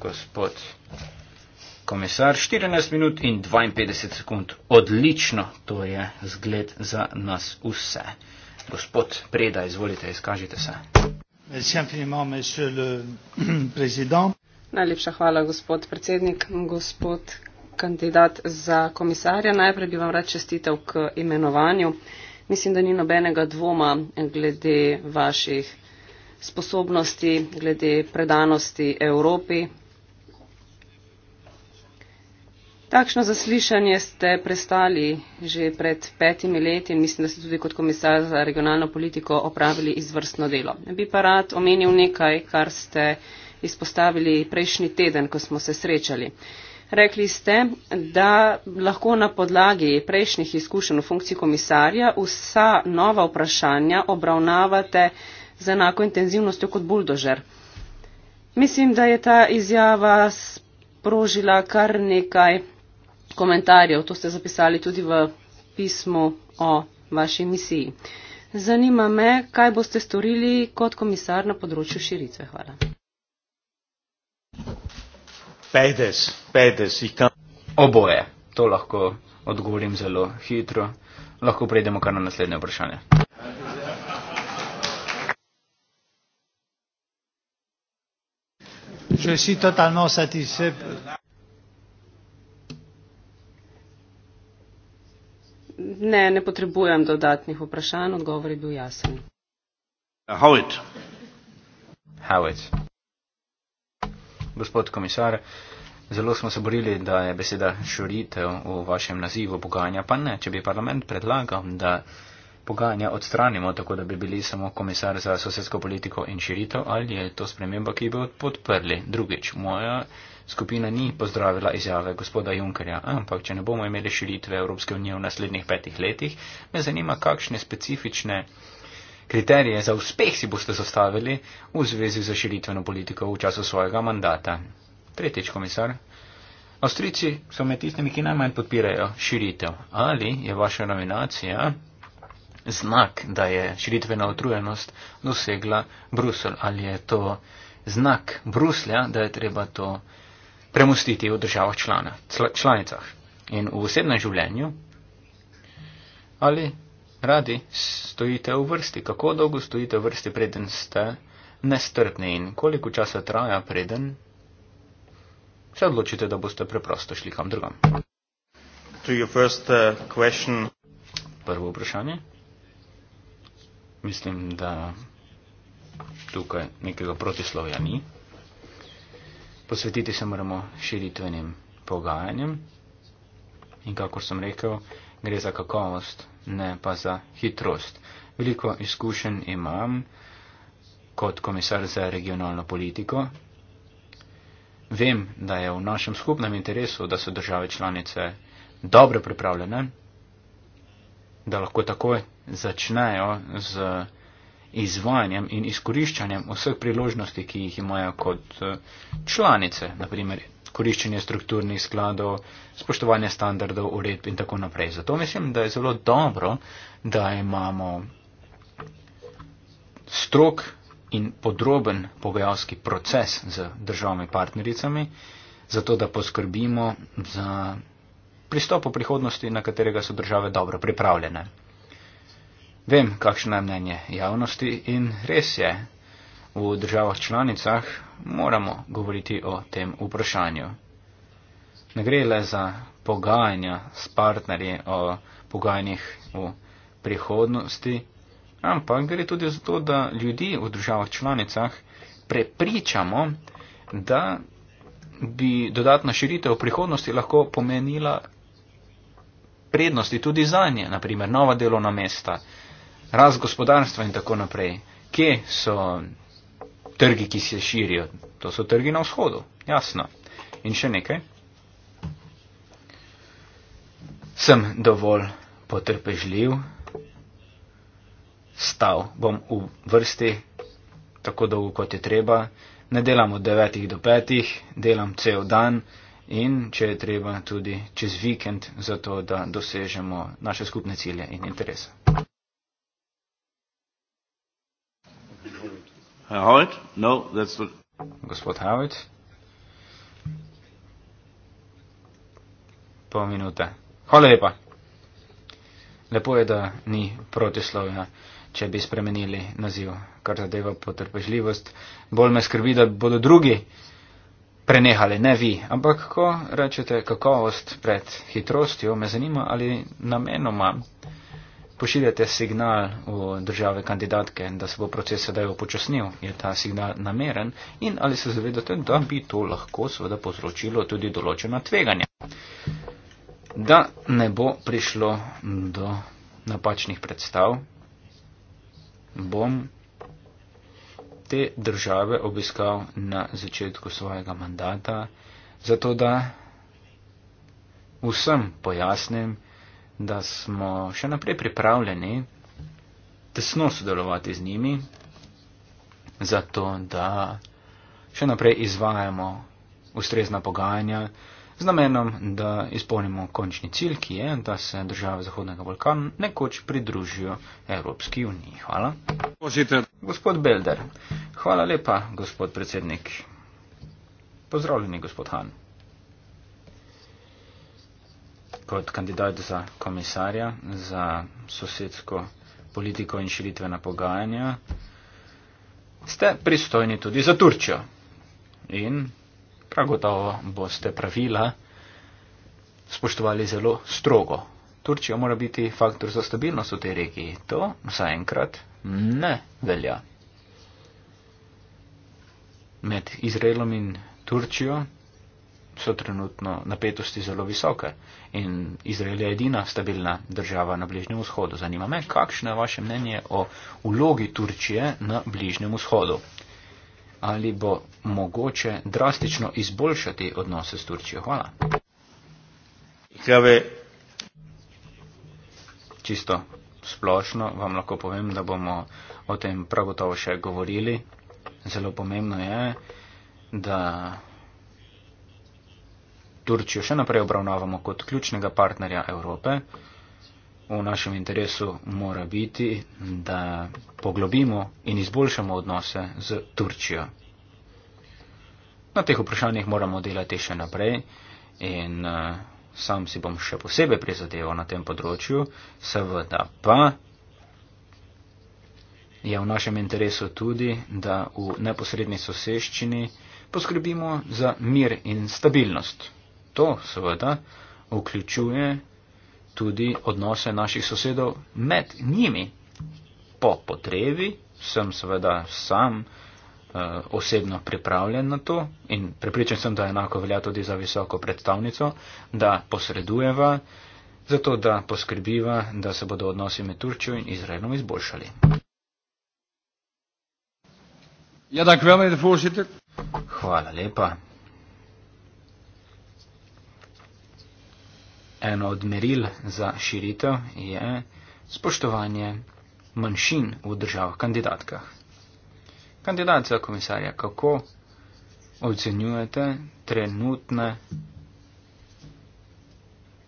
gospod komisar. 14 minut in 52 sekund. Odlično, to je zgled za nas vse. Gospod Preda, izvolite, izkažite se. Najlepša hvala, gospod predsednik, gospod kandidat za komisarja. Najprej bi vam rad čestitev k imenovanju. Mislim, da ni nobenega dvoma glede vaših sposobnosti, glede predanosti Evropi, Takšno zaslišanje ste prestali že pred petimi leti in mislim, da ste tudi kot komisar za regionalno politiko opravili izvrstno delo. Bi pa rad omenil nekaj, kar ste izpostavili prejšnji teden, ko smo se srečali. Rekli ste, da lahko na podlagi prejšnjih izkušenj v funkciji komisarja vsa nova vprašanja obravnavate z enako intenzivnostjo kot buldožer. Mislim, da je ta izjava sprožila kar nekaj komentarjev, to ste zapisali tudi v pismu o vaši misiji. Zanima me, kaj boste storili kot komisar na področju širitve. Hvala. Pejdes, pejdes, oboje. To lahko odgovorim zelo hitro. Lahko prejdemo kar na naslednje vprašanje. Je suis totalement satisfait. Ne, ne potrebujem dodatnih vprašanj, odgovor je bil jasen. Uh, How it? How it? Gospod komisar, zelo smo se borili, da je beseda širitev v vašem nazivu pogajanja, pa ne, če bi parlament predlagal, da pogajanja odstranimo, tako da bi bili samo komisar za sosedsko politiko in širitev, ali je to sprememba, ki bi jo podprli? Drugič, moja skupina ni pozdravila izjave gospoda Junkerja, ampak če ne bomo imeli širitve Evropske unije v naslednjih petih letih, me zanima, kakšne specifične kriterije za uspeh si boste zastavili v zvezi za širitveno politiko v času svojega mandata. Tretjič, komisar. Avstrici so med tistimi, ki najmanj podpirajo širitev. Ali je vaša nominacija znak, da je širitvena otrujenost dosegla Brusel? Ali je to znak Bruslja, da je treba to premustiti v državah člana, cl članicah in v osebnem življenju? Ali radi stojite v vrsti? Kako dolgo stojite v vrsti, preden ste nestrpni in koliko časa traja, preden se odločite, da boste preprosto šli kam drugam? First, uh, Prvo vprašanje. Mislim, da tukaj nekega protislovja ni posvetiti se moramo širitvenim pogajanjem. In kako sem rekel, gre za kakovost, ne pa za hitrost. Veliko izkušenj imam kot komisar za regionalno politiko. Vem, da je v našem skupnem interesu, da so države članice dobro pripravljene, da lahko takoj začnejo z izvajanjem in izkoriščanjem vseh priložnosti, ki jih imajo kot eh, članice, naprimer koriščenje strukturnih skladov, spoštovanje standardov, uredb in tako naprej. Zato mislim, da je zelo dobro, da imamo strok in podroben pogajalski proces z državami partnericami, zato da poskrbimo za pristop v prihodnosti, na katerega so države dobro pripravljene. Vem, kakšno je mnenje javnosti in res je, v državah članicah moramo govoriti o tem vprašanju. Ne gre le za pogajanja s partnerji o pogajanjih v prihodnosti, ampak gre tudi za to, da ljudi v državah članicah prepričamo, da bi dodatna širitev v prihodnosti lahko pomenila prednosti tudi zanje, naprimer nova delovna mesta rast gospodarstva in tako naprej. Kje so trgi, ki se širijo? To so trgi na vzhodu, jasno. In še nekaj. Sem dovolj potrpežljiv, stav bom v vrsti tako dolgo, kot je treba. Ne delam od 9 do 5, delam cel dan in če je treba tudi čez vikend, zato da dosežemo naše skupne cilje in interese. Herr uh, Howitt? No, that's the... Gospod Howitt? Pol minute. Hvala lepa. Lepo je, da ni protislovja, če bi spremenili naziv, kar zadeva potrpežljivost. Bolj me skrbi, da bodo drugi prenehali, ne vi. Ampak ko rečete kakovost pred hitrostjo, me zanima, ali namenoma pošiljate signal v države kandidatke, da se bo proces sedaj upočasnil. Je ta signal nameren in ali se zavedate, da bi to lahko seveda povzročilo tudi določena tveganja, da ne bo prišlo do napačnih predstav, bom te države obiskal na začetku svojega mandata, zato da vsem pojasnim, da smo še naprej pripravljeni tesno sodelovati z njimi, zato da še naprej izvajamo ustrezna pogajanja z namenom, da izpolnimo končni cilj, ki je, da se države Zahodnega Balkana nekoč pridružijo Evropski uniji. Hvala. Pozite. Gospod Belder. Hvala lepa, gospod predsednik. Pozdravljeni, gospod Han. kot kandidat za komisarja za sosedsko politiko in širitvena pogajanja, ste pristojni tudi za Turčjo. In prav gotovo boste pravila spoštovali zelo strogo. Turčija mora biti faktor za stabilnost v tej regiji. To zaenkrat ne velja. Med Izraelom in Turčijo so trenutno napetosti zelo visoke in Izrael je edina stabilna država na Bližnjem vzhodu. Zanima me, kakšno je vaše mnenje o vlogi Turčije na Bližnjem vzhodu? Ali bo mogoče drastično izboljšati odnose s Turčijo? Hvala. Kave. Čisto splošno vam lahko povem, da bomo o tem prav gotovo še govorili. Zelo pomembno je, da Turčijo še naprej obravnavamo kot ključnega partnerja Evrope. V našem interesu mora biti, da poglobimo in izboljšamo odnose z Turčijo. Na teh vprašanjih moramo delati še naprej in eh, sam si bom še posebej prizadeval na tem področju. Seveda pa je v našem interesu tudi, da v neposredni soseščini poskrbimo za mir in stabilnost to seveda vključuje tudi odnose naših sosedov med njimi. Po potrebi sem seveda sam eh, osebno pripravljen na to in pripričan sem, da enako velja tudi za visoko predstavnico, da posredujeva, zato da poskrbiva, da se bodo odnosi med Turčjo in Izraelom izboljšali. Ja, dank u wel, meneer de voorzitter. Hvala lepa. eno od meril za širitev je spoštovanje manjšin v državah kandidatkah. Kandidat za komisarja, kako ocenjujete trenutne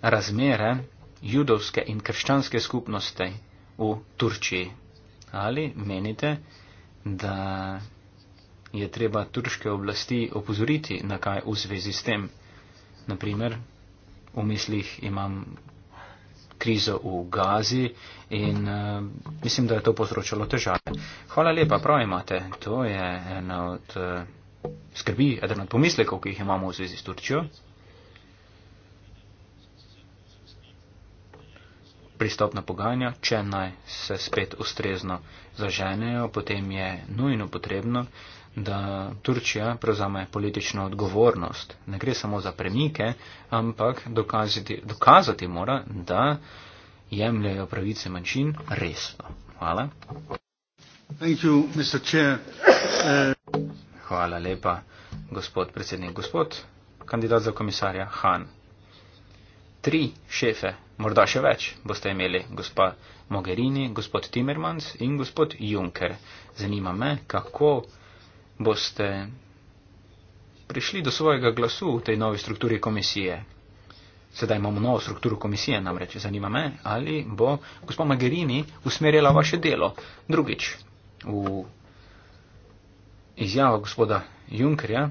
razmere judovske in krščanske skupnosti v Turčiji? Ali menite, da je treba turške oblasti opozoriti na kaj v zvezi s tem? Naprimer, v mislih imam krizo v Gazi in uh, mislim, da je to povzročalo težave. Hvala lepa, prav imate. To je ena od uh, skrbi, eden od pomislekov, ki jih imamo v zvezi s Turčijo. pristopna pogajanja, če naj se spet ustrezno zaženejo, potem je nujno potrebno, da Turčija prevzame politično odgovornost. Ne gre samo za premike, ampak dokaziti, dokazati mora, da jemljajo pravice manjšin resno. Hvala. You, uh... Hvala lepa, gospod predsednik, gospod kandidat za komisarja Han tri šefe, morda še več, boste imeli gospa Mogherini, gospod Timmermans in gospod Juncker. Zanima me, kako boste prišli do svojega glasu v tej novi strukturi komisije. Sedaj imamo novo strukturo komisije, namreč zanima me, ali bo gospa Mogherini usmerjala vaše delo. Drugič, v izjavo gospoda Junkerja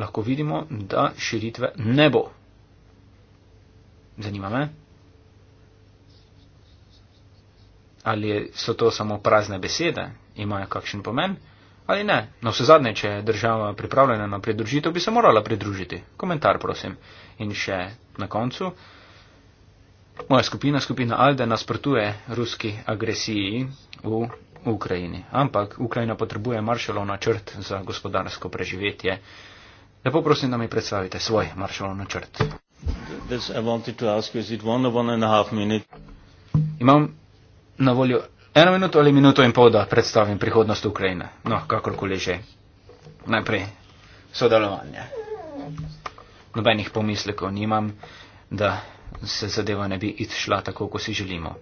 lahko vidimo, da širitve ne bo. Zanima me. Ali so to samo prazne besede, imajo kakšen pomen ali ne. Na no, vse zadnje, če je država pripravljena na pridružitev, bi se morala pridružiti. Komentar, prosim. In še na koncu. Moja skupina, skupina Alde, nasprotuje ruski agresiji v Ukrajini. Ampak Ukrajina potrebuje maršalov načrt za gospodarsko preživetje. Lepo prosim, da mi predstavite svoj maršalov načrt. Imam na voljo eno minuto ali minuto in pol, da predstavim prihodnost Ukrajine. No, kakorkoli že. Najprej sodelovanje. Nobenih pomislekov nimam, da se zadeva ne bi izšla tako, kot si želimo.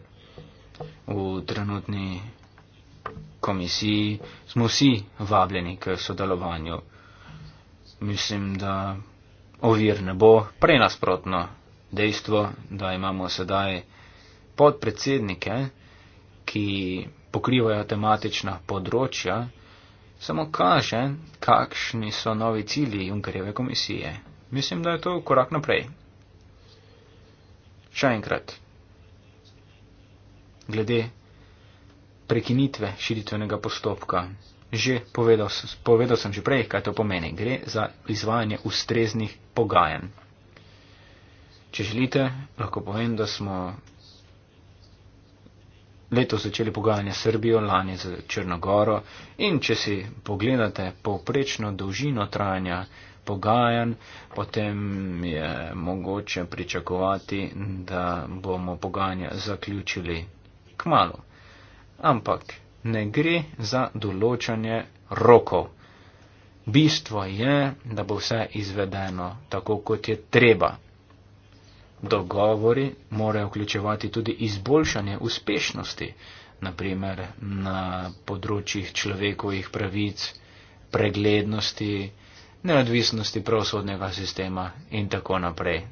V trenutni komisiji smo vsi vabljeni k sodelovanju. Mislim, da ovir ne bo, prej nasprotno dejstvo, da imamo sedaj podpredsednike, ki pokrivajo tematična področja, samo kaže, kakšni so novi cilji Junkerjeve komisije. Mislim, da je to korak naprej. Še enkrat. Glede prekinitve širitvenega postopka že povedal, povedal sem že prej, kaj to pomeni. Gre za izvajanje ustreznih pogajanj. Če želite, lahko povem, da smo leto začeli pogajanja s Srbijo, lani z Črnogoro in če si pogledate povprečno dolžino trajanja pogajanj, potem je mogoče pričakovati, da bomo pogajanja zaključili k malu. Ampak ne gre za določanje rokov. Bistvo je, da bo vse izvedeno tako, kot je treba. Dogovori morajo vključevati tudi izboljšanje uspešnosti, naprimer na področjih človekovih pravic, preglednosti, neodvisnosti pravosodnega sistema in tako naprej.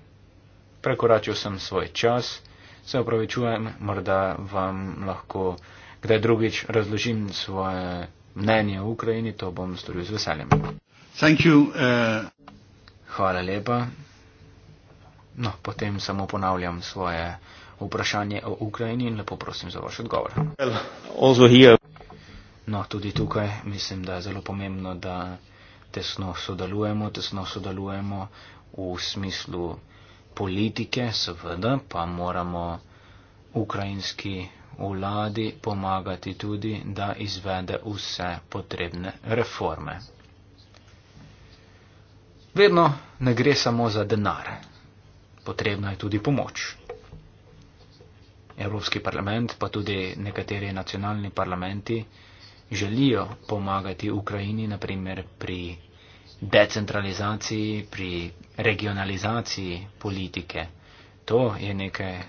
Prekoračil sem svoj čas, se opravičujem, morda vam lahko kdaj drugič razložim svoje mnenje o Ukrajini, to bom storil z veseljem. You, uh... Hvala lepa. No, potem samo ponavljam svoje vprašanje o Ukrajini in lepo prosim za vaš odgovor. No, tudi tukaj mislim, da je zelo pomembno, da tesno sodelujemo, tesno sodelujemo v smislu politike, seveda pa moramo ukrajinski vladi pomagati tudi, da izvede vse potrebne reforme. Vedno ne gre samo za denar, potrebna je tudi pomoč. Evropski parlament, pa tudi nekateri nacionalni parlamenti želijo pomagati Ukrajini, naprimer pri decentralizaciji, pri regionalizaciji politike. To je nekaj,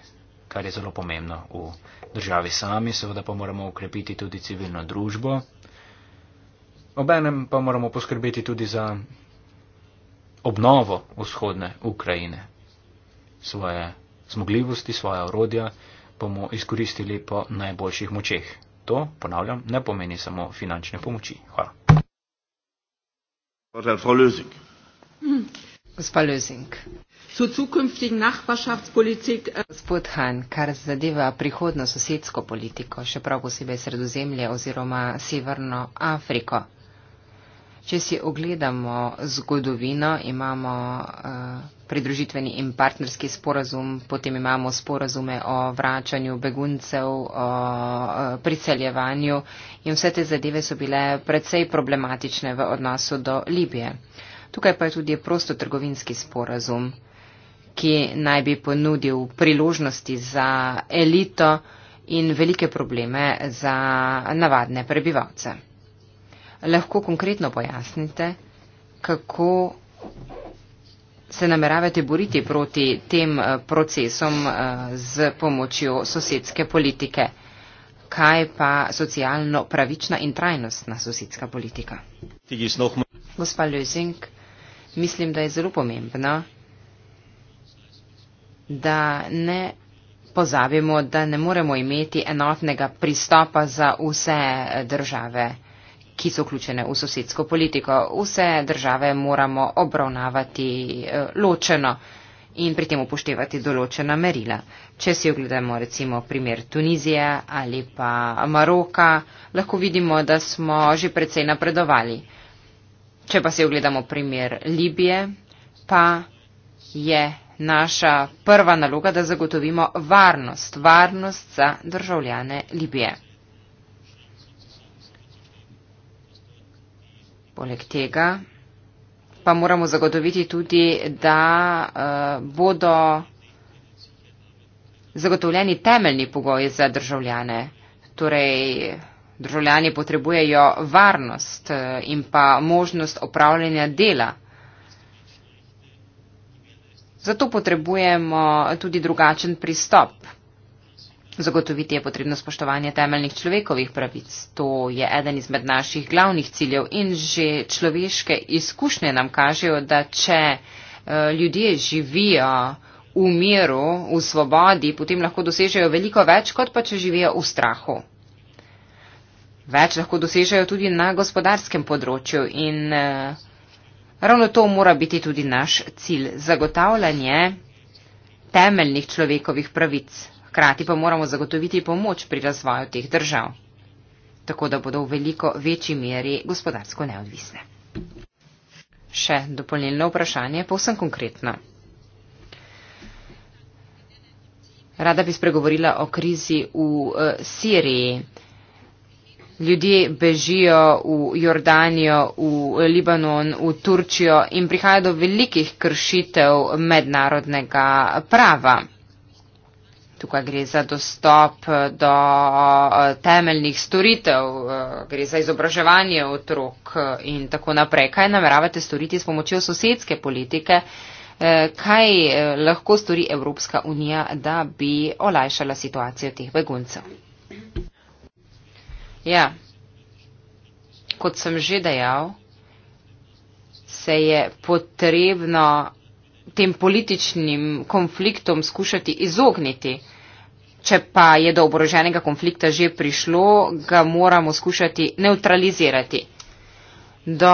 kar je zelo pomembno v državi sami, seveda pa moramo ukrepiti tudi civilno družbo. Obenem pa moramo poskrbeti tudi za obnovo vzhodne Ukrajine, svoje zmogljivosti, svoje orodja bomo izkoristili po najboljših močeh. To, ponavljam, ne pomeni samo finančne pomoči. Hvala. Hm. Gospa Lusink. Äh, Gospod Han, kar zadeva prihodno sosedsko politiko, še prav posebej sredozemlje oziroma Severno Afriko. Če si ogledamo zgodovino, imamo uh, pridružitveni in partnerski sporazum, potem imamo sporazume o vračanju beguncev, o uh, priseljevanju in vse te zadeve so bile precej problematične v odnosu do Libije. Tukaj pa je tudi prostotrgovinski sporazum ki naj bi ponudil priložnosti za elito in velike probleme za navadne prebivalce. Lahko konkretno pojasnite, kako se nameravate boriti proti tem eh, procesom eh, z pomočjo sosedske politike. Kaj pa socialno pravična in trajnostna sosedska politika? Gospa Ljuzink, mislim, da je zelo pomembno, da ne pozabimo, da ne moremo imeti enotnega pristopa za vse države, ki so vključene v sosedsko politiko. Vse države moramo obravnavati eh, ločeno in pri tem upoštevati določena merila. Če si ogledamo recimo primer Tunizije ali pa Maroka, lahko vidimo, da smo že precej napredovali. Če pa si ogledamo primer Libije, pa je naša prva naloga, da zagotovimo varnost, varnost za državljane Libije. Poleg tega pa moramo zagotoviti tudi, da uh, bodo zagotovljeni temeljni pogoji za državljane. Torej, državljani potrebujejo varnost eh, in pa možnost opravljanja dela. Zato potrebujemo tudi drugačen pristop. Zagotoviti je potrebno spoštovanje temeljnih človekovih pravic. To je eden izmed naših glavnih ciljev in že človeške izkušnje nam kažejo, da če eh, ljudje živijo v miru, v svobodi, potem lahko dosežejo veliko več, kot pa če živijo v strahu. Več lahko dosežejo tudi na gospodarskem področju in eh, Ravno to mora biti tudi naš cilj - zagotavljanje temeljnih človekovih pravic. Hkrati pa moramo zagotoviti pomoč pri razvoju teh držav, tako da bodo v veliko večji meri gospodarsko neodvisne. Še dopolnilno vprašanje, povsem konkretno. Rada bi spregovorila o krizi v eh, Siriji ljudje bežijo v Jordanijo, v Libanon, v Turčijo in prihaja do velikih kršitev mednarodnega prava. Tukaj gre za dostop do eh, temeljnih storitev, eh, gre za izobraževanje otrok eh, in tako naprej. Kaj nameravate storiti s pomočjo sosedske politike? Kaj lahko stori Evropska unija, da bi olajšala situacijo teh beguncev? Ja, kot sem že dejal, se je potrebno tem političnim konfliktom skušati izogniti. Če pa je do oboroženega konflikta že prišlo, ga moramo skušati neutralizirati. Do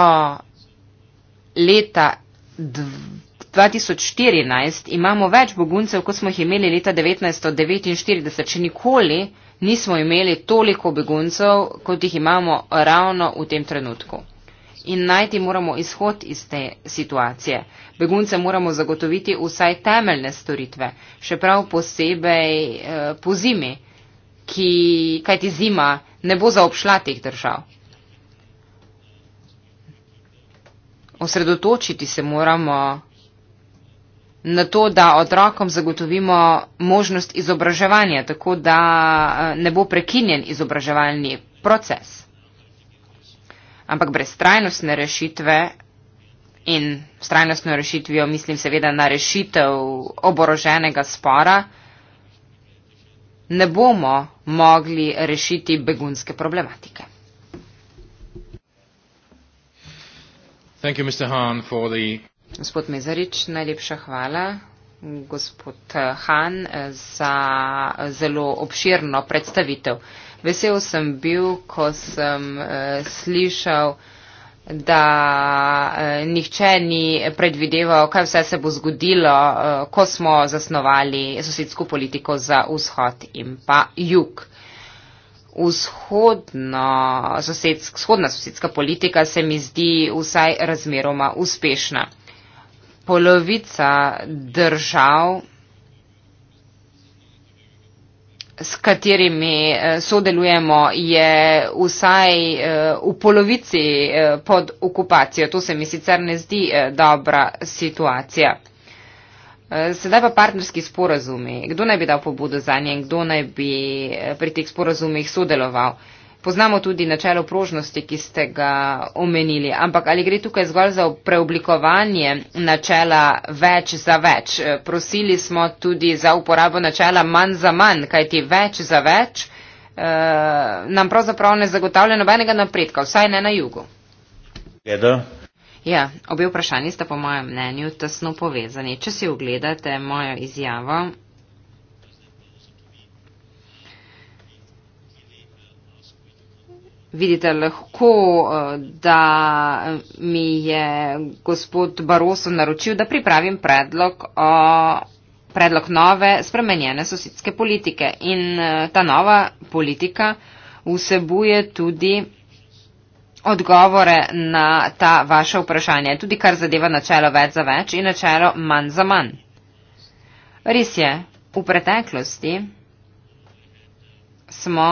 leta 2014 imamo več boguncev, kot smo jih imeli leta 1949, še nikoli nismo imeli toliko beguncev, kot jih imamo ravno v tem trenutku. In najti moramo izhod iz te situacije. Begunce moramo zagotoviti vsaj temeljne storitve, še prav posebej eh, po zimi, ki, kaj ti zima, ne bo zaopšla teh držav. Osredotočiti se moramo na to, da otrokom zagotovimo možnost izobraževanja, tako da eh, ne bo prekinjen izobraževalni proces. Ampak brez trajnostne rešitve in s trajnostno rešitvijo mislim seveda na rešitev oboroženega spora, ne bomo mogli rešiti begunske problematike. Thank you, Mr. Hahn, for the Gospod Mezarič, najlepša hvala. Gospod Han za zelo obširno predstavitev. Vesel sem bil, ko sem eh, slišal, da eh, nihče ni predvideval, kaj vse se bo zgodilo, eh, ko smo zasnovali sosedsko politiko za vzhod in pa jug. Vzhodno, sosedsk, vzhodna sosedska politika se mi zdi vsaj razmeroma uspešna polovica držav, s katerimi eh, sodelujemo, je vsaj eh, v polovici eh, pod okupacijo. To se mi sicer ne zdi dobra situacija. Sedaj pa partnerski sporazumi. Kdo naj bi dal pobudo za njen, kdo naj bi pri teh sporazumih sodeloval? Poznamo tudi načelo prožnosti, ki ste ga omenili, ampak ali gre tukaj zgolj za preoblikovanje načela več za več? Prosili smo tudi za uporabo načela manj za manj, kajti več za več e, nam pravzaprav ne zagotavlja nobenega napredka, vsaj ne na jugu. Edo. Ja, obe vprašanji sta po mojem mnenju tesno povezani. Če si ogledate mojo izjavo, vidite lahko, eh, da mi je gospod Baroso naročil, da pripravim predlog o predlog nove spremenjene sosedske politike. In eh, ta nova politika vsebuje tudi odgovore na ta vaše vprašanje, tudi kar zadeva načelo več za več in načelo manj za manj. Res je, v preteklosti smo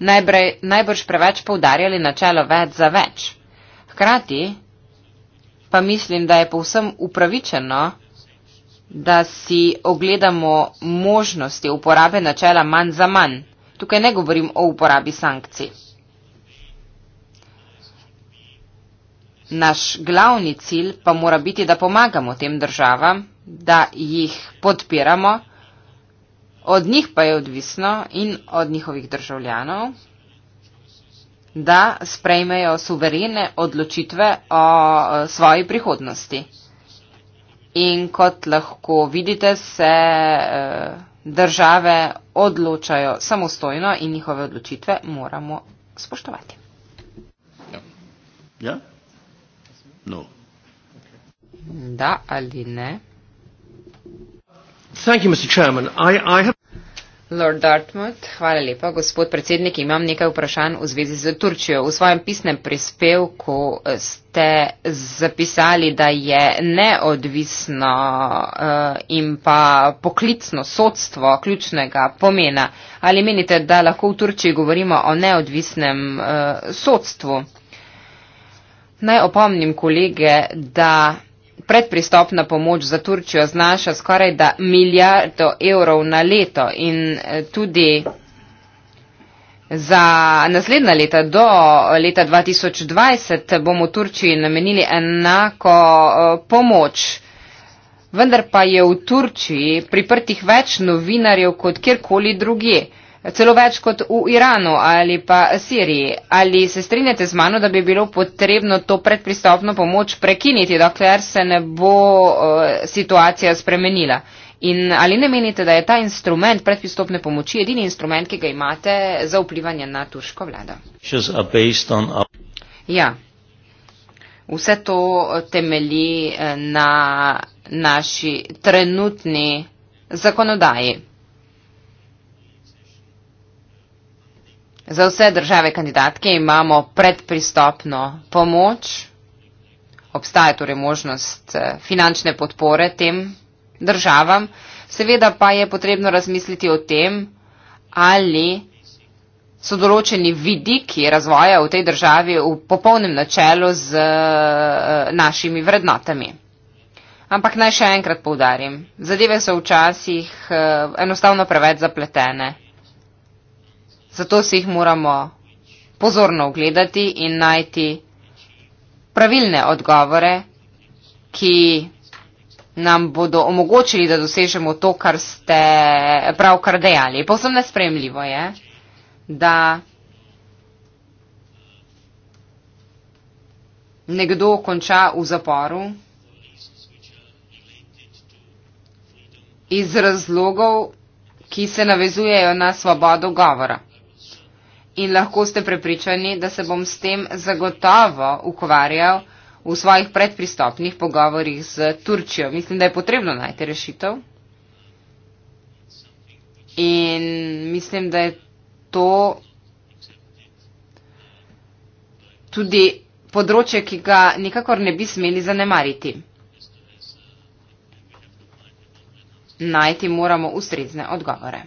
najbrej, najbrž preveč poudarjali načelo več za več. Hkrati pa mislim, da je povsem upravičeno, da si ogledamo možnosti uporabe načela manj za manj. Tukaj ne govorim o uporabi sankcij. Naš glavni cilj pa mora biti, da pomagamo tem državam, da jih podpiramo od njih pa je odvisno in od njihovih državljanov, da sprejmejo suverene odločitve o e, svoji prihodnosti. In kot lahko vidite, se e, države odločajo samostojno in njihove odločitve moramo spoštovati. Ja? ja? No. Da ali ne? Lord Dartmouth, hvala lepa. Gospod predsednik, imam nekaj vprašanj v zvezi z Turčijo. V svojem pisnem prispevku ste zapisali, da je neodvisno eh, in pa poklicno sodstvo ključnega pomena. Ali menite, da lahko v Turčiji govorimo o neodvisnem eh, sodstvu? Naj opomnim kolege, da predpristopna pomoč za Turčijo znaša skoraj da milijardo evrov na leto in eh, tudi za naslednja leta do eh, leta 2020 bomo Turčiji namenili enako eh, pomoč. Vendar pa je v Turčiji priprtih več novinarjev kot kjerkoli drugje celo več kot v Iranu ali pa Siriji. Ali se strinjate z mano, da bi bilo potrebno to predpristopno pomoč prekiniti, dokler se ne bo uh, situacija spremenila? In ali ne menite, da je ta instrument predpristopne pomoči edini instrument, ki ga imate za vplivanje na turško vlado? Ja. Vse to eh, temelji eh, na naši trenutni zakonodaji. Za vse države kandidatke imamo predpristopno pomoč, obstaja torej možnost eh, finančne podpore tem državam, seveda pa je potrebno razmisliti o tem, ali so določeni vidiki razvoja v tej državi v popolnem načelu z eh, našimi vrednotami. Ampak naj še enkrat povdarim, zadeve so včasih eh, enostavno preveč zapletene. Zato si jih moramo pozorno ogledati in najti pravilne odgovore, ki nam bodo omogočili, da dosežemo to, kar ste pravkar dejali. Povsem nespremljivo je, da nekdo konča v zaporu iz razlogov, ki se navezujejo na svobodo govora in lahko ste prepričani, da se bom s tem zagotovo ukvarjal v svojih predpristopnih pogovorih z Turčijo. Mislim, da je potrebno najti rešitev. In mislim, da je to tudi področje, ki ga nikakor ne bi smeli zanemariti. Najti moramo ustrezne odgovore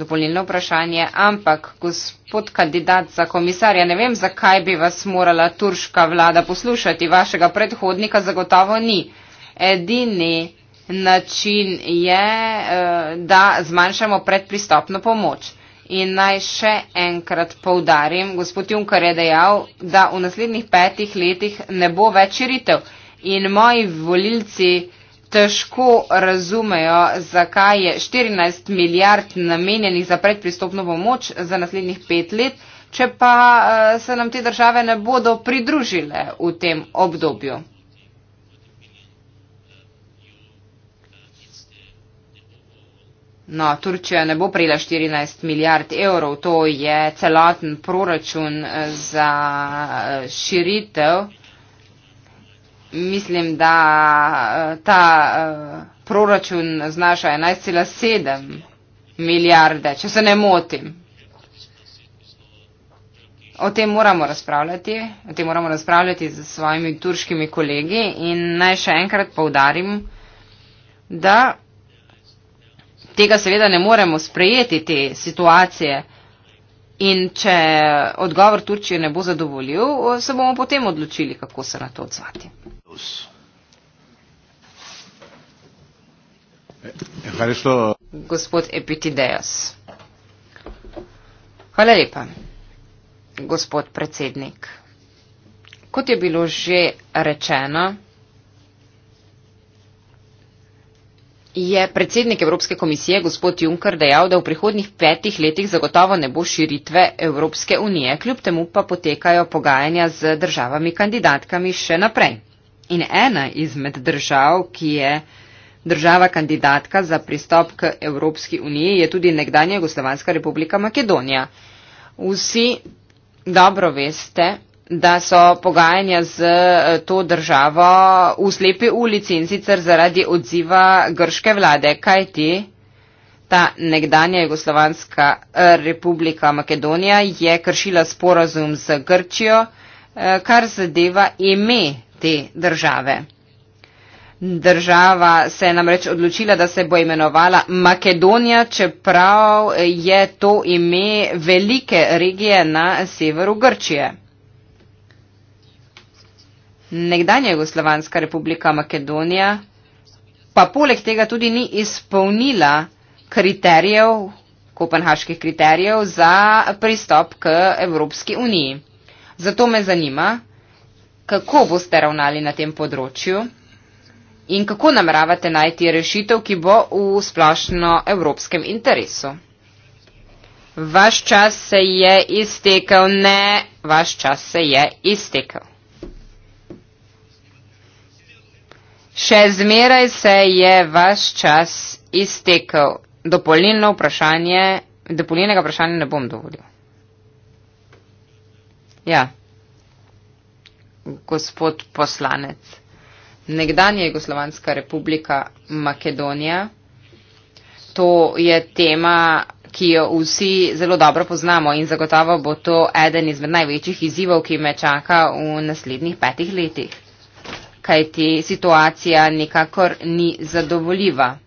dopolnilno vprašanje, ampak gospod kandidat za komisarja, ne vem, zakaj bi vas morala turška vlada poslušati, vašega predhodnika zagotovo ni. Edini način je, eh, da zmanjšamo predpristopno pomoč. In naj še enkrat povdarim, gospod Junker je dejal, da v naslednjih petih letih ne bo več širitev. In moji volilci težko razumejo, zakaj je 14 milijard namenjenih za predpristopno pomoč za naslednjih pet let, če pa eh, se nam te države ne bodo pridružile v tem obdobju. No, Turčija ne bo prejela 14 milijard evrov, to je celoten proračun eh, za eh, širitev mislim, da eh, ta eh, proračun znaša 11,7 milijarde, če se ne motim. O tem moramo razpravljati, o tem moramo razpravljati z svojimi turškimi kolegi in naj še enkrat povdarim, da tega seveda ne moremo sprejeti, te situacije. In če odgovor Turčije ne bo zadovoljil, se bomo potem odločili, kako se na to odzvati. Gospod Epitideos. Hvala lepa, gospod predsednik. Kot je bilo že rečeno, je predsednik Evropske komisije gospod Juncker dejal, da v prihodnjih petih letih zagotovo ne bo širitve Evropske unije, kljub temu pa potekajo pogajanja z državami kandidatkami še naprej. In ena izmed držav, ki je država kandidatka za pristop k Evropski uniji, je tudi nekdanja Jugoslovanska republika Makedonija. Vsi dobro veste, da so pogajanja z eh, to državo v slepi ulici in sicer zaradi odziva grške vlade, kaj ti ta nekdanja Jugoslovanska eh, republika Makedonija je kršila sporazum z Grčijo, eh, kar zadeva ime te države. Država se je namreč odločila, da se bo imenovala Makedonija, čeprav je to ime velike regije na severu Grčije nekdanja Jugoslovanska republika Makedonija pa poleg tega tudi ni izpolnila kriterijev, kopenhaških kriterijev za pristop k Evropski uniji. Zato me zanima, kako boste ravnali na tem področju in kako nameravate najti rešitev, ki bo v splošno evropskem interesu. Vaš čas se je iztekel, ne, vaš čas se je iztekel. Še zmeraj se je vaš čas iztekel. Dopolnilno vprašanje, dopolnilnega vprašanja ne bom dovolil. Ja, gospod poslanec, nekdanja Jugoslovanska republika Makedonija, to je tema, ki jo vsi zelo dobro poznamo in zagotovo bo to eden izmed največjih izzivov, ki me čaka v naslednjih petih letih kajti situacija nikakor ni zadovoljiva.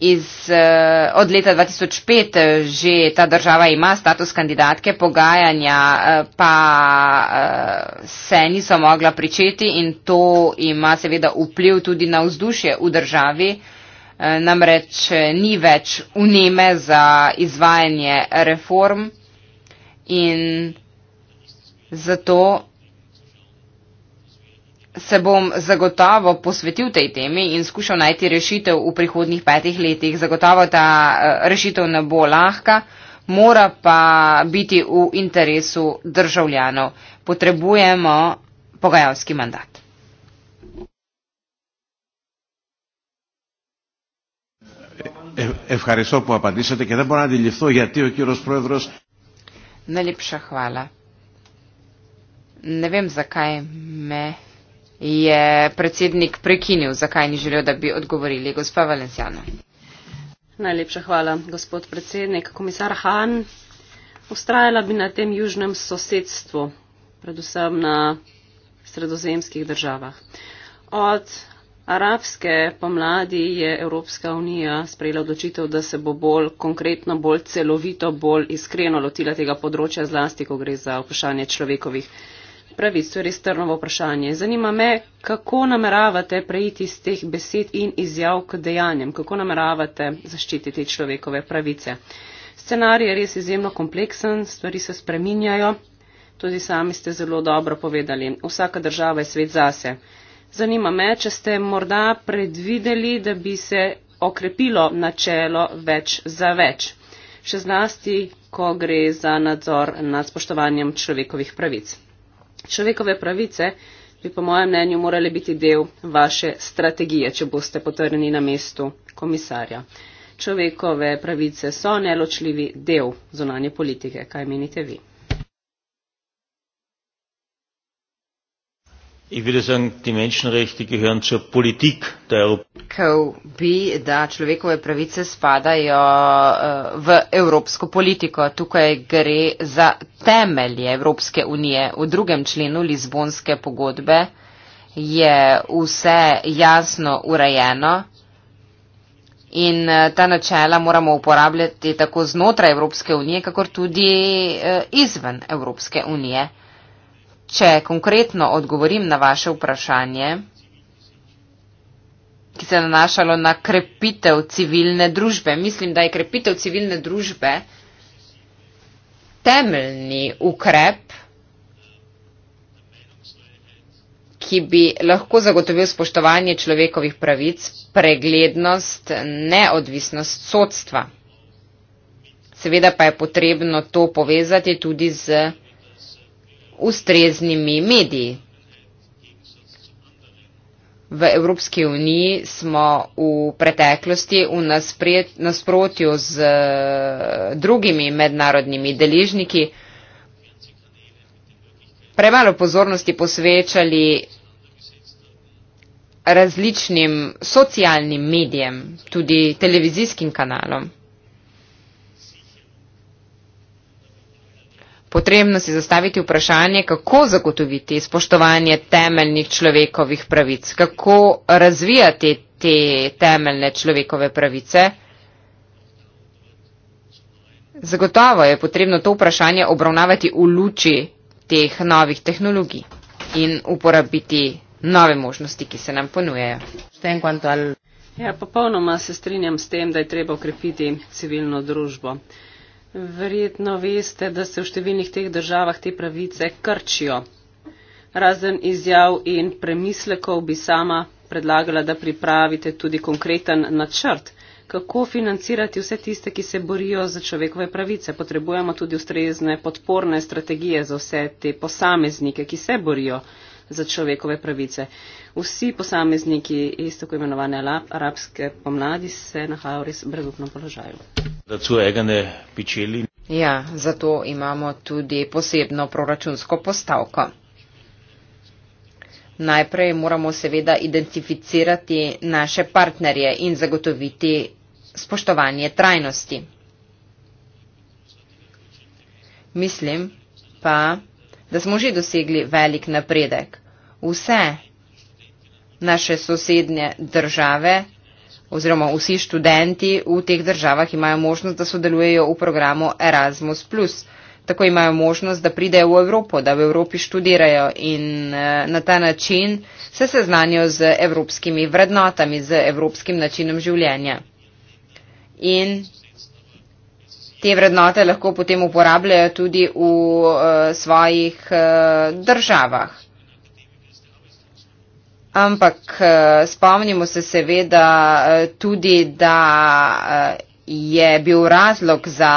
Iz, eh, od leta 2005 že ta država ima status kandidatke, pogajanja eh, pa eh, se niso mogla pričeti in to ima seveda vpliv tudi na vzdušje v državi. Namreč ni več uneme za izvajanje reform in zato se bom zagotovo posvetil tej temi in skušal najti rešitev v prihodnih petih letih. Zagotovo ta eh, rešitev ne bo lahka, mora pa biti v interesu državljanov. Potrebujemo pogajalski mandat. Eh, Najlepša hvala. Ne vem, zakaj me je predsednik prekinil, zakaj ni želel, da bi odgovorili gospa Valencijana. Najlepša hvala, gospod predsednik. Komisar Han, ustrajala bi na tem južnem sosedstvu, predvsem na sredozemskih državah. Od arabske pomladi je Evropska unija sprejela odločitev, da se bo bolj konkretno, bolj celovito, bolj iskreno lotila tega področja, zlasti, ko gre za vprašanje človekovih pravic, to je res trnovo vprašanje. Zanima me, kako nameravate preiti iz teh besed in izjav k dejanjem, kako nameravate zaščititi človekove pravice. Scenarij je res izjemno kompleksen, stvari se spreminjajo, tudi sami ste zelo dobro povedali, vsaka država je svet zase. Zanima me, če ste morda predvideli, da bi se okrepilo načelo več za več. Še zlasti, ko gre za nadzor nad spoštovanjem človekovih pravic človekove pravice bi po mojem mnenju morale biti del vaše strategije, če boste potrjeni na mestu komisarja. Človekove pravice so neločljivi del zonanje politike. Kaj menite vi? Ich würde sagen, die Menschenrechte gehören zur Politik der Europäer. Eh, temelje Evropske unije. V drugem členu Lizbonske pogodbe je vse jasno urejeno in eh, ta načela moramo uporabljati tako znotraj Evropske unije, kakor tudi eh, izven Evropske unije. Če konkretno odgovorim na vaše vprašanje, ki se nanašalo na krepitev civilne družbe, mislim, da je krepitev civilne družbe temeljni ukrep, ki bi lahko zagotovil spoštovanje človekovih pravic, preglednost, neodvisnost sodstva. Seveda pa je potrebno to povezati tudi z ustreznimi mediji. V Evropski uniji smo v preteklosti v nasprotju z eh, drugimi mednarodnimi deležniki premalo pozornosti posvečali različnim socialnim medijem, tudi televizijskim kanalom. potrebno si zastaviti vprašanje, kako zagotoviti spoštovanje temeljnih človekovih pravic, kako razvijati te temeljne človekove pravice. Zagotovo je potrebno to vprašanje obravnavati v luči teh novih tehnologij in uporabiti nove možnosti, ki se nam ponujejo. Ja, popolnoma se strinjam s tem, da je treba ukrepiti civilno družbo. Verjetno veste, da se v številnih teh državah te pravice krčijo. Razen izjav in premislekov bi sama predlagala, da pripravite tudi konkreten načrt, kako financirati vse tiste, ki se borijo za človekove pravice. Potrebujemo tudi ustrezne podporne strategije za vse te posameznike, ki se borijo za človekove pravice. Vsi posamezniki iz tako imenovane arabske pomladi se nahajajo v res brezupnem položaju. Ja, zato imamo tudi posebno proračunsko postavko. Najprej moramo seveda identificirati naše partnerje in zagotoviti spoštovanje trajnosti. Mislim pa, da smo že dosegli velik napredek. Vse naše sosednje države oziroma vsi študenti v teh državah imajo možnost, da sodelujejo v programu Erasmus. Tako imajo možnost, da pridejo v Evropo, da v Evropi študirajo in eh, na ta način se seznanijo z evropskimi vrednotami, z evropskim načinom življenja. In te vrednote lahko potem uporabljajo tudi v uh, svojih uh, državah. Ampak eh, spomnimo se seveda tudi, da je bil razlog za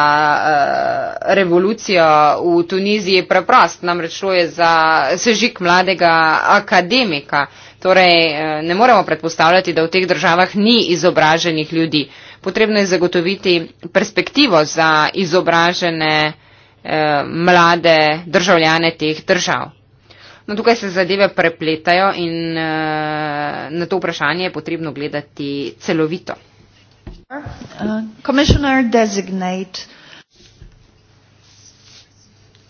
revolucijo v Tuniziji preprost, namreč šlo je za sežik mladega akademika. Torej, ne moremo predpostavljati, da v teh državah ni izobraženih ljudi. Potrebno je zagotoviti perspektivo za izobražene eh, mlade državljane teh držav. No, tukaj se zadeve prepletajo in eh, na to vprašanje je potrebno gledati celovito. Uh,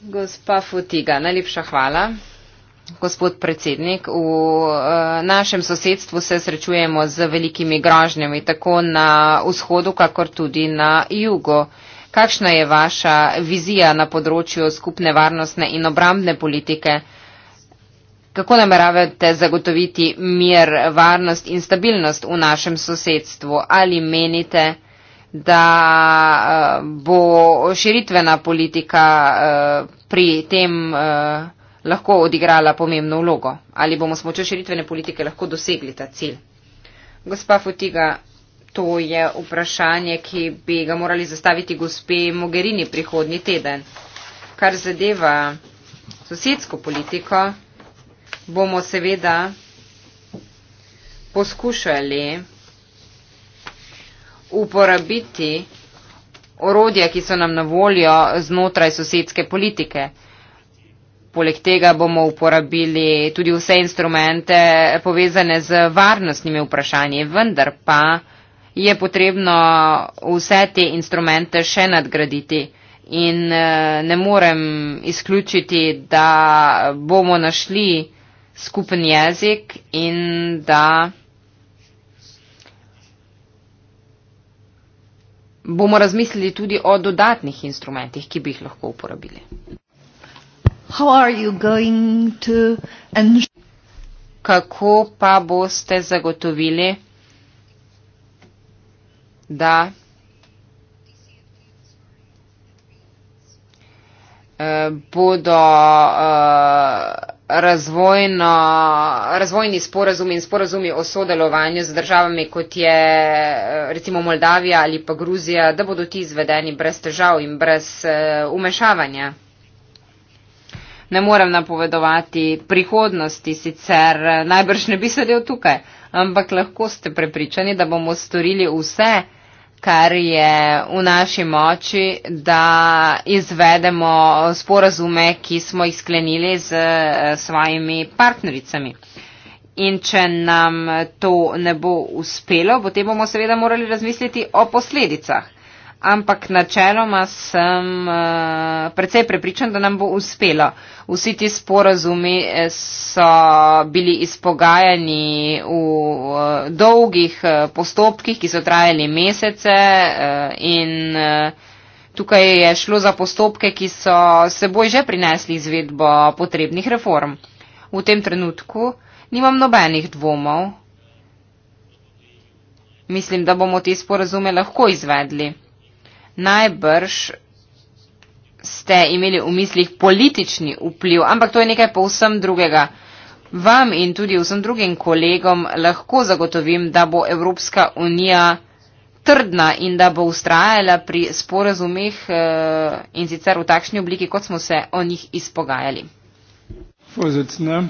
Gospa Futiga, najlepša hvala. Gospod predsednik, v eh, našem sosedstvu se srečujemo z velikimi grožnjami, tako na vzhodu, kakor tudi na jugu. Kakšna je vaša vizija na področju skupne varnostne in obrambne politike? Kako nameravate zagotoviti mir, varnost in stabilnost v našem sosedstvu? Ali menite, da eh, bo širitvena politika eh, pri tem? lahko odigrala pomembno vlogo? Ali bomo s močjo širitvene politike lahko dosegli ta cilj? Gospa Futiga, to je vprašanje, ki bi ga morali zastaviti gospe Mogherini prihodnji teden. Kar zadeva sosedsko politiko, bomo seveda poskušali uporabiti orodja, ki so nam na voljo znotraj sosedske politike. Poleg tega bomo uporabili tudi vse instrumente povezane z varnostnimi vprašanji, vendar pa je potrebno vse te instrumente še nadgraditi in eh, ne morem izključiti, da bomo našli skupen jezik in da bomo razmislili tudi o dodatnih instrumentih, ki bi jih lahko uporabili. Kako pa boste zagotovili, da eh, bodo eh, razvojno, razvojni sporazumi in sporazumi o sodelovanju z državami, kot je eh, recimo Moldavija ali pa Gruzija, da bodo ti izvedeni brez težav in brez umešavanja? ne morem napovedovati prihodnosti, sicer eh, najbrž ne bi sedel tukaj, ampak lahko ste prepričani, da bomo storili vse, kar je v naši moči, da izvedemo sporazume, ki smo jih sklenili z eh, svojimi partnericami. In če nam to ne bo uspelo, potem bomo seveda morali razmisliti o posledicah ampak načeloma sem uh, precej prepričan, da nam bo uspelo. Vsi ti sporazumi eh, so bili izpogajani v uh, dolgih uh, postopkih, ki so trajali mesece uh, in uh, Tukaj je šlo za postopke, ki so seboj že prinesli izvedbo potrebnih reform. V tem trenutku nimam nobenih dvomov. Mislim, da bomo te sporazume lahko izvedli najbrž ste imeli v mislih politični vpliv, ampak to je nekaj povsem drugega. Vam in tudi vsem drugim kolegom lahko zagotovim, da bo Evropska unija trdna in da bo ustrajala pri sporazumih eh, in sicer v takšni obliki, kot smo se o njih izpogajali. Vozicne.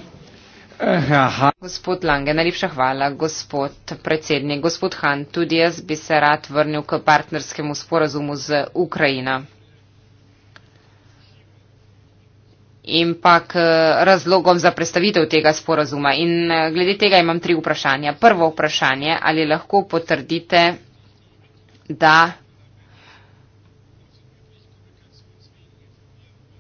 Eh, aha. Gospod Lange, najlepša hvala, gospod predsednik. Gospod Han, tudi jaz bi se rad vrnil k partnerskemu sporazumu z Ukrajina. In pa k razlogom za predstavitev tega sporazuma. In eh, glede tega imam tri vprašanja. Prvo vprašanje, ali lahko potrdite, da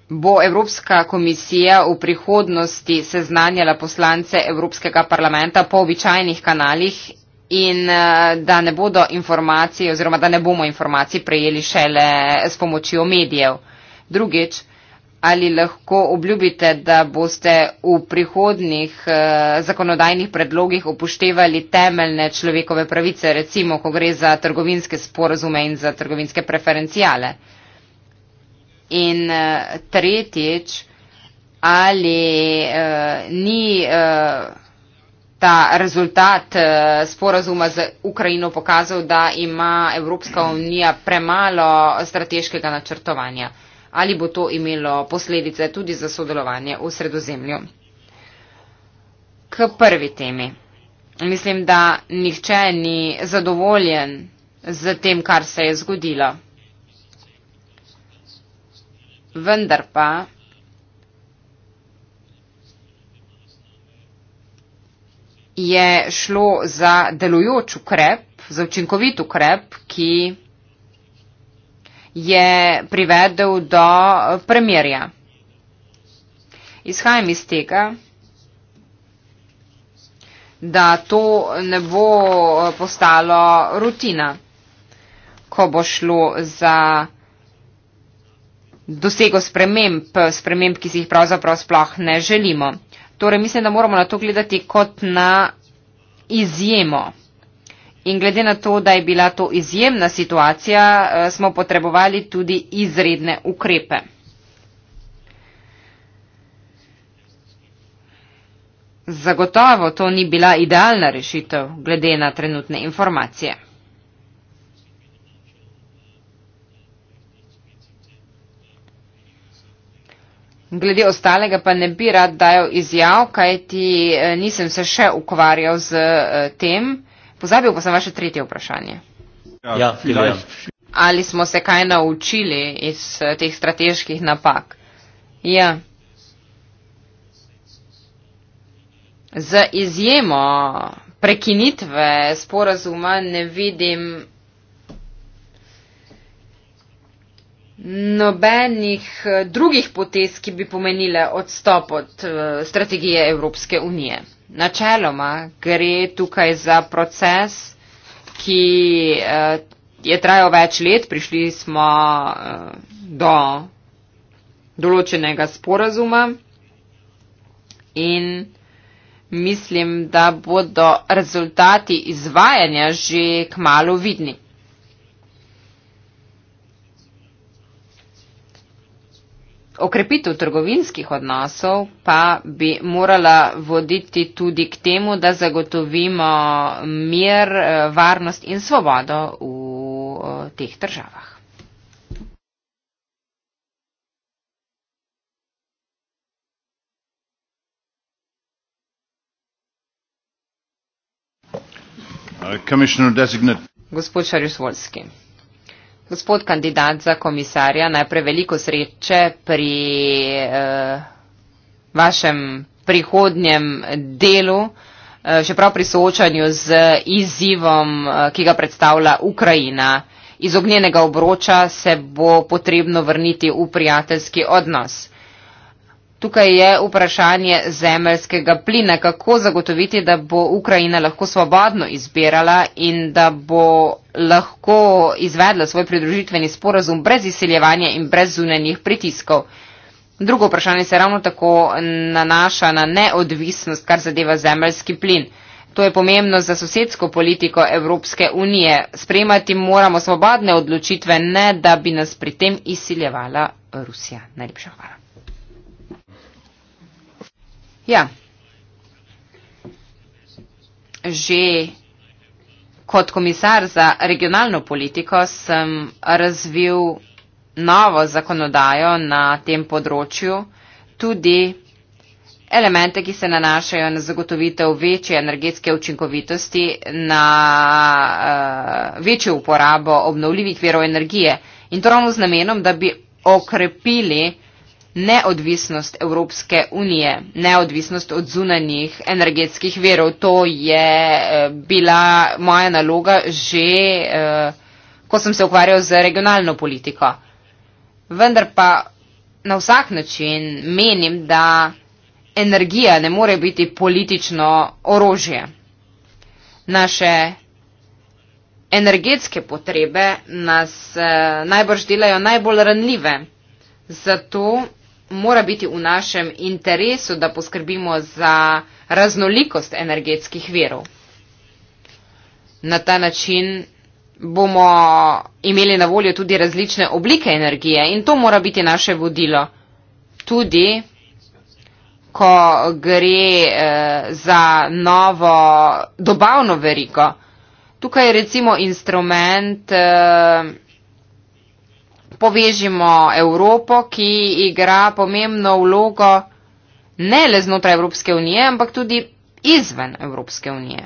bo Evropska komisija v prihodnosti seznanjala poslance Evropskega parlamenta po običajnih kanalih in eh, da ne bodo informacije oziroma da ne bomo informacij prejeli šele s pomočjo medijev. Drugič, ali lahko obljubite, da boste v prihodnih eh, zakonodajnih predlogih upoštevali temeljne človekove pravice, recimo, ko gre za trgovinske sporozume in za trgovinske preferencijale? In uh, tretjič, ali uh, ni uh, ta rezultat uh, sporazuma z Ukrajino pokazal, da ima Evropska unija premalo strateškega načrtovanja. Ali bo to imelo posledice tudi za sodelovanje v sredozemlju? K prvi temi. Mislim, da nihče ni zadovoljen z tem, kar se je zgodilo vendar pa je šlo za delujoč ukrep, za učinkovit ukrep, ki je privedel do premjerja. Izhajam iz tega, da to ne bo postalo rutina, ko bo šlo za premjerja dosego sprememb, sprememb, ki si jih pravzaprav sploh ne želimo. Torej, mislim, da moramo na to gledati kot na izjemo. In glede na to, da je bila to izjemna situacija, eh, smo potrebovali tudi izredne ukrepe. Zagotovo to ni bila idealna rešitev glede na trenutne informacije. Glede ostalega pa ne bi rad dajal izjav, kaj ti eh, nisem se še ukvarjal z eh, tem. Pozabil pa sem vaše tretje vprašanje. Ja, ja, ja. Ali smo se kaj naučili iz eh, teh strateških napak? Ja. Z izjemo prekinitve sporazuma ne vidim nobenih eh, drugih potez, ki bi pomenile odstop od eh, strategije Evropske unije. Načeloma gre tukaj za proces, ki eh, je trajal več let, prišli smo do določenega sporazuma in mislim, da bodo rezultati izvajanja že k malu vidni. okrepitev trgovinskih odnosov pa bi morala voditi tudi k temu, da zagotovimo mir, eh, varnost in svobodo v eh, teh državah. Uh, Gospod Šarjusvolski. Gospod kandidat za komisarja, najprej veliko sreče pri eh, vašem prihodnjem delu, eh, še prav pri soočanju z izzivom, eh, ki ga predstavlja Ukrajina. Iz ognjenega obroča se bo potrebno vrniti v prijateljski odnos. Tukaj je vprašanje zemeljskega plina, kako zagotoviti, da bo Ukrajina lahko svobodno izbirala in da bo lahko izvedla svoj pridružitveni sporazum brez izseljevanja in brez zunanjih pritiskov. Drugo vprašanje se ravno tako nanaša na neodvisnost, kar zadeva zemeljski plin. To je pomembno za sosedsko politiko Evropske unije. Sprejemati moramo svobodne odločitve, ne da bi nas pri tem izsiljevala Rusija. Najlepša hvala. Ja, že kot komisar za regionalno politiko sem razvil novo zakonodajo na tem področju, tudi elemente, ki se nanašajo na zagotovitev večje energetske učinkovitosti, na uh, večjo uporabo obnovljivih verov energije. In to ravno z namenom, da bi okrepili neodvisnost Evropske unije, neodvisnost od zunanjih energetskih verov. To je eh, bila moja naloga že, eh, ko sem se ukvarjal z regionalno politiko. Vendar pa na vsak način menim, da energija ne more biti politično orožje. Naše energetske potrebe nas eh, najbrž delajo najbolj ranljive. Zato mora biti v našem interesu, da poskrbimo za raznolikost energetskih verov. Na ta način bomo imeli na voljo tudi različne oblike energije in to mora biti naše vodilo. Tudi, ko gre eh, za novo dobavno veriko. Tukaj je recimo instrument. Eh, povežimo Evropo, ki igra pomembno vlogo ne le znotraj Evropske unije, ampak tudi izven Evropske unije.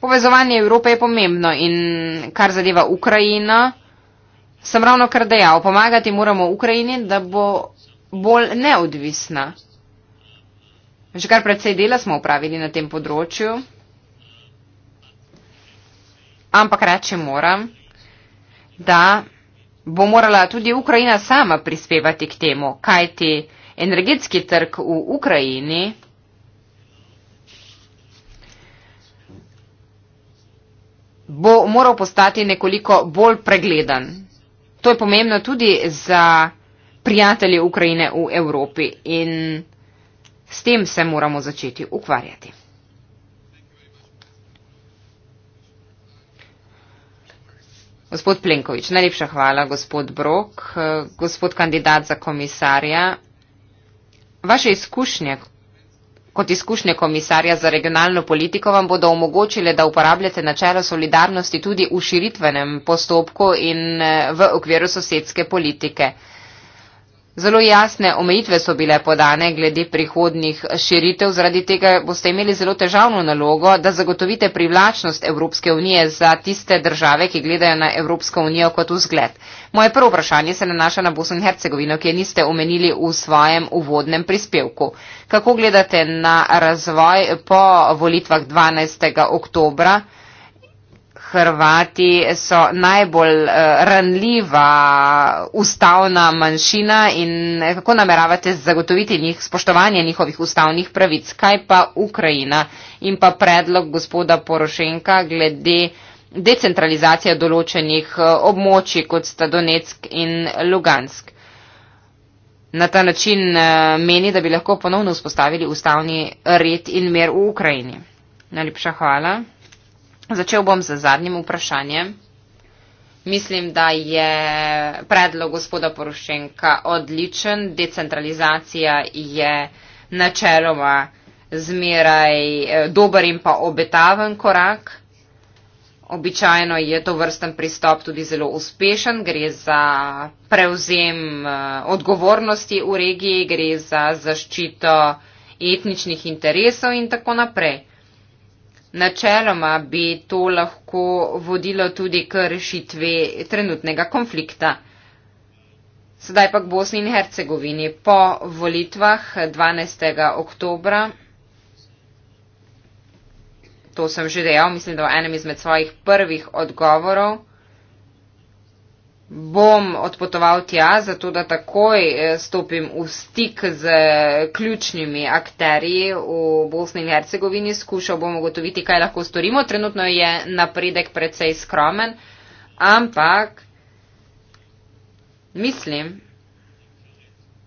Povezovanje Evrope je pomembno in kar zadeva Ukrajina, sem ravno kar dejal, pomagati moramo Ukrajini, da bo bolj neodvisna. Že kar predsej dela smo upravili na tem področju ampak reči moram, da bo morala tudi Ukrajina sama prispevati k temu, kajti energetski trg v Ukrajini bo moral postati nekoliko bolj pregleden. To je pomembno tudi za prijatelje Ukrajine v Evropi in s tem se moramo začeti ukvarjati. Gospod Plenkovič, najlepša hvala, gospod Brok, eh, gospod kandidat za komisarja. Vaše izkušnje kot izkušnje komisarja za regionalno politiko vam bodo omogočile, da uporabljate načelo solidarnosti tudi v širitvenem postopku in eh, v okviru sosedske politike. Zelo jasne omejitve so bile podane glede prihodnih širitev, zaradi tega boste imeli zelo težavno nalogo, da zagotovite privlačnost Evropske unije za tiste države, ki gledajo na Evropsko unijo kot vzgled. Moje prvo vprašanje se nanaša na Bosno in Hercegovino, ki je niste omenili v svojem uvodnem prispevku. Kako gledate na razvoj po volitvah 12. oktobra? Hrvati so najbolj eh, ranljiva ustavna manjšina in eh, kako nameravate zagotoviti njih spoštovanje njihovih ustavnih pravic? Kaj pa Ukrajina in pa predlog gospoda Porošenka glede decentralizacije določenih eh, območij, kot sta Donetsk in Lugansk? Na ta način meni, da bi lahko ponovno vzpostavili ustavni red in mer v Ukrajini. Najlepša hvala. Začel bom z zadnjim vprašanjem. Mislim, da je predlog gospoda Porošenka odličen. Decentralizacija je načeloma zmeraj eh, dober in pa obetaven korak. Običajno je to vrsten pristop tudi zelo uspešen. Gre za prevzem eh, odgovornosti v regiji, gre za zaščito etničnih interesov in tako naprej. Načeloma bi to lahko vodilo tudi k rešitvi trenutnega konflikta. Sedaj pa v Bosni in Hercegovini po volitvah 12. oktobra, to sem že dejal, mislim, da v enem izmed svojih prvih odgovorov, bom odpotoval tja, zato da takoj eh, stopim v stik z ključnimi akterji v Bosni in Hercegovini. Skušal bom ugotoviti, kaj lahko storimo. Trenutno je napredek precej skromen, ampak mislim,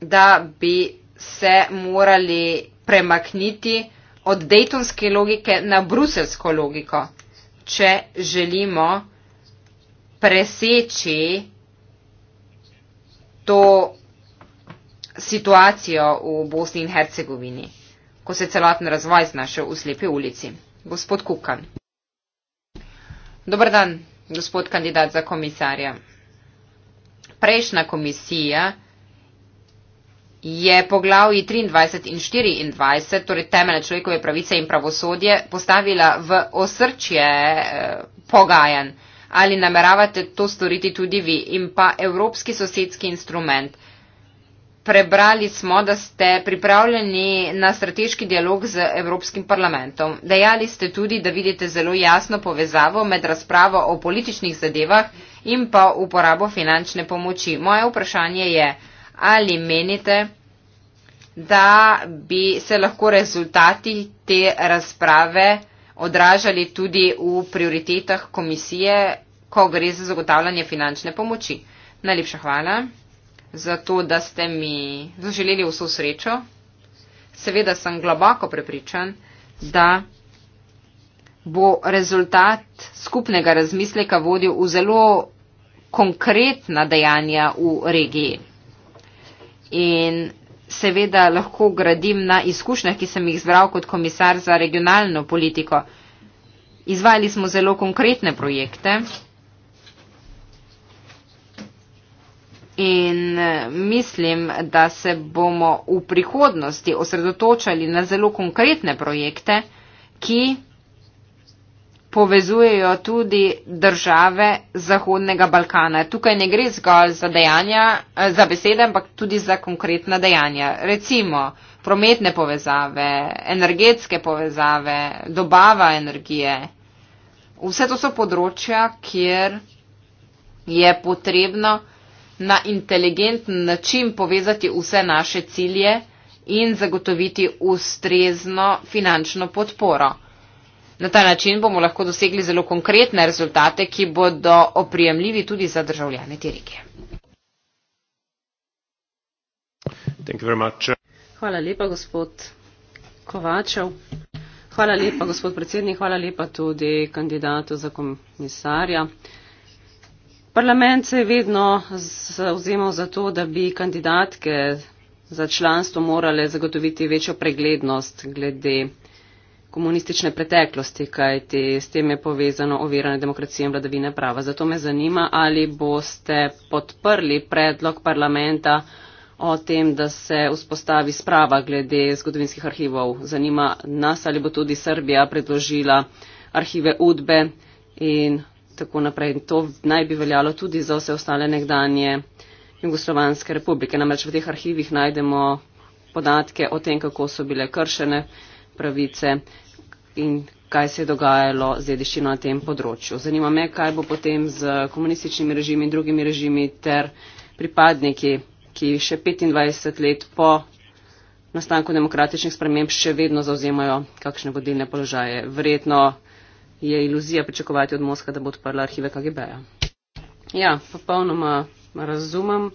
da bi se morali premakniti od dejtonske logike na bruselsko logiko, če želimo preseči to situacijo v Bosni in Hercegovini, ko se celoten razvoj znašel v slepi ulici. Gospod Kukan. Dobar dan, gospod kandidat za komisarja. Prejšnja komisija je poglavji 23 in 24, torej temelje človekove pravice in pravosodje, postavila v osrčje eh, pogajanj ali nameravate to storiti tudi vi in pa Evropski sosedski instrument. Prebrali smo, da ste pripravljeni na strateški dialog z Evropskim parlamentom. Dejali ste tudi, da vidite zelo jasno povezavo med razpravo o političnih zadevah in pa uporabo finančne pomoči. Moje vprašanje je, ali menite, da bi se lahko rezultati te razprave odražali tudi v prioritetah komisije, ko gre za zagotavljanje finančne pomoči. Najlepša hvala za to, da ste mi zaželeli vso srečo. Seveda sem globoko prepričan, da bo rezultat skupnega razmisleka vodil v zelo konkretna dejanja v regiji. In seveda lahko gradim na izkušnjah, ki sem jih zbral kot komisar za regionalno politiko. Izvali smo zelo konkretne projekte in eh, mislim, da se bomo v prihodnosti osredotočali na zelo konkretne projekte, ki povezujejo tudi države Zahodnega Balkana. Tukaj ne gre zgolj za, dejanja, eh, za besede, ampak tudi za konkretna dejanja. Recimo prometne povezave, energetske povezave, dobava energije. Vse to so področja, kjer je potrebno na inteligenten način povezati vse naše cilje in zagotoviti ustrezno finančno podporo. Na ta način bomo lahko dosegli zelo konkretne rezultate, ki bodo oprijemljivi tudi za državljane te regije. Hvala lepa, gospod Kovačev. Hvala lepa, gospod predsednik. Hvala lepa tudi kandidatu za komisarja. Parlament se je vedno zauzemal za to, da bi kandidatke za članstvo morale zagotoviti večjo preglednost glede komunistične preteklosti, kajti s tem je povezano oviranje demokracije in vladavine prava. Zato me zanima, ali boste podprli predlog parlamenta o tem, da se vzpostavi sprava glede zgodovinskih arhivov. Zanima nas, ali bo tudi Srbija predložila arhive Udbe in tako naprej. In to naj bi veljalo tudi za vse ostale nekdanje Jugoslovanske republike. Namreč v teh arhivih najdemo podatke o tem, kako so bile kršene pravice in kaj se je dogajalo z dediščino na tem področju. Zanima me, kaj bo potem z komunističnimi režimi in drugimi režimi ter pripadniki, ki še 25 let po nastanku demokratičnih sprememb še vedno zauzemajo kakšne vodilne položaje. Verjetno je iluzija pričakovati od Moska, da bo odprla arhive KGB-ja. Ja, popolnoma razumem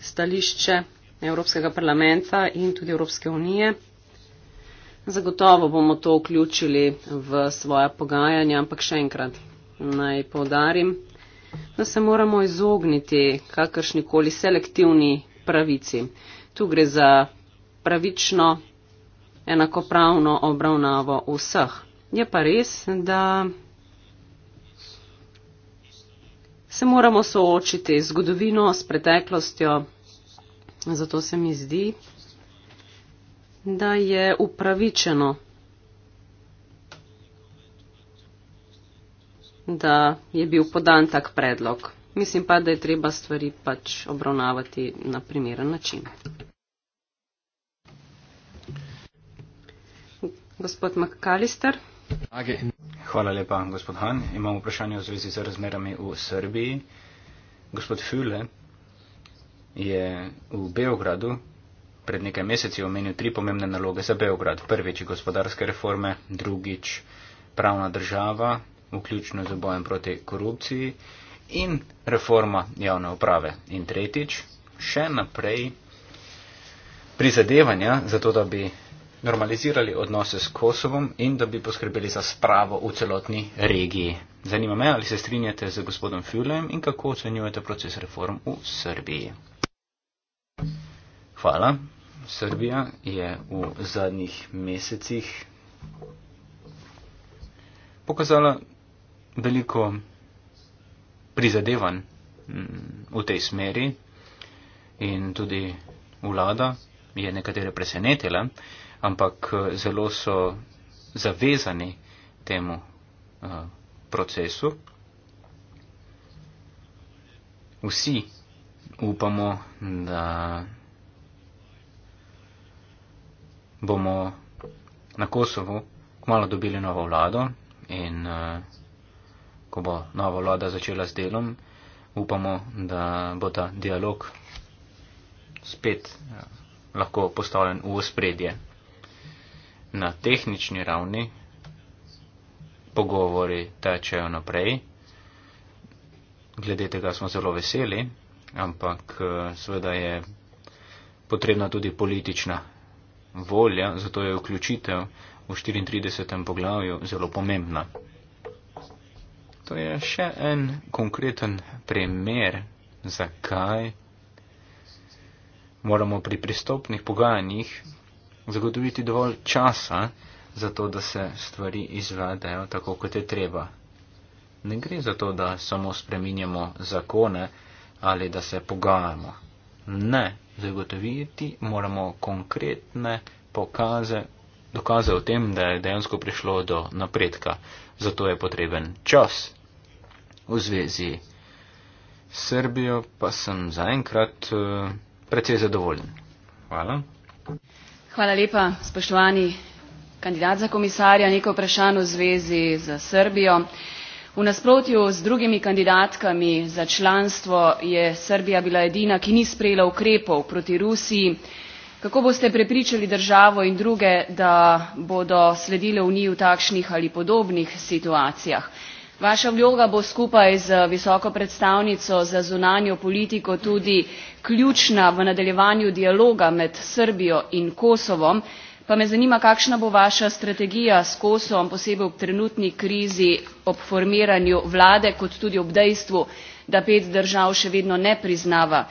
stališče Evropskega parlamenta in tudi Evropske unije. Zagotovo bomo to vključili v svoja pogajanja, ampak še enkrat naj povdarim, da se moramo izogniti kakršnikoli selektivni pravici. Tu gre za pravično, enakopravno obravnavo vseh. Je pa res, da se moramo soočiti z zgodovino, s preteklostjo, zato se mi zdi, da je upravičeno, da je bil podan tak predlog. Mislim pa, da je treba stvari pač obravnavati na primeren način. Gospod McAllister. Hvala lepa, gospod Han. Imamo vprašanje v zvezi z razmerami v Srbiji. Gospod Füle je v Beogradu pred nekaj meseci omenil tri pomembne naloge za Beograd. Prvič gospodarske reforme, drugič pravna država, vključno z bojem proti korupciji in reforma javne uprave. In tretjič, še naprej prizadevanja za to, da bi normalizirali odnose s Kosovom in da bi poskrbeli za spravo v celotni regiji. Zanima me, ali se strinjate z gospodom Fjulem in kako ocenjujete proces reform v Srbiji. Hvala. Srbija je v zadnjih mesecih pokazala veliko prizadevanj mm, v tej smeri in tudi vlada je nekatere presenetila, ampak eh, zelo so zavezani temu eh, procesu. Vsi upamo, da bomo na Kosovo kmalo dobili novo vlado in uh, ko bo nova vlada začela s delom, upamo, da bo ta dialog spet uh, lahko postavljen v ospredje. Na tehnični ravni pogovori tečejo naprej. Glede tega smo zelo veseli, ampak uh, seveda je potrebna tudi politična volja, zato je vključitev v 34. poglavju zelo pomembna. To je še en konkreten primer, zakaj moramo pri pristopnih pogajanjih zagotoviti dovolj časa, zato da se stvari izvedejo tako, kot je treba. Ne gre za to, da samo spreminjamo zakone ali da se pogajamo. Ne, zagotoviti, moramo konkretne pokaze, dokaze o tem, da je dejansko prišlo do napredka. Zato je potreben čas v zvezi s Srbijo, pa sem zaenkrat eh, precej zadovoljen. Hvala. Hvala lepa, spoštovani kandidat za komisarja. Neko vprašanje v zvezi z Srbijo v nasprotju z drugimi kandidatkami za članstvo je srbija bila edina ki ni sprejela ukrepov proti rusiji kako boste prepričali državo in druge da bodo sledile uniji v takšnih ali podobnih situacijah vaša vloga bo skupaj z visoko predstavnico za zunanjo politiko tudi ključna v nadaljevanju dialoga med srbijo in kosovom pa me zanima kakšna bo vaša strategija s kosovom posebej ob trenutni krizi ob formiranju vlade kot tudi ob dejstvu da pet držav še vedno ne priznava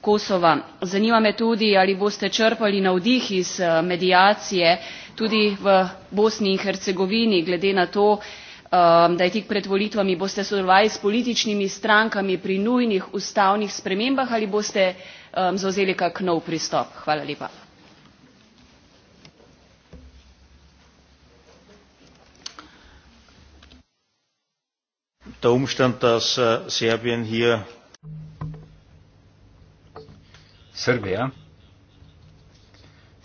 kosova. zanima me tudi ali boste črpali navdih iz eh, mediacije tudi v bosni in hercegovini glede na to eh, da je tik pred volitvami boste sodelovali s političnimi strankami pri nujnih ustavnih spremembah ali boste eh, zavzeli kak nov pristop. der Umstand, dass äh, Serbien hier Srbija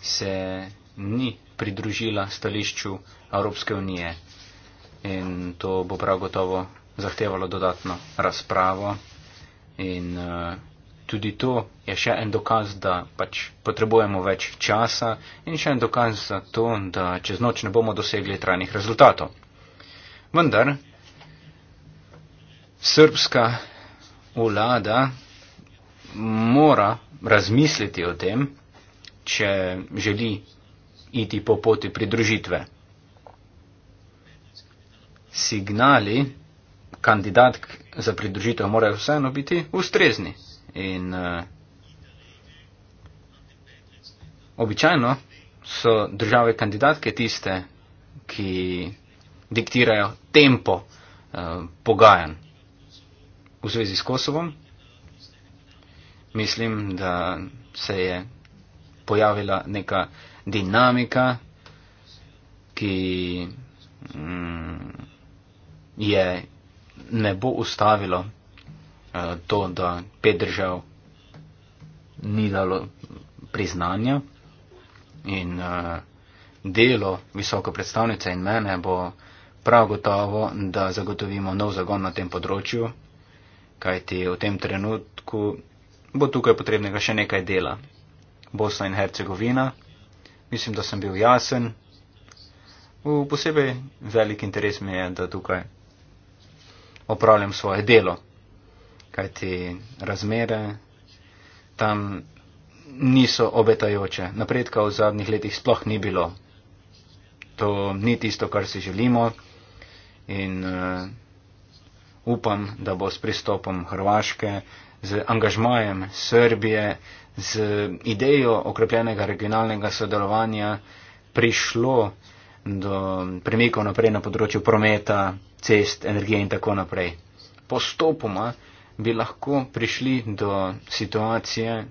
se ni pridružila stališču Evropske unije in to bo prav gotovo zahtevalo dodatno razpravo. In uh, tudi to je še en dokaz, da pač potrebujemo več časa in še en dokaz za to, da čez noč ne bomo dosegli trajnih rezultatov. Vendar srpska vlada mora razmisliti o tem, če želi iti po poti pridružitve. Signali kandidatk za pridružitev morajo vseeno biti ustrezni. In uh, običajno so države kandidatke tiste, ki diktirajo tempo uh, pogajanj v zvezi s Kosovom. Mislim, da se je pojavila neka dinamika, ki mm, je ne bo ustavilo eh, to, da pet držav ni dalo priznanja in eh, delo visoko predstavnice in mene bo prav gotovo, da zagotovimo nov zagon na tem področju kajti v tem trenutku bo tukaj potrebnega še nekaj dela. Bosna in Hercegovina, mislim, da sem bil jasen. V posebej velik interes mi je, da tukaj opravljam svoje delo, kajti razmere tam niso obetajoče. Napredka v zadnjih letih sploh ni bilo. To ni tisto, kar si želimo. In, uh, upam, da bo s pristopom Hrvaške, z angažmajem Srbije, z idejo okrepljenega regionalnega sodelovanja prišlo do premikov naprej na področju prometa, cest, energije in tako naprej. Postopoma bi lahko prišli do situacije,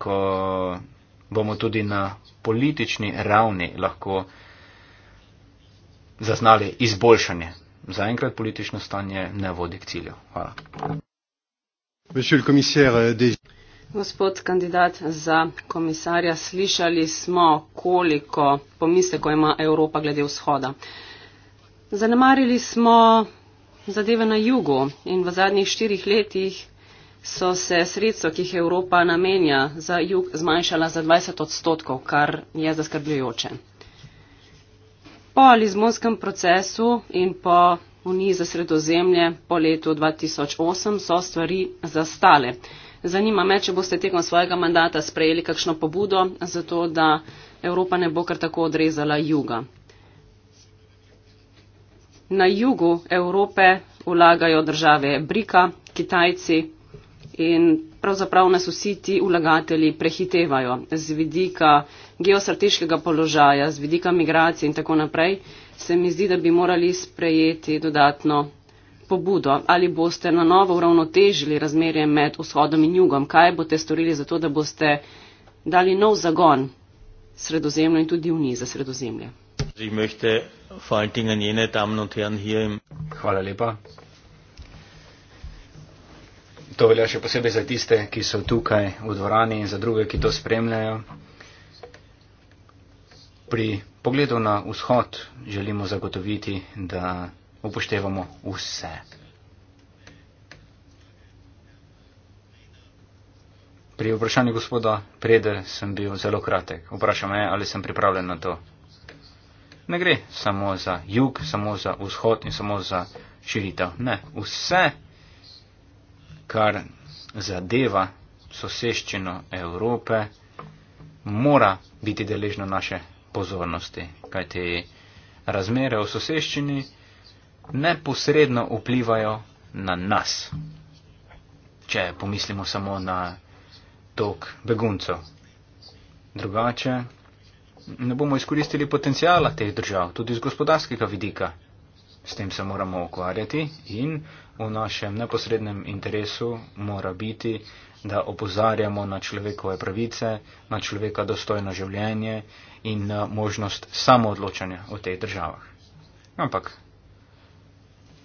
ko bomo tudi na politični ravni lahko zaznali izboljšanje zaenkrat politično stanje ne vodi k cilju. Hvala. Euh, Gospod kandidat za komisarja, slišali smo, koliko pomisleko ima Evropa glede vzhoda. Zanemarili smo zadeve na jugu in v zadnjih štirih letih so se sredstva, ki jih Evropa namenja za jug, zmanjšala za 20 odstotkov, kar je zaskrbljujoče. Po Lizbonskem procesu in po Uniji za sredozemlje po letu 2008 so stvari zastale. Zanima me, če boste tekom svojega mandata sprejeli kakšno pobudo za to, da Evropa ne bo kar tako odrezala juga. Na jugu Evrope vlagajo države Brika, Kitajci in pravzaprav nas vsi ti vlagatelji prehitevajo z vidika geostrateškega položaja, z vidika migracije in tako naprej, se mi zdi, da bi morali sprejeti dodatno pobudo. Ali boste na novo uravnotežili razmerje med vzhodom in jugom? Kaj boste storili za to, da boste dali nov zagon sredozemlju in tudi uniji za sredozemlje? Hvala lepa. To velja še posebej za tiste, ki so tukaj v dvorani in za druge, ki to spremljajo pri pogledu na vzhod želimo zagotoviti, da upoštevamo vse. Pri vprašanju gospoda Prede sem bil zelo kratek. Vpraša me, ali sem pripravljen na to. Ne gre samo za jug, samo za vzhod in samo za širitev. Ne, vse, kar zadeva soseščino Evrope, mora biti deležno naše pozornosti, kajti razmere v soseščini neposredno vplivajo na nas. Če pomislimo samo na tok beguncev. Drugače, ne bomo izkoristili potencijala teh držav, tudi z gospodarskega vidika. S tem se moramo ukvarjati in v našem neposrednem interesu mora biti, da opozarjamo na človekove pravice, na človeka dostojno življenje in eh, možnost samoodločanja v teh državah. Ampak,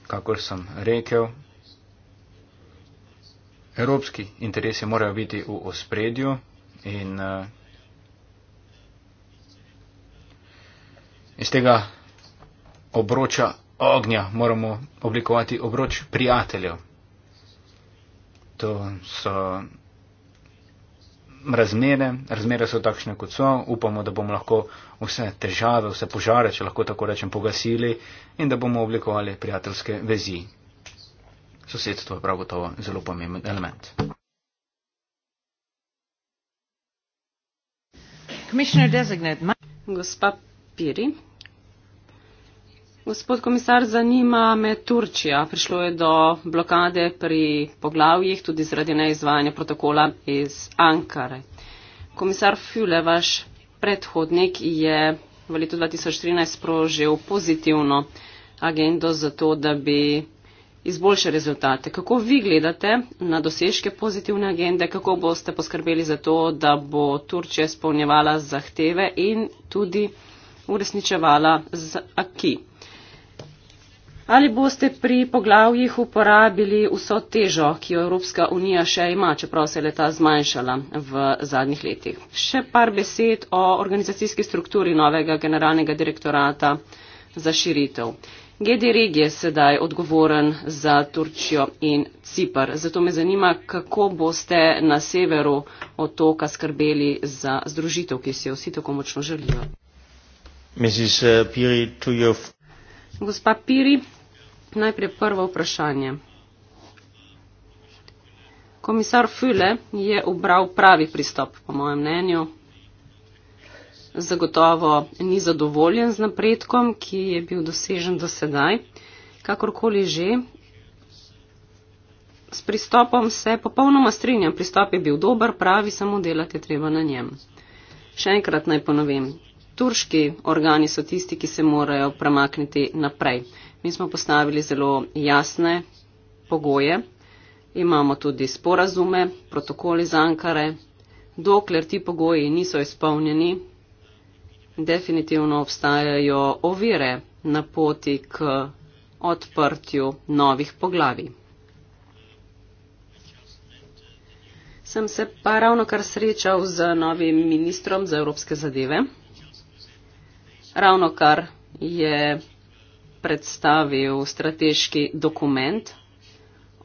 kakor sem rekel, evropski interesi morajo biti v ospredju in uh, iz tega obroča ognja moramo oblikovati obroč prijateljev. To so razmere, razmere so takšne, kot so, upamo, da bomo lahko vse težave, vse požare, če lahko tako rečem, pogasili in da bomo oblikovali prijateljske vezi. Sosedstvo je prav gotovo zelo pomemben element. Gospa Piri, Gospod komisar, zanima me Turčija. Prišlo je do blokade pri poglavjih tudi zaradi neizvajanja protokola iz Ankare. Komisar Füle, vaš predhodnik, je v letu 2013 sprožil pozitivno agendo za to, da bi izboljšali rezultate. Kako vi gledate na dosežke pozitivne agende, kako boste poskrbeli za to, da bo Turčija spolnjevala zahteve in tudi uresničevala z akij? Ali boste pri poglavjih uporabili vso težo, ki jo Evropska unija še ima, čeprav se je leta zmanjšala v zadnjih letih? Še par besed o organizacijski strukturi novega generalnega direktorata za širitev. GD Reg je sedaj odgovoren za Turčijo in Cipr. Zato me zanima, kako boste na severu otoka skrbeli za združitev, ki si jo vsi tako močno želijo. Uh, Gospa Piri, najprej prvo vprašanje. Komisar Füle je obral pravi pristop, po mojem mnenju. Zagotovo ni zadovoljen z napredkom, ki je bil dosežen do sedaj. Kakorkoli že, s pristopom se popolnoma strinjam. Pristop je bil dober, pravi, samo delati je treba na njem. Še enkrat naj ponovim. Turški organi so tisti, ki se morajo premakniti naprej. Mi smo postavili zelo jasne pogoje, imamo tudi sporazume, protokoli za Ankare. Dokler ti pogoji niso izpolnjeni, definitivno obstajajo ovire na poti k odprtju novih poglavij. Sem se pa ravno kar srečal z novim ministrom za evropske zadeve. Ravno kar je predstavil strateški dokument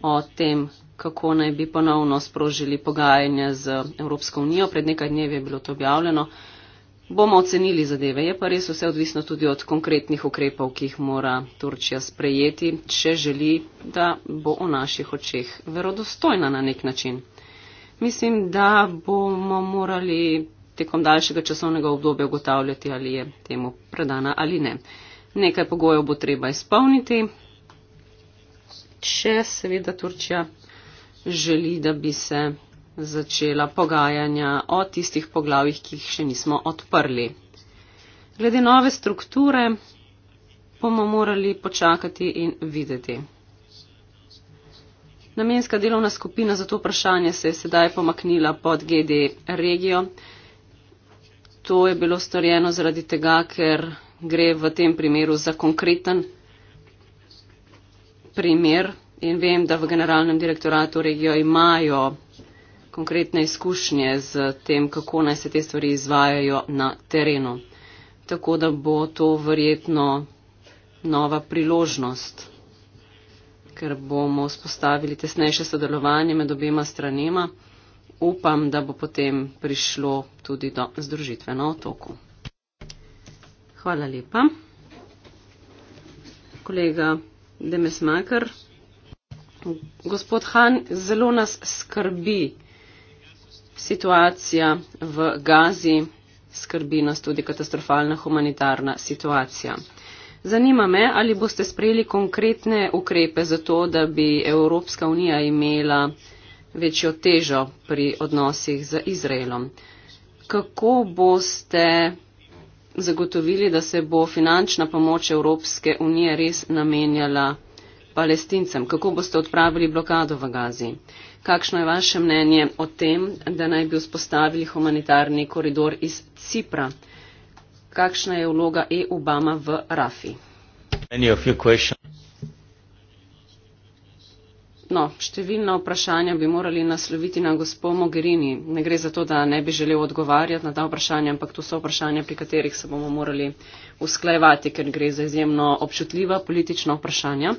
o tem, kako naj bi ponovno sprožili pogajanja z Evropsko unijo. Pred nekaj dnevi je bilo to objavljeno. Bomo ocenili zadeve. Je pa res vse odvisno tudi od konkretnih ukrepov, ki jih mora Turčija sprejeti, če želi, da bo v naših očeh verodostojna na nek način. Mislim, da bomo morali tekom daljšega časovnega obdobja ugotavljati, ali je temu predana ali ne. Nekaj pogojev bo treba izpolniti, če seveda Turčija želi, da bi se začela pogajanja o tistih poglavjih, ki jih še nismo odprli. Glede nove strukture bomo morali počakati in videti. Namenska delovna skupina za to vprašanje se je sedaj pomaknila pod GD regijo. To je bilo storjeno zaradi tega, ker gre v tem primeru za konkreten primer in vem, da v generalnem direktoratu regijo imajo konkretne izkušnje z tem, kako naj se te stvari izvajajo na terenu. Tako da bo to verjetno nova priložnost, ker bomo spostavili tesnejše sodelovanje med obima stranima. Upam, da bo potem prišlo tudi do združitve na otoku. Hvala lepa. Kolega Demesmaker, gospod Han, zelo nas skrbi situacija v Gazi, skrbi nas tudi katastrofalna humanitarna situacija. Zanima me, ali boste sprejeli konkretne ukrepe za to, da bi Evropska unija imela večjo težo pri odnosih z Izraelom. Kako boste zagotovili, da se bo finančna pomoč Evropske unije res namenjala palestincem? Kako boste odpravili blokado v Gazi? Kakšno je vaše mnenje o tem, da naj bi vzpostavili humanitarni koridor iz Cipra? Kakšna je vloga EU-Bama v Rafi? No, številna vprašanja bi morali nasloviti na gospo Mogherini. Ne gre za to, da ne bi želel odgovarjati na ta vprašanja, ampak to so vprašanja, pri katerih se bomo morali usklajevati, ker gre za izjemno občutljiva politična vprašanja.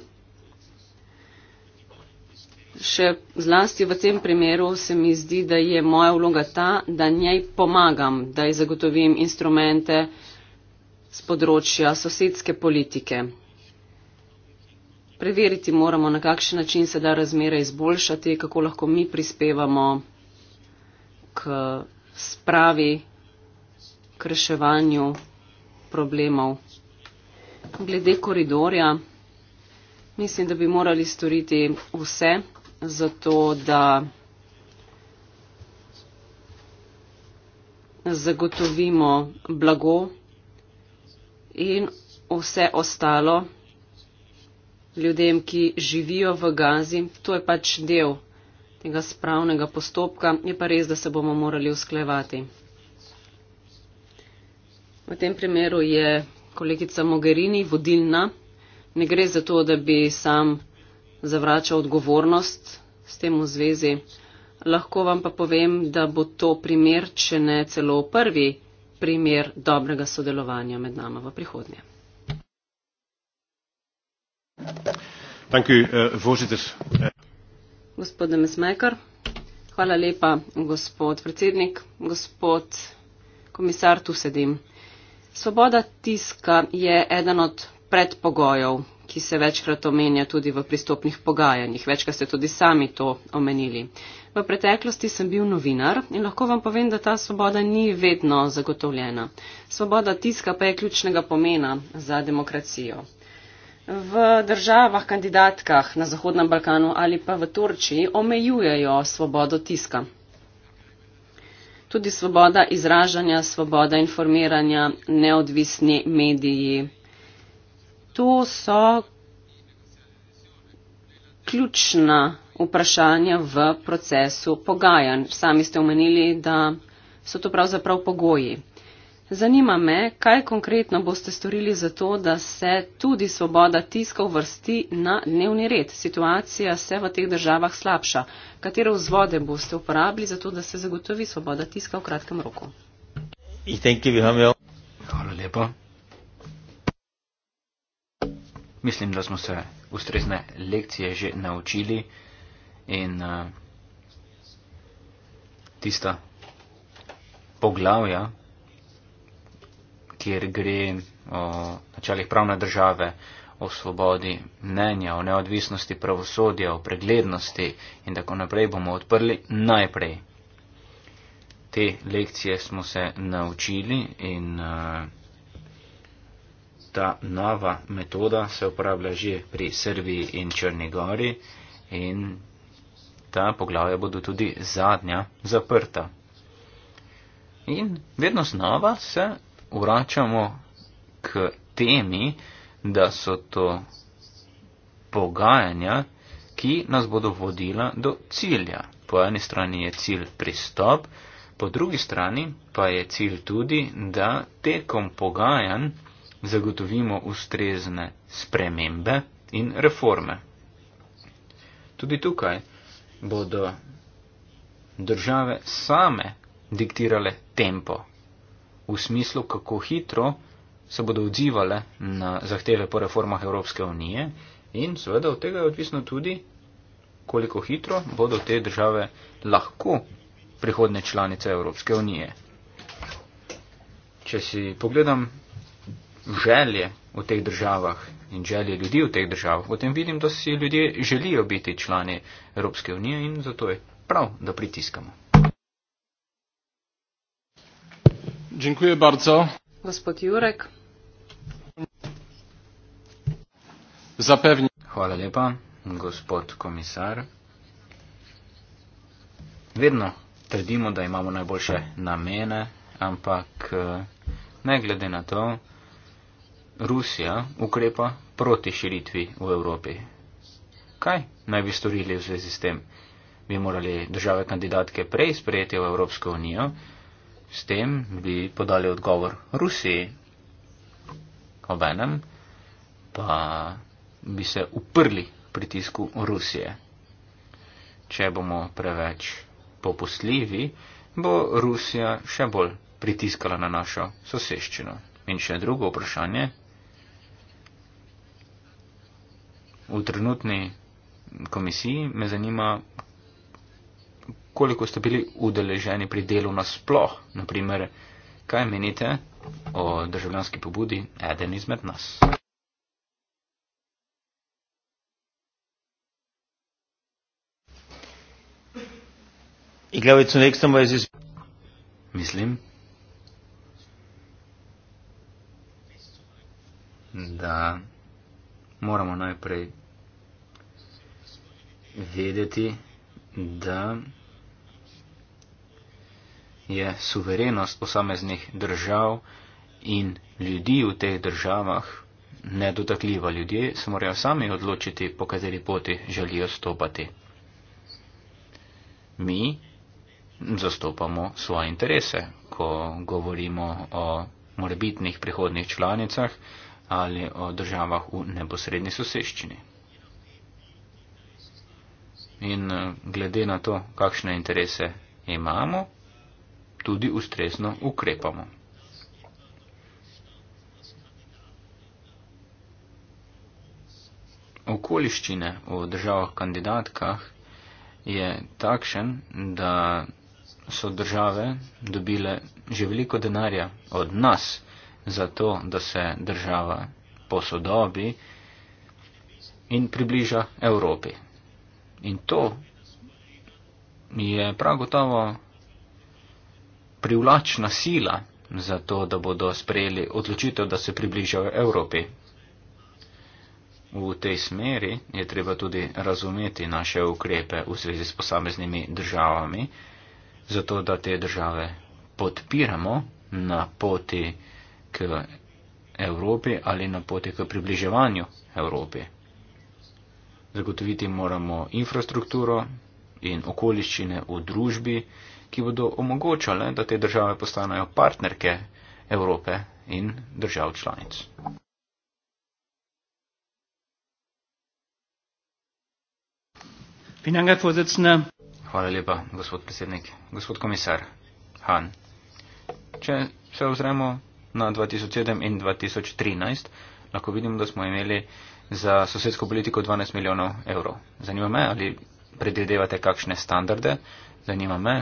Še zlasti v tem primeru se mi zdi, da je moja vloga ta, da njej pomagam, da ji zagotovim instrumente z področja sosedske politike preveriti moramo, na kakšen način se da razmere izboljšati, kako lahko mi prispevamo k spravi, k reševanju problemov. Glede koridorja, mislim, da bi morali storiti vse za to, da zagotovimo blago in vse ostalo, ljudem, ki živijo v Gazi. To je pač del tega spravnega postopka, je pa res, da se bomo morali usklevati. V tem primeru je kolegica Mogherini vodilna. Ne gre za to, da bi sam zavračal odgovornost s tem v zvezi. Lahko vam pa povem, da bo to primer, če ne celo prvi primer dobrega sodelovanja med nama v prihodnje. Eh, gospod demesmaeker hvala lepa gospod predsednik gospod komisar tu sedim svoboda tiska je eden od predpogojev ki se večkrat omenja tudi v pristopnih pogajanjih večkrat ste tudi sami to omenili v preteklosti sem bil novinar in lahko vam povem da ta svoboda ni vedno zagotovljena svoboda tiska pa je ključnega pomena za demokracijo v državah kandidatkah na Zahodnem Balkanu ali pa v Turčiji omejujejo svobodo tiska. Tudi svoboda izražanja, svoboda informiranja, neodvisni mediji. To so ključna vprašanja v procesu pogajanj. Sami ste omenili, da so to pravzaprav pogoji. Zanima me, kaj konkretno boste storili za to, da se tudi svoboda tiska uvrsti na dnevni red. Situacija se v teh državah slabša. Katere vzvode boste uporabili za to, da se zagotovi svoboda tiska v kratkem roku? Hvala lepa. Mislim, da smo se ustrezne lekcije že naučili in uh, tista poglavja, kjer gre o načelih pravne države, o svobodi mnenja, o neodvisnosti pravosodja, o preglednosti in tako naprej, bomo odprli najprej. Te lekcije smo se naučili in e, ta nova metoda se uporablja že pri Srbiji in Črni gori in ta poglavja bodo tudi zadnja zaprta. In vedno znova se vračamo k temi, da so to pogajanja, ki nas bodo vodila do cilja. Po eni strani je cilj pristop, po drugi strani pa je cilj tudi, da tekom pogajanj zagotovimo ustrezne spremembe in reforme. Tudi tukaj bodo države same diktirale tempo v smislu, kako hitro se bodo odzivale na zahteve po reformah Evropske unije in seveda od tega je odvisno tudi, koliko hitro bodo te države lahko prihodne članice Evropske unije. Če si pogledam želje v teh državah in želje ljudi v teh državah, potem vidim, da si ljudje želijo biti člani Evropske unije in zato je prav, da pritiskamo. Hvala lepa, gospod komisar. Vedno trdimo, da imamo najboljše namene, ampak eh, ne glede na to, Rusija ukrepa proti širitvi v Evropi. Kaj naj bi storili v zvezi s tem? Bi morali države kandidatke prej sprejeti v Evropsko unijo? S tem bi podali odgovor Rusiji. Obenem pa bi se uprli pritisku Rusije. Če bomo preveč popustljivi, bo Rusija še bolj pritiskala na našo soseščino. In še drugo vprašanje. V trenutni komisiji me zanima, koliko ste bili udeleženi pri delu nasploh, naprimer, kaj menite o državljanski pobudi eden izmed nas. Mislim, da moramo najprej vedeti, da je suverenost posameznih držav in ljudi v teh državah nedotakljiva. Ljudje se morajo sami odločiti, po kateri poti želijo stopati. Mi zastopamo svoje interese, ko govorimo o morebitnih prihodnih članicah ali o državah v neposrednji soseščini. In eh, glede na to, kakšne interese imamo, tudi ustrezno ukrepamo. Okoliščine v državah kandidatkah je takšen, da so države dobile že veliko denarja od nas za to, da se država posodobi in približa Evropi. In to je prav gotovo privlačna sila za to, da bodo sprejeli odločitev, da se približajo Evropi. V tej smeri je treba tudi razumeti naše ukrepe v zvezi s posameznimi državami, zato da te države podpiramo na poti k Evropi ali na poti k približevanju Evropi. Zagotoviti moramo infrastrukturo in okoliščine v družbi, ki bodo omogočale, da te države postanejo partnerke Evrope in držav članic. Hvala lepa, gospod predsednik. Gospod komisar Han, če se ozremo na 2007 in 2013, lahko vidimo, da smo imeli za sosedsko politiko 12 milijonov evrov. Zanima me, ali predvidevate kakšne standarde, zanima me,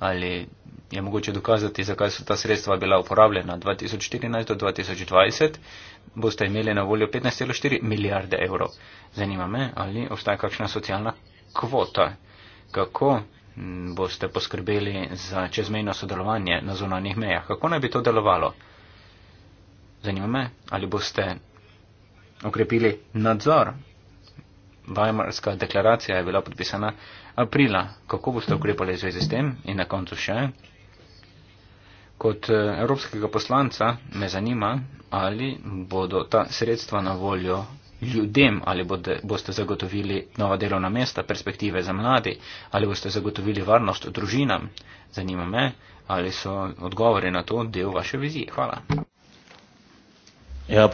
ali je mogoče dokazati, zakaj so ta sredstva bila uporabljena 2014 do 2020, boste imeli na voljo 15,4 milijarde evrov. Zanima me, ali obstaja kakšna socialna kvota. Kako boste poskrbeli za čezmejno sodelovanje na zunanjih mejah? Kako naj bi to delovalo? Zanima me, ali boste okrepili nadzor. Weimarska deklaracija je bila podpisana aprila. Kako boste ukrepali v zvezi s tem? In na koncu še, kot eh, evropskega poslanca me zanima, ali bodo ta sredstva na voljo ljudem, ali bodo, boste zagotovili nova delovna mesta, perspektive za mladi, ali boste zagotovili varnost družinam. Zanima me, ali so odgovori na to del vaše vizije. Hvala. Ja,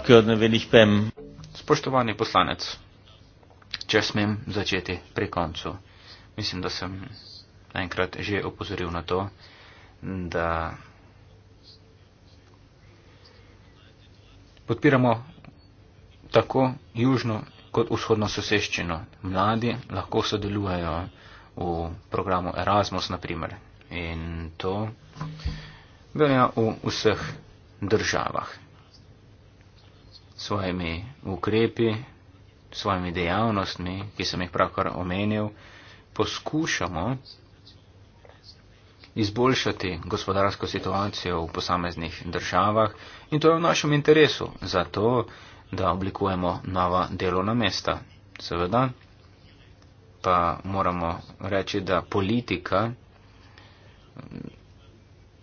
Spoštovani poslanec, če smem začeti pri koncu. Mislim, da sem enkrat že opozoril na to, da podpiramo tako južno kot vzhodno soseščino. Mladi lahko sodelujejo v programu Erasmus, naprimer. In to velja v vseh državah. Svojimi ukrepi, svojimi dejavnostmi, ki sem jih pravkar omenil, poskušamo izboljšati gospodarsko situacijo v posameznih državah in to je v našem interesu, zato da oblikujemo nova delovna mesta. Seveda pa moramo reči, da politika mm,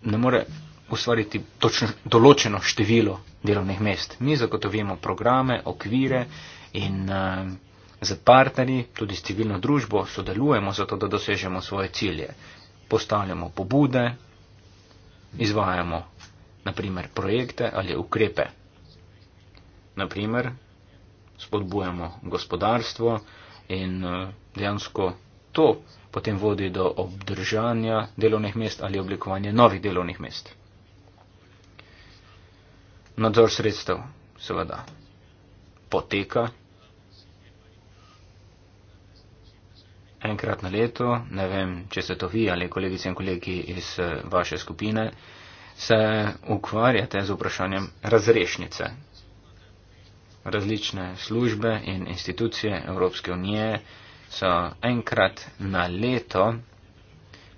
ne more ustvariti točno določeno število delovnih mest. Mi zagotovimo programe, okvire in uh, z partnerji, tudi s civilno družbo sodelujemo zato, da dosežemo svoje cilje. Postavljamo pobude, izvajamo naprimer projekte ali ukrepe. Naprimer, spodbujamo gospodarstvo in eh, dejansko to potem vodi do obdržanja delovnih mest ali oblikovanja novih delovnih mest. Nadzor sredstev seveda poteka enkrat na leto, ne vem, če se to vi ali kolegice in kolegi iz eh, vaše skupine, se ukvarjate z vprašanjem razrešnice. Različne službe in institucije Evropske unije so enkrat na leto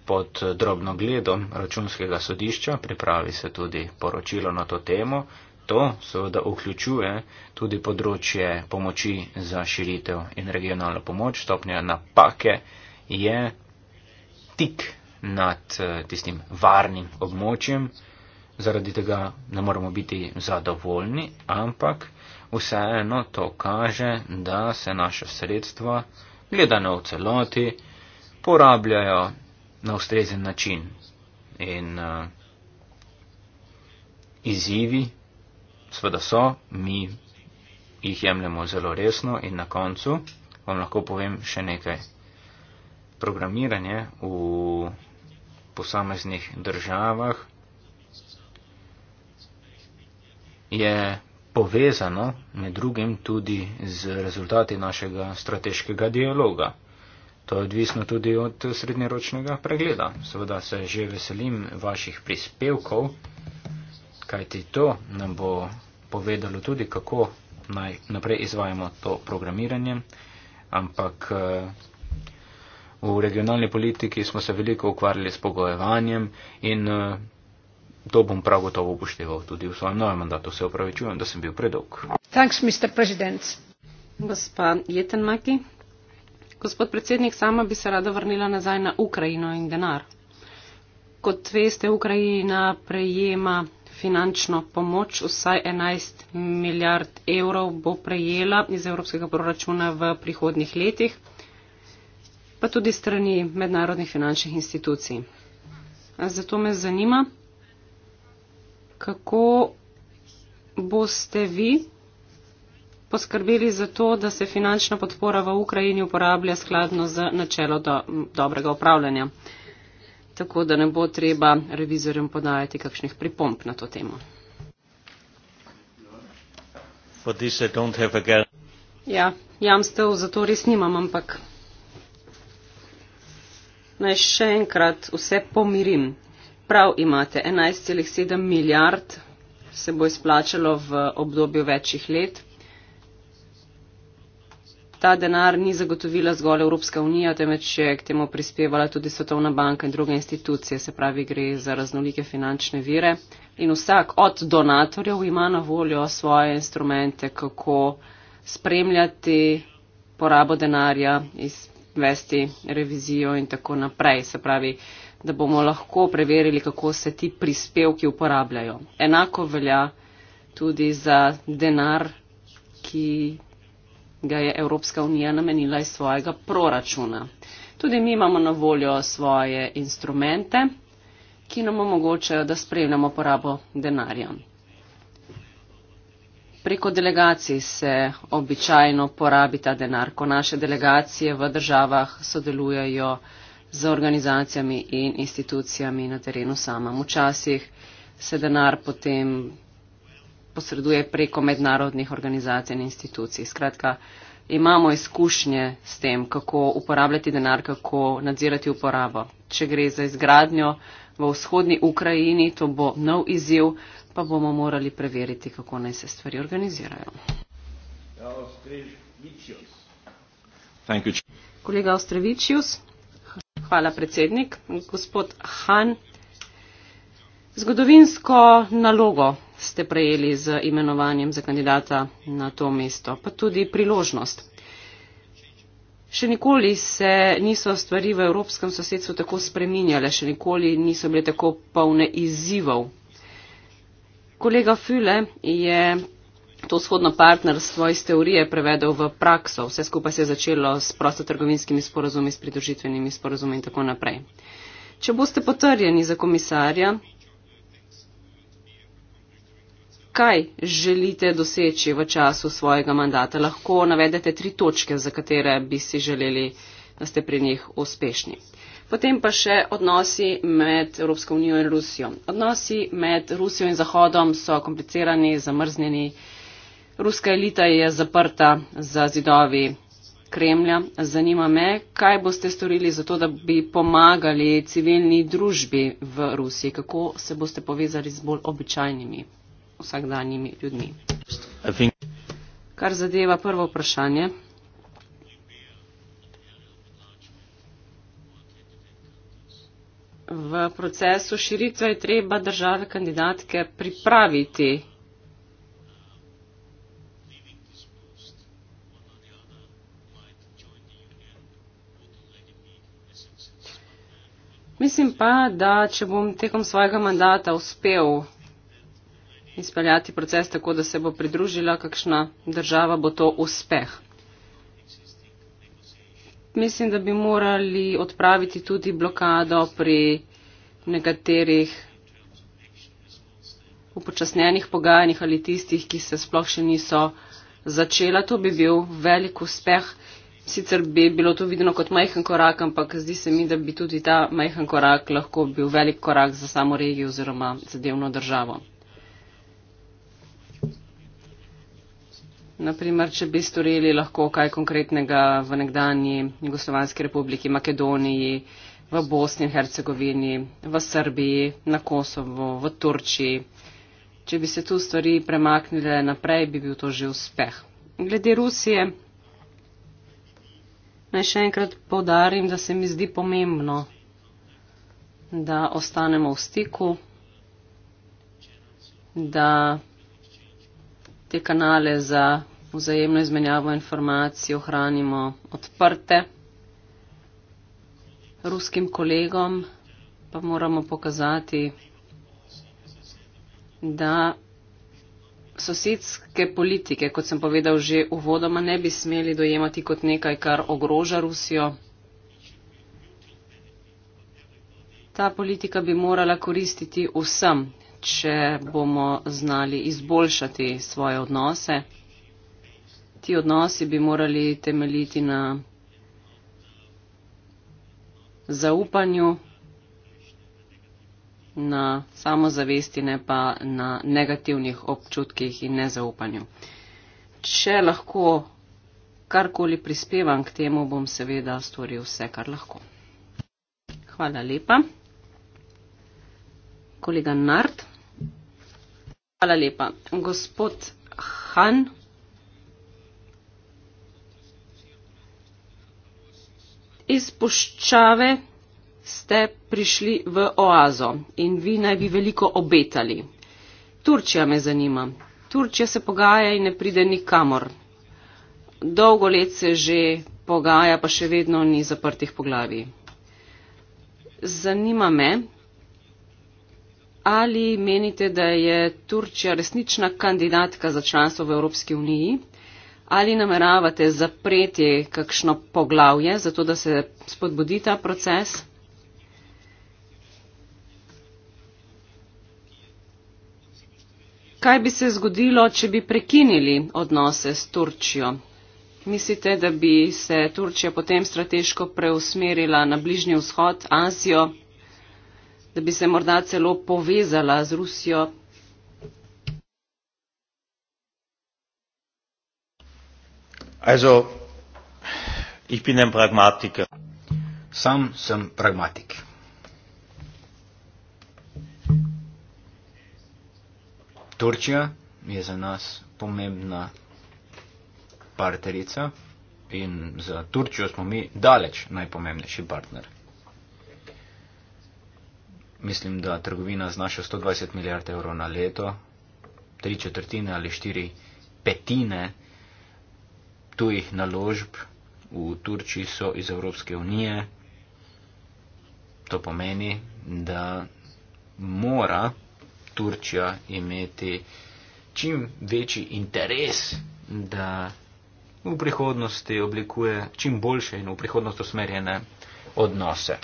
pod drobno gledom računskega sodišča, pripravi se tudi poročilo na to temo, To seveda vključuje tudi področje pomoči za širitev in regionalno pomoč. Stopnja napake je tik nad eh, tistim varnim območjem, zaradi tega ne moremo biti zadovoljni, ampak vseeno to kaže, da se naša sredstva, gledano v celoti, porabljajo na ustrezen način. In uh, izzivi, Sveda so, mi jih jemljemo zelo resno in na koncu vam lahko povem še nekaj. Programiranje v posameznih državah je povezano med drugim tudi z rezultati našega strateškega dialoga. To je odvisno tudi od srednjeročnega pregleda. Seveda se že veselim vaših prispevkov, kajti to nam bo povedalo tudi, kako naj naprej izvajamo to programiranje, ampak eh, v regionalni politiki smo se veliko ukvarjali s pogojevanjem in eh, to bom prav gotovo upošteval tudi v svojem novem mandatu. Se upravičujem, da sem bil predolg. Thanks, Mr. President. Gospa Jetenmaki. Gospod predsednik, sama bi se rada vrnila nazaj na Ukrajino in denar. Kot veste, Ukrajina prejema finančno pomoč, vsaj 11 milijard evrov bo prejela iz evropskega proračuna v prihodnih letih, pa tudi strani mednarodnih finančnih institucij. Zato me zanima, kako boste vi poskrbeli za to, da se finančna podpora v Ukrajini uporablja skladno z načelo do, dobrega upravljanja tako da ne bo treba revizorjem podajati kakšnih pripomp na to temo. Ja, jamstev za to res nimam, ampak naj še enkrat vse pomirim. Prav imate, 11,7 milijard se bo izplačalo v obdobju večjih let. Ta denar ni zagotovila zgolj Evropska unija, temveč je k temu prispevala tudi Svetovna banka in druge institucije, se pravi gre za raznolike finančne vire. In vsak od donatorjev ima na voljo svoje instrumente, kako spremljati porabo denarja, izvesti revizijo in tako naprej. Se pravi, da bomo lahko preverili, kako se ti prispevki uporabljajo. Enako velja tudi za denar, ki ga je Evropska unija namenila iz svojega proračuna. Tudi mi imamo na voljo svoje instrumente, ki nam omogočajo, da spremljamo porabo denarja. Preko delegacij se običajno porabi ta denar, ko naše delegacije v državah sodelujejo z organizacijami in institucijami na terenu samem. Včasih se denar potem posreduje preko mednarodnih organizacij in institucij. Skratka, imamo izkušnje s tem, kako uporabljati denar, kako nadzirati uporabo. Če gre za izgradnjo v vzhodni Ukrajini, to bo nov izziv, pa bomo morali preveriti, kako naj se stvari organizirajo. Kolega Ostrevičius. Hvala, predsednik. Gospod Han. Zgodovinsko nalogo ste prejeli z imenovanjem za kandidata na to mesto, pa tudi priložnost. Še nikoli se niso stvari v evropskem sosedstvu tako spreminjale, še nikoli niso bile tako polne izzivov. Kolega Füle je to vzhodno partnerstvo iz teorije prevedel v prakso. Vse skupaj se je začelo s prostotrgovinskimi sporozumi, s pridružitvenimi sporozumi in tako naprej. Če boste potrjeni za komisarja, kaj želite doseči v času svojega mandata? Lahko navedete tri točke, za katere bi si želeli, da ste pri njih uspešni. Potem pa še odnosi med Evropsko unijo in Rusijo. Odnosi med Rusijo in Zahodom so komplicirani, zamrznjeni. Ruska elita je zaprta za zidovi Kremlja. Zanima me, kaj boste storili za to, da bi pomagali civilni družbi v Rusiji, kako se boste povezali z bolj običajnimi vsakdanjimi ljudmi. Kar zadeva prvo vprašanje. V procesu širitve je treba države kandidatke pripraviti. Mislim pa, da če bom tekom svojega mandata uspel izpeljati proces tako, da se bo pridružila kakšna država, bo to uspeh. Mislim, da bi morali odpraviti tudi blokado pri nekaterih upočasnjenih pogajanjih ali tistih, ki se sploh še niso začela. To bi bil velik uspeh. Sicer bi bilo to videno kot majhen korak, ampak zdi se mi, da bi tudi ta majhen korak lahko bil velik korak za samo regijo oziroma za delno državo. Naprimer, če bi storili lahko kaj konkretnega v nekdani Jugoslovanski republiki, Makedoniji, v Bosni in Hercegovini, v Srbiji, na Kosovo, v Turčiji. Če bi se tu stvari premaknile naprej, bi bil to že uspeh. Glede Rusije, naj še enkrat povdarim, da se mi zdi pomembno, da ostanemo v stiku, da te kanale za vzajemno izmenjavo informacij ohranimo odprte. Ruskim kolegom pa moramo pokazati, da sosedske politike, kot sem povedal že uvodoma, ne bi smeli dojemati kot nekaj, kar ogroža Rusijo. Ta politika bi morala koristiti vsem, če bomo znali izboljšati svoje odnose. Ti odnosi bi morali temeljiti na zaupanju, na samozavesti, ne pa na negativnih občutkih in nezaupanju. Če lahko karkoli prispevam k temu, bom seveda storil vse, kar lahko. Hvala lepa. Kolega Nart. Hvala lepa. Gospod Han. Iz puščave ste prišli v oazo in vi naj bi veliko obetali. Turčija me zanima. Turčija se pogaja in ne pride nikamor. Dolgo let se že pogaja, pa še vedno ni zaprtih poglavij. Zanima me, ali menite, da je Turčija resnična kandidatka za članstvo v Evropski uniji? Ali nameravate zapreti kakšno poglavje, zato da se spodbudi ta proces? Kaj bi se zgodilo, če bi prekinili odnose s Turčijo? Mislite, da bi se Turčija potem strateško preusmerila na Bližnji vzhod, Azijo, da bi se morda celo povezala z Rusijo. Also, ich bin ein Pragmatiker. Sam sem pragmatik. Turčija je za nas pomembna partnerica in za Turčijo smo mi daleč najpomembnejši partner mislim, da trgovina znaša 120 milijard evrov na leto, tri četrtine ali štiri petine tujih naložb v Turčiji so iz Evropske unije. To pomeni, da mora Turčija imeti čim večji interes, da v prihodnosti oblikuje čim boljše in v prihodnost usmerjene odnose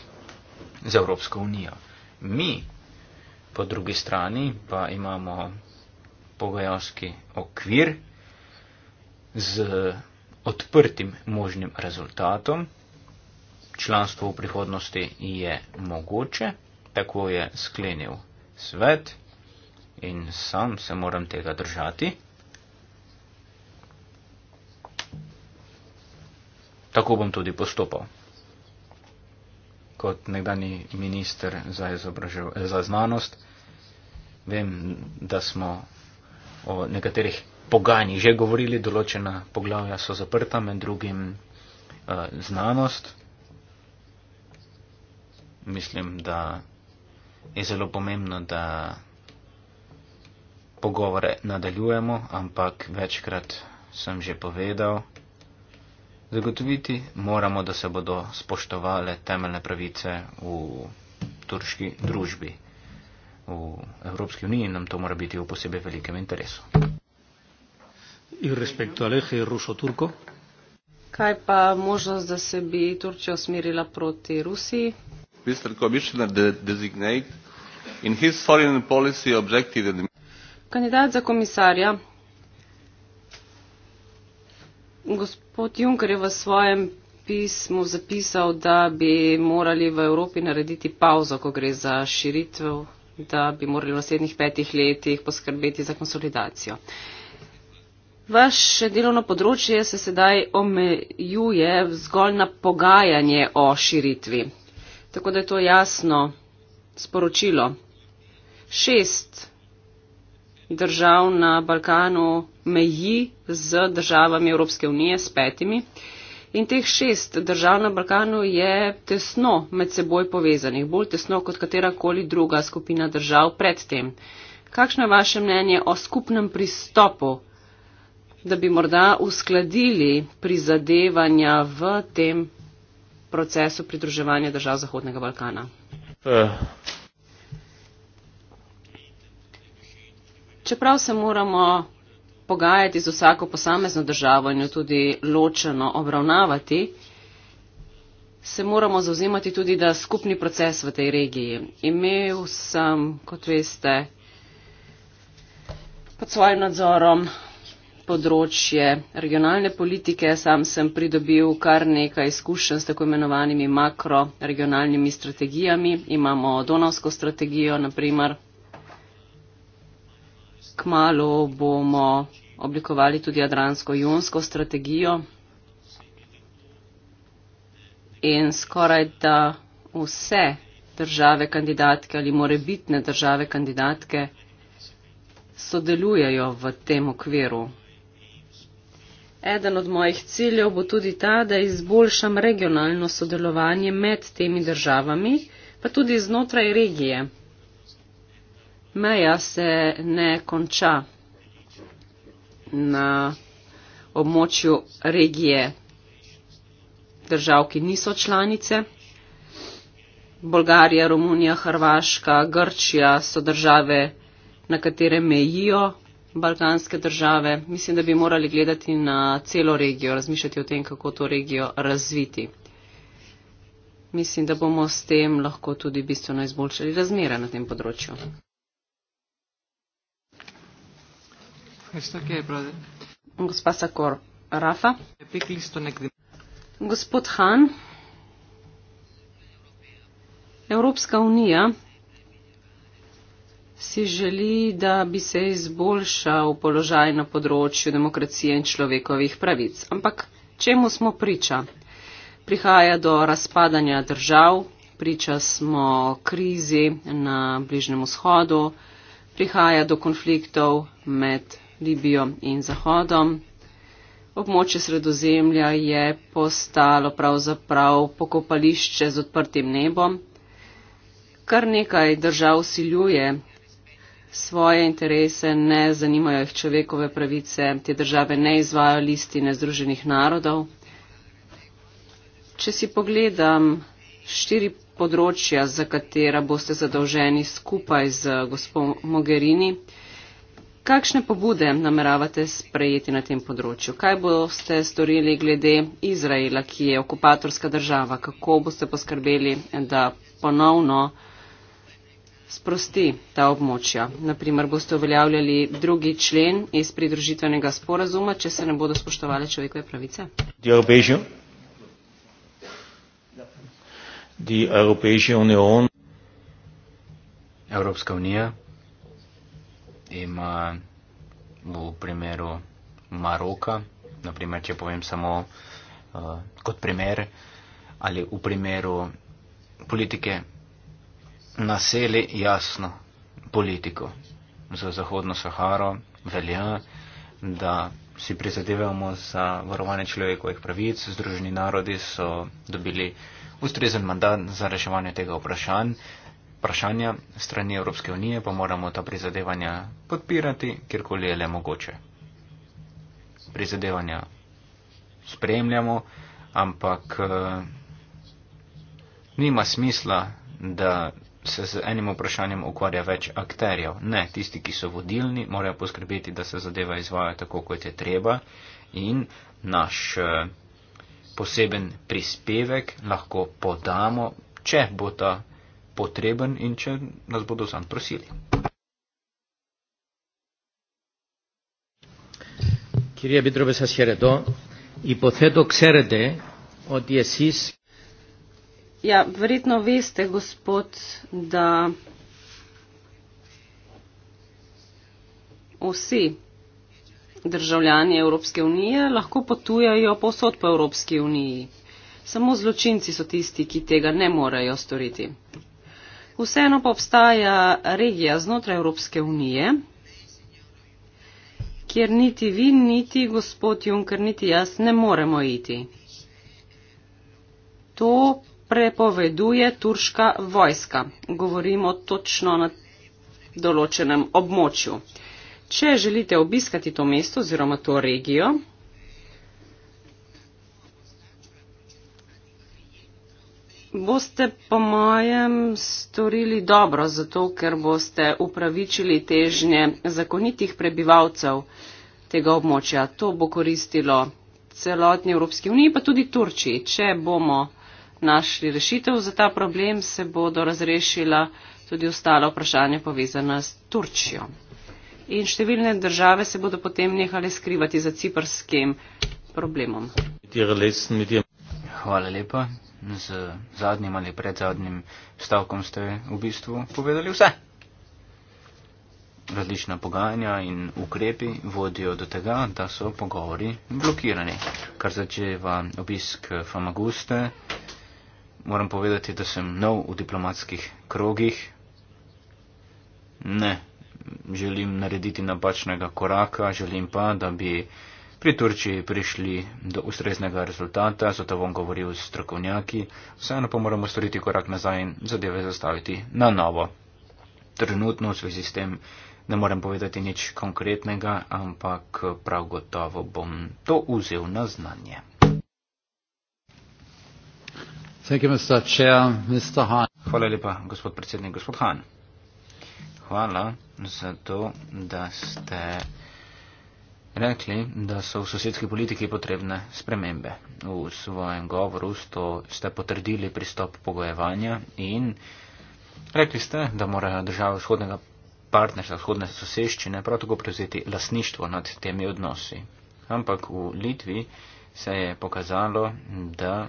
z Evropsko unijo mi, po drugi strani pa imamo pogajalski okvir z odprtim možnim rezultatom. Članstvo v prihodnosti je mogoče, tako je sklenil svet in sam se moram tega držati. Tako bom tudi postopal kot nekdani minister za, za znanost. Vem, da smo o nekaterih pogajanjih že govorili, določena poglavja so zaprta, med drugim eh, znanost. Mislim, da je zelo pomembno, da pogovore nadaljujemo, ampak večkrat sem že povedal. Zagotoviti moramo, da se bodo spoštovale temeljne pravice v turški družbi. V Evropski uniji nam to mora biti v posebej velikem interesu. In respektu Alehe Ruso-Turko. Kaj pa možnost, da se bi Turčija usmerila proti Rusiji? Kandidat za komisarja Gospod Juncker je v svojem pismu zapisal, da bi morali v Evropi narediti pauzo, ko gre za širitev, da bi morali v naslednjih petih letih poskrbeti za konsolidacijo. Vaše delovno področje se sedaj omejuje zgolj na pogajanje o širitvi. Tako da je to jasno sporočilo. Šest držav na Balkanu meji z državami Evropske unije, s petimi. In teh šest držav na Balkanu je tesno med seboj povezanih, bolj tesno kot katerakoli druga skupina držav predtem. Kakšno je vaše mnenje o skupnem pristopu, da bi morda uskladili prizadevanja v tem procesu pridruževanja držav Zahodnega Balkana? Uh. čeprav se moramo pogajati z vsako posamezno državo in jo tudi ločeno obravnavati, se moramo zauzimati tudi, da skupni proces v tej regiji. Imel sem, kot veste, pod svojim nadzorom področje regionalne politike. Sam sem pridobil kar nekaj izkušenj s tako imenovanimi makroregionalnimi strategijami. Imamo Donavsko strategijo, naprimer. Kmalo bomo oblikovali tudi Adransko-Jonsko strategijo in skoraj da vse države kandidatke ali morebitne države kandidatke sodelujejo v tem okviru. Eden od mojih ciljev bo tudi ta, da izboljšam regionalno sodelovanje med temi državami, pa tudi znotraj regije. Meja se ne konča na območju regije držav, ki niso članice. Bolgarija, Romunija, Hrvaška, Grčija so države, na katere mejijo balkanske države. Mislim, da bi morali gledati na celo regijo, razmišljati o tem, kako to regijo razviti. Mislim, da bomo s tem lahko tudi bistveno izboljšali razmere na tem področju. Gospa Sakor Rafa. Gospod Han. Evropska unija si želi, da bi se izboljšal položaj na področju demokracije in človekovih pravic. Ampak čemu smo priča? Prihaja do razpadanja držav, priča smo krizi na Bližnem vzhodu, prihaja do konfliktov med Libijo in Zahodom. Območje sredozemlja je postalo pravzaprav pokopališče z odprtim nebom. Kar nekaj držav siljuje svoje interese, ne zanimajo jih človekove pravice, te države ne izvajo listine Združenih narodov. Če si pogledam štiri področja, za katera boste zadolženi skupaj z gospod Mogherini, Kakšne pobude nameravate sprejeti na tem področju? Kaj boste storili glede Izraela, ki je okupatorska država? Kako boste poskrbeli, da ponovno sprosti ta območja? Naprimer, boste uveljavljali drugi člen iz pridružitvenega sporazuma, če se ne bodo spoštovali človekove pravice? Evropska unija ima v primeru Maroka, naprimer, če povem samo uh, kot primer, ali v primeru politike naseli jasno politiko za Zahodno Saharo, velja, da si prizadevamo za varovanje človekovih pravic. Združeni narodi so dobili ustrezen mandat za reševanje tega vprašanja vprašanja strani Evropske unije, pa moramo ta prizadevanja podpirati, kjerkoli je le mogoče. Prizadevanja spremljamo, ampak eh, nima smisla, da se z enim vprašanjem ukvarja več akterjev. Ne, tisti, ki so vodilni, morajo poskrbeti, da se zadeva izvaja tako, kot je treba in naš eh, poseben prispevek lahko podamo, če bo ta potreben in če nas bodo zanj prosili. Κύριε Επίτροπε, σας χαιρετώ. Υποθέτω ξέρετε ότι εσείς... Για βρίτνο βίστε, Γοσπότ, δα... Οσί, δερζαλιάνοι Ευρώπη Ουνία, λαχκό ποτούια ή οπόσοτ που Ευρώπη Ουνία. Σαμό ζλοτσίντσι σωτίστη, κοιτέγα, νε μόρα, ιωστορίτη. Vseeno pa obstaja regija znotraj Evropske unije, kjer niti vi, niti gospod Juncker, niti jaz ne moremo iti. To prepoveduje turška vojska. Govorimo točno na določenem območju. Če želite obiskati to mesto oziroma to regijo, boste po mojem storili dobro, zato ker boste upravičili težnje zakonitih prebivalcev tega območja. To bo koristilo celotni Evropski uniji, pa tudi Turčiji. Če bomo našli rešitev za ta problem, se bodo razrešila tudi ostala vprašanja povezana s Turčijo. In številne države se bodo potem nehali skrivati za ciprskim problemom. Hvala lepa z zadnjim ali pred zadnjim stavkom ste v bistvu povedali vse. Različna pogajanja in ukrepi vodijo do tega, da so pogovori blokirani. Kar začeva obisk Famaguste, moram povedati, da sem nov v diplomatskih krogih. Ne, želim narediti napačnega koraka, želim pa, da bi pri Turčiji prišli do ustreznega rezultata, zato bom govoril s strokovnjaki, vseeno pa moramo storiti korak nazaj in zadeve zastaviti na novo. Trenutno v zvezi s tem ne morem povedati nič konkretnega, ampak prav gotovo bom to vzel na znanje. You, Mr. Chair, Mr. Han. Hvala lepa, gospod predsednik, gospod Han. Hvala za to, da ste rekli, da so v sosedski politiki potrebne spremembe. V svojem govoru sto, ste potrdili pristop pogojevanja in rekli ste, da morajo države vzhodnega partnerstva, vzhodne soseščine prav tako prevzeti lasništvo nad temi odnosi. Ampak v Litvi se je pokazalo, da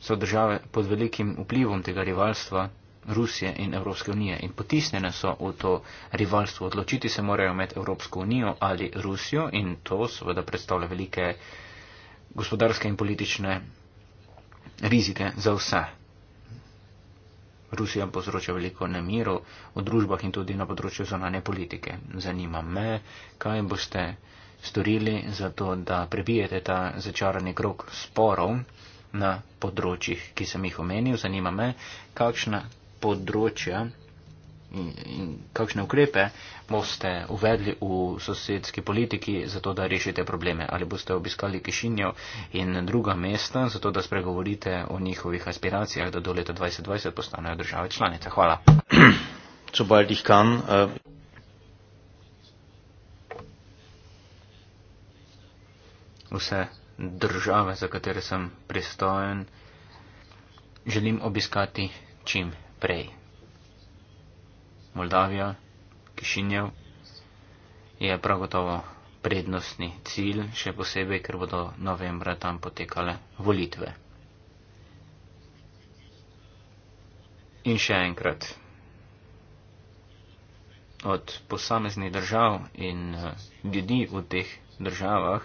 so države pod velikim vplivom tega rivalstva Rusije in Evropske unije in potisnjene so v to rivalstvo. Odločiti se morajo med Evropsko unijo ali Rusijo in to seveda predstavlja velike gospodarske in politične rizike za vse. Rusija povzroča veliko nemiru v družbah in tudi na področju zonanje politike. Zanima me, kaj boste storili za to, da prebijete ta začarani krok sporov na področjih, ki sem jih omenil. Zanima me, kakšna področja in, in kakšne ukrepe boste uvedli v sosedski politiki, zato da rešite probleme. Ali boste obiskali Kišinjo in druga mesta, zato da spregovorite o njihovih aspiracijah, da do leta 2020 postanejo države članice. Hvala. Eh. Vse države, za katere sem pristojen, želim obiskati čim prej. Moldavija, Kišinjev je prav gotovo prednostni cilj, še posebej, ker bodo novembra tam potekale volitve. In še enkrat, od posameznih držav in eh, ljudi v teh državah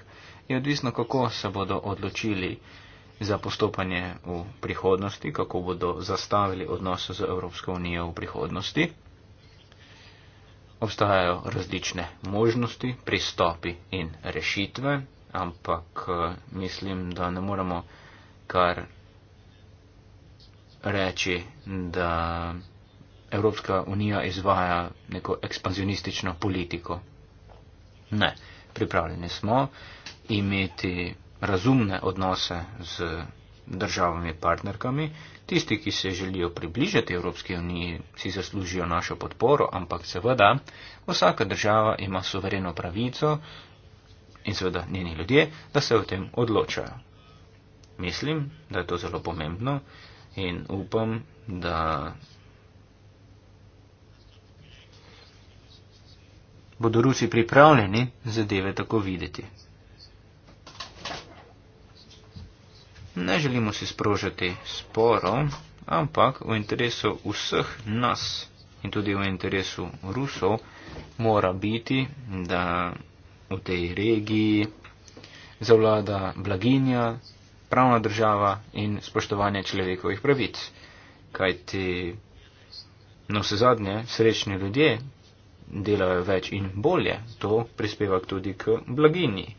je odvisno, kako se bodo odločili, za postopanje v prihodnosti, kako bodo zastavili odnose z Evropsko unijo v prihodnosti. Obstajajo različne možnosti, pristopi in rešitve, ampak eh, mislim, da ne moramo kar reči, da Evropska unija izvaja neko ekspanzionistično politiko. Ne, pripravljeni smo imeti razumne odnose z državami partnerkami. Tisti, ki se želijo približati Evropski uniji, si zaslužijo našo podporo, ampak seveda vsaka država ima suvereno pravico in seveda njeni ljudje, da se o tem odločajo. Mislim, da je to zelo pomembno in upam, da bodo Rusi pripravljeni zadeve tako videti. ne želimo si sprožiti sporov, ampak v interesu vseh nas in tudi v interesu Rusov mora biti, da v tej regiji zavlada blaginja, pravna država in spoštovanje človekovih pravic. Kajti na vse zadnje srečni ljudje delajo več in bolje, to prispeva tudi k blaginji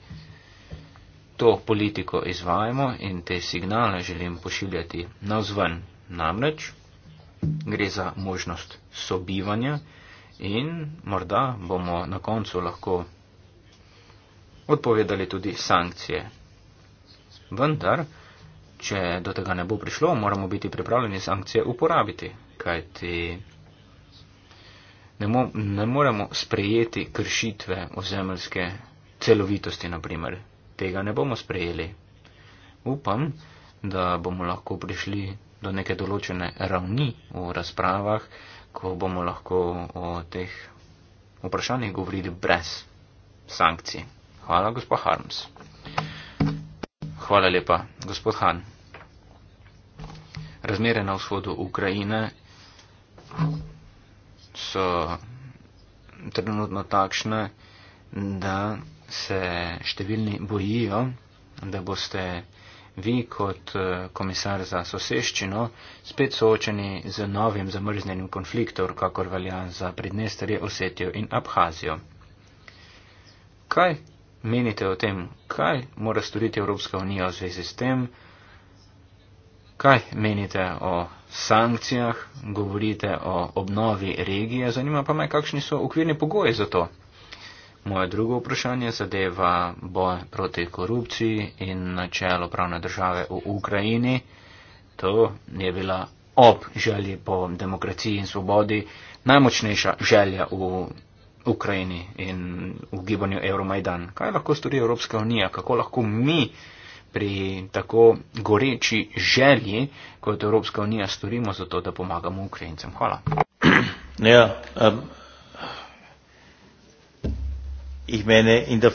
to politiko izvajamo in te signale želim pošiljati navzven. Namreč gre za možnost sobivanja in morda bomo na koncu lahko odpovedali tudi sankcije. Vendar, če do tega ne bo prišlo, moramo biti pripravljeni sankcije uporabiti, kajti ne, mo ne moremo sprejeti kršitve ozemljske celovitosti, naprimer, tega ne bomo sprejeli. Upam, da bomo lahko prišli do neke določene ravni v razpravah, ko bomo lahko o teh vprašanjih govorili brez sankcij. Hvala, gospod Harms. Hvala lepa, gospod Han. Razmere na vzhodu Ukrajine so trenutno takšne, da se številni bojijo, da boste vi kot eh, komisar za soseščino spet soočeni z novim zamrznjenim konfliktom, kakor velja za Pridnesterje, Osetijo in Abhazijo. Kaj menite o tem, kaj mora storiti Evropska unija v zvezi s tem? Kaj menite o sankcijah, govorite o obnovi regije, zanima pa me, kakšni so ukvirni pogoji za to? Moje drugo vprašanje zadeva boj proti korupciji in načelo pravne države v Ukrajini. To je bila ob želji po demokraciji in svobodi najmočnejša želja v Ukrajini in v gibanju Euromajdan. Kaj lahko stori Evropska unija? Kako lahko mi pri tako goreči želji kot Evropska unija storimo za to, da pomagamo Ukrajincem? Hvala. Ja, um, Ich meine, in der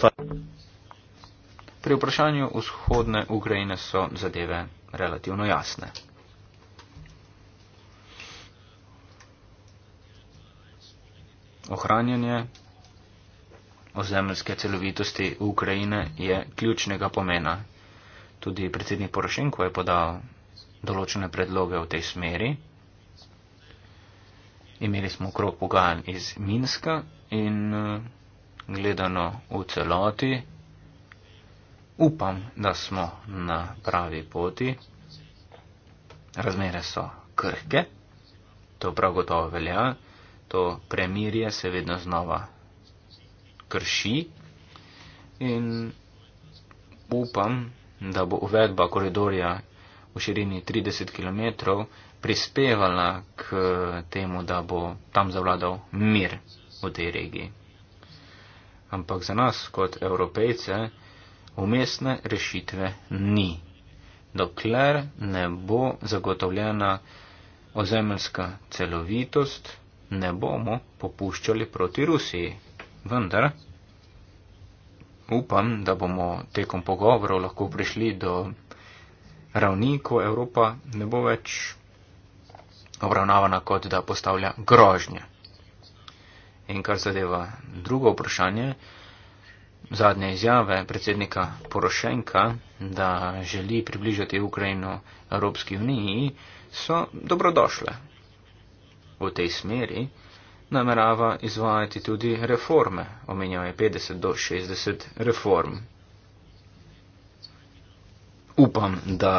Pri vprašanju vzhodne Ukrajine so zadeve relativno jasne. Ohranjanje ozemljske celovitosti Ukrajine je ključnega pomena. Tudi predsednik Porošenko je podal določene predloge v tej smeri. Imeli smo okrog pogajanj iz Minska in eh, gledano v celoti. Upam, da smo na pravi poti. Razmere so krhke, to prav gotovo velja, to premirje se vedno znova krši in upam, da bo uvedba koridorja v širini 30 km prispevala k temu, da bo tam zavladal mir v tej regiji ampak za nas kot evropejce umestne rešitve ni, dokler ne bo zagotovljena ozemeljska celovitost, ne bomo popuščali proti Rusiji. Vendar upam, da bomo tekom pogovorov lahko prišli do ravni, ko Evropa ne bo več obravnavana kot da postavlja grožnje. In kar zadeva drugo vprašanje, zadnje izjave predsednika Porošenka, da želi približati Ukrajino Evropski uniji, so dobrodošle. V tej smeri namerava izvajati tudi reforme, omenjal je 50 do 60 reform. Upam, da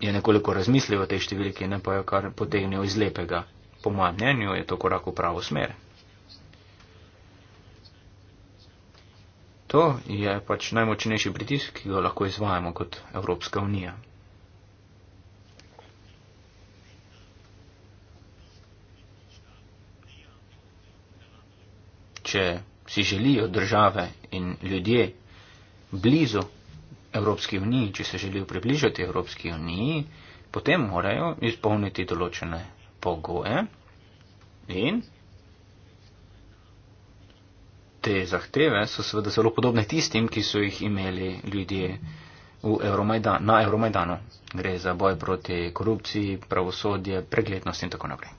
je nekoliko razmislil o tej številki, ne pa jo kar potegnil iz lepega. Po mojem mnenju je to korak v pravo smer. To je pač najmočnejši pritisk, ki ga lahko izvajamo kot Evropska unija. Če si želijo države in ljudje blizu Evropski uniji, če se želijo približati Evropski uniji, potem morajo izpolniti določene pogoje in te zahteve so seveda zelo podobne tistim, ki so jih imeli ljudje Euromajdan, na Euromajdanu. Gre za boj proti korupciji, pravosodje, preglednost in tako naprej.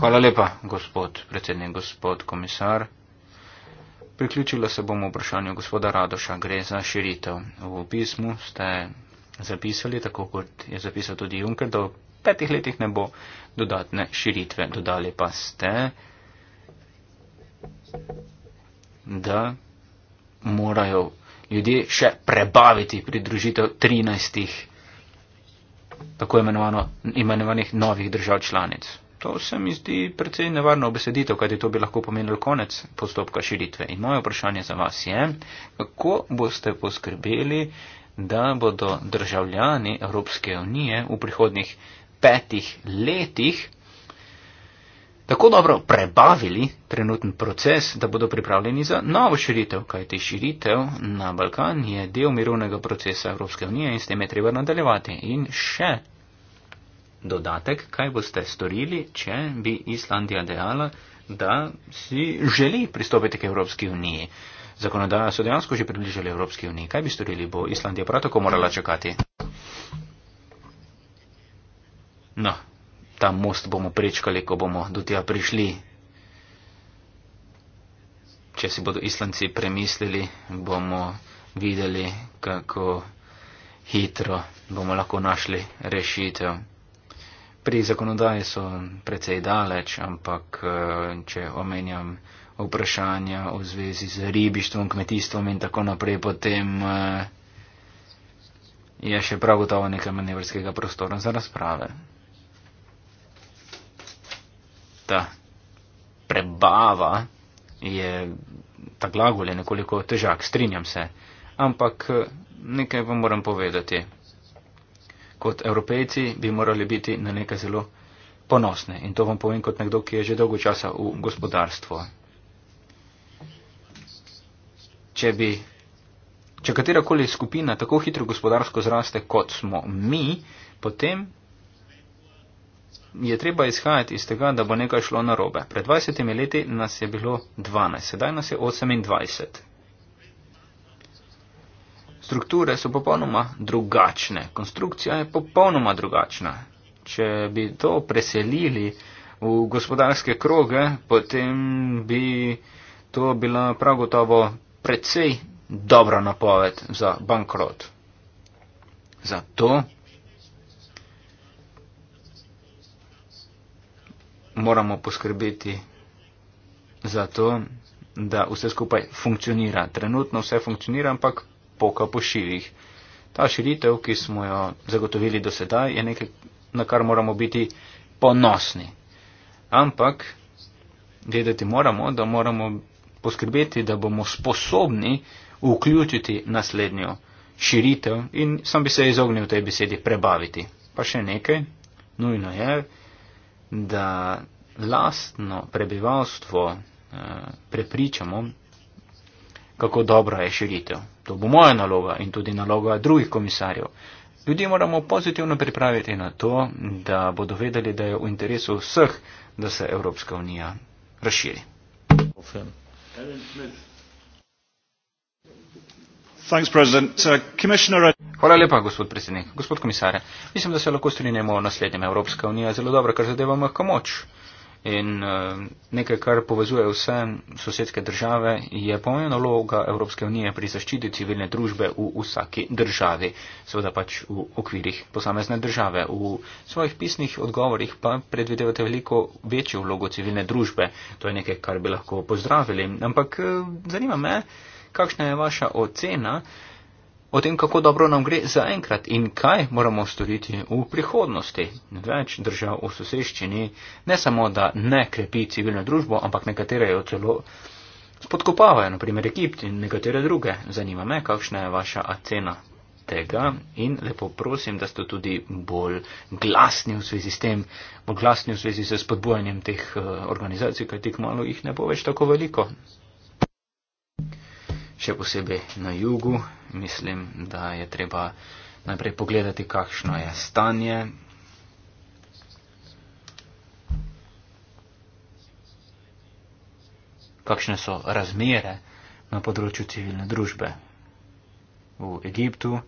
Hvala lepa, gospod predsednik, gospod komisar. Priključilo se bomo vprašanju gospoda Radoša. Gre za širitev. V pismu ste zapisali, tako kot je zapisal tudi Juncker, da v petih letih ne bo dodatne širitve. Dodali pa ste, da morajo ljudje še prebaviti pridružitev 13 tako imenovanih novih držav članic. To se mi zdi precej nevarno obeseditev, kajti to bi lahko pomenilo konec postopka širitve. In moje vprašanje za vas je, kako boste poskrbeli, da bodo državljani Evropske unije v prihodnih petih letih tako dobro prebavili trenutni proces, da bodo pripravljeni za novo širitev, kajti širitev na Balkan je del mirovnega procesa Evropske unije in s tem je treba nadaljevati. In še dodatek, kaj boste storili, če bi Islandija dejala, da si želi pristopiti k Evropski uniji zakonodaja so dejansko že približali Evropski uniji. Kaj bi storili? Bo Islandija prav tako morala čakati? No, ta most bomo prečkali, ko bomo do tega prišli. Če si bodo Islandci premislili, bomo videli, kako hitro bomo lahko našli rešitev. Pri zakonodaji so precej daleč, ampak eh, če omenjam, vprašanja v zvezi z ribištvom, kmetijstvom in tako naprej, potem eh, je še prav gotovo nekaj manevrskega prostora za razprave. Ta prebava je, ta glagol je nekoliko težak, strinjam se, ampak eh, nekaj vam moram povedati. Kot evropejci bi morali biti na nekaj zelo ponosni in to vam povem kot nekdo, ki je že dolgo časa v gospodarstvu če bi, če katerakoli skupina tako hitro gospodarsko zraste, kot smo mi, potem je treba izhajati iz tega, da bo nekaj šlo na robe. Pred 20 leti nas je bilo 12, sedaj nas je 28. Strukture so popolnoma drugačne, konstrukcija je popolnoma drugačna. Če bi to preselili v gospodarske kroge, potem bi to bila prav gotovo precej dobra napoved za bankrot. Zato moramo poskrbeti za to, da vse skupaj funkcionira. Trenutno vse funkcionira, ampak poka po šivih. Ta širitev, ki smo jo zagotovili do sedaj, je nekaj, na kar moramo biti ponosni. Ampak vedeti moramo, da moramo poskrbeti, da bomo sposobni vključiti naslednjo širitev in sam bi se izognil tej besedi prebaviti. Pa še nekaj, nujno je, da lastno prebivalstvo eh, prepričamo, kako dobra je širitev. To bo moja naloga in tudi naloga drugih komisarjev. Ljudje moramo pozitivno pripraviti na to, da bodo vedeli, da je v interesu vseh, da se Evropska unija razširi. Ofen. Uh, uh, Hvala lepa, gospod predsednik. Gospod komisar, mislim, da se lahko strinjamo o naslednjem. Evropska unija zelo dobro, kar zadeva mehko moč in eh, nekaj, kar povezuje vse sosedske države, je pomembna vloga Evropske unije pri zaščiti civilne družbe v vsaki državi, seveda pač v okvirih posamezne države. V svojih pisnih odgovorih pa predvidevate veliko večjo vlogo civilne družbe, to je nekaj, kar bi lahko pozdravili. Ampak eh, zanima me, kakšna je vaša ocena, o tem, kako dobro nam gre zaenkrat in kaj moramo storiti v prihodnosti. Več držav v soseščini ne samo, da ne krepi civilno družbo, ampak nekatere jo celo spodkopavajo, naprimer Egipt in nekatere druge. Zanima me, kakšna je vaša ocena tega in lepo prosim, da ste tudi bolj glasni v zvezi s tem, bolj glasni v zvezi s spodbujanjem teh eh, organizacij, kaj tik malo jih ne bo več tako veliko. Še posebej na jugu mislim, da je treba najprej pogledati, kakšno je stanje. Kakšne so razmere na področju civilne družbe? V Egiptu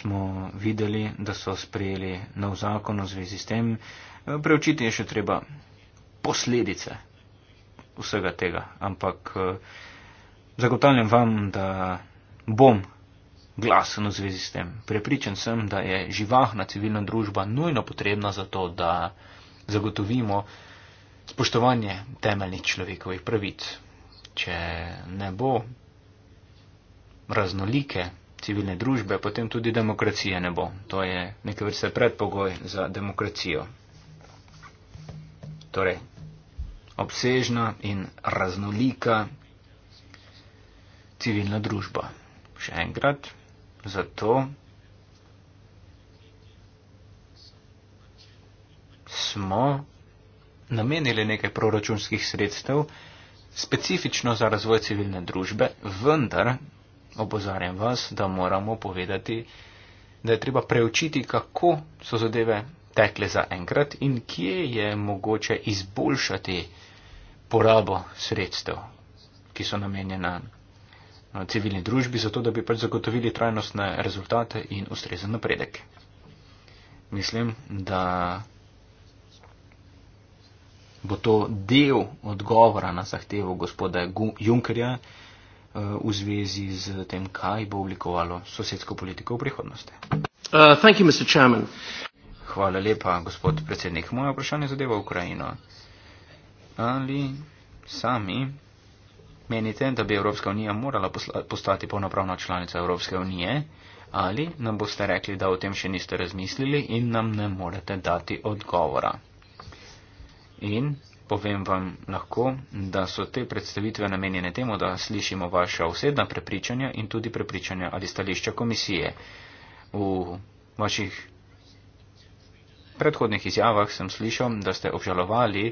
smo videli, da so sprejeli nov zakon o zvezi s tem. Preučiti je še treba posledice vsega tega, ampak eh, Zagotavljam vam, da bom glasen v zvezi s tem. Prepričan sem, da je živahna civilna družba nujno potrebna za to, da zagotovimo spoštovanje temeljnih človekovih pravic. Če ne bo raznolike civilne družbe, potem tudi demokracije ne bo. To je nekaj vrste predpogoj za demokracijo. Torej, obsežna in raznolika civilna družba. Še enkrat, zato smo namenili nekaj proračunskih sredstev specifično za razvoj civilne družbe, vendar opozarjam vas, da moramo povedati, da je treba preučiti, kako so zadeve tekle za enkrat in kje je mogoče izboljšati porabo sredstev, ki so namenjena Eh, civilni družbi, zato da bi pač zagotovili trajnostne rezultate in ustrezen napredek. Mislim, da bo to del odgovora na zahtevo gospoda Junkerja eh, v zvezi z tem, kaj bo oblikovalo sosedsko politiko v prihodnosti. Uh, you, Hvala lepa, gospod predsednik. Moje vprašanje zadeva Ukrajino. Ali sami Menite, da bi Evropska unija morala postati polnopravna članica Evropske unije ali nam boste rekli, da o tem še niste razmislili in nam ne morete dati odgovora? In povem vam lahko, da so te predstavitve namenjene temu, da slišimo vaša osebna prepričanja in tudi prepričanja ali stališča komisije. V vaših predhodnih izjavah sem slišal, da ste obžalovali,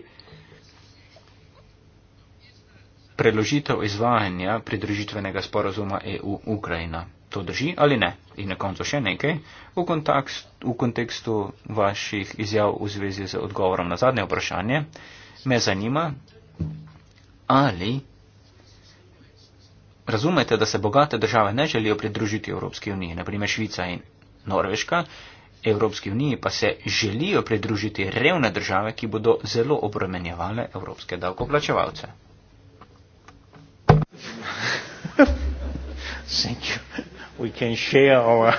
preložitev izvajanja pridružitvenega sporozuma EU-Ukrajina. To drži ali ne? In na koncu še nekaj v, kontakst, v kontekstu vaših izjav v zvezi z odgovorom na zadnje vprašanje. Me zanima, ali razumete, da se bogate države ne želijo pridružiti Evropski uniji, naprimer Švica in Norveška, Evropski uniji pa se želijo pridružiti revne države, ki bodo zelo obremenjevale evropske davkoplačevalce. Thank you. We can share our.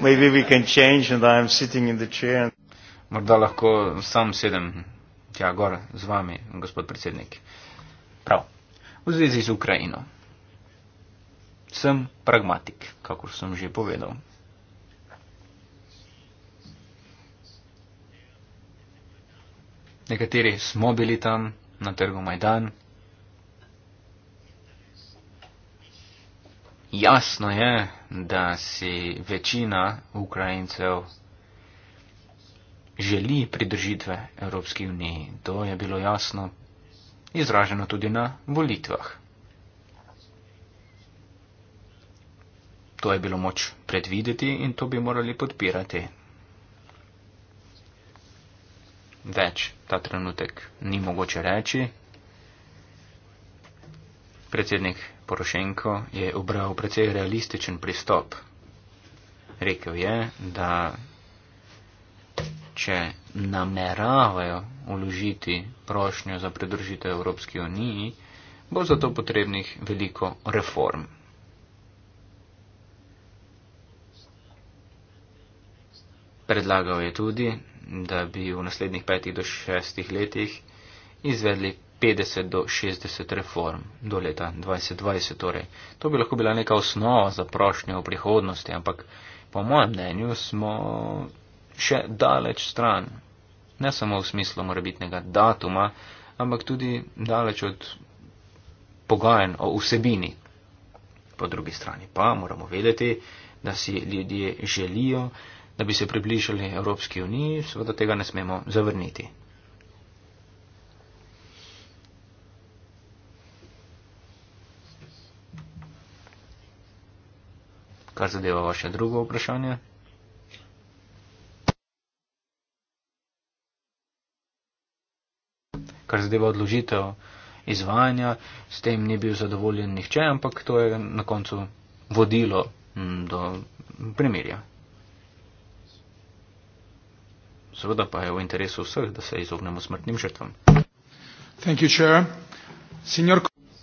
Maybe we can change, and I'm sitting in the chair. Morda lahko sam sedem tja gor z vami, gospod predsednik. Prav. V zvezi z Ukrajino. Sem pragmatik, kakor sem že povedal. Nekateri smo bili tam na trgu Majdan, Jasno je, da si večina Ukrajincev želi pridružitve Evropski uniji. To je bilo jasno izraženo tudi na volitvah. To je bilo moč predvideti in to bi morali podpirati. Več ta trenutek ni mogoče reči. Predsednik Porošenko je obral precej realističen pristop. Rekel je, da če nameravajo uložiti prošnjo za pridružitev Evropski uniji, bo zato potrebnih veliko reform. Predlagal je tudi, da bi v naslednjih petih do šestih letih izvedli 50 do 60 reform do leta 2020. Torej. To bi lahko bila neka osnova za prošnjo v prihodnosti, ampak po mojem mnenju smo še daleč stran. Ne samo v smislu morebitnega datuma, ampak tudi daleč od pogajanj o vsebini. Po drugi strani pa moramo vedeti, da si ljudje želijo, da bi se približali Evropski uniji, seveda tega ne smemo zavrniti. kar zadeva vaše drugo vprašanje. Kar zadeva odložitev izvajanja, s tem ni bil zadovoljen nihče, ampak to je na koncu vodilo mm, do primirja. Seveda pa je v interesu vseh, da se izognemo smrtnim žrtvam.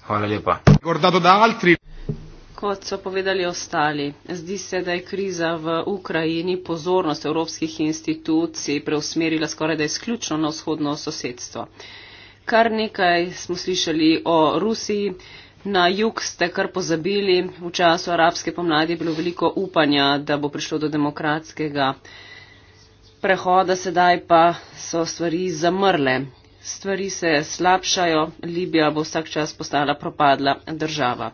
Hvala lepa. Morda dodal tri kot so povedali ostali. Zdi se, da je kriza v Ukrajini pozornost evropskih institucij preusmerila skoraj da izključno na vzhodno sosedstvo. Kar nekaj smo slišali o Rusiji, na jug ste kar pozabili, v času arabske pomladi je bilo veliko upanja, da bo prišlo do demokratskega prehoda, sedaj pa so stvari zamrle. Stvari se slabšajo, Libija bo vsak čas postala propadla država.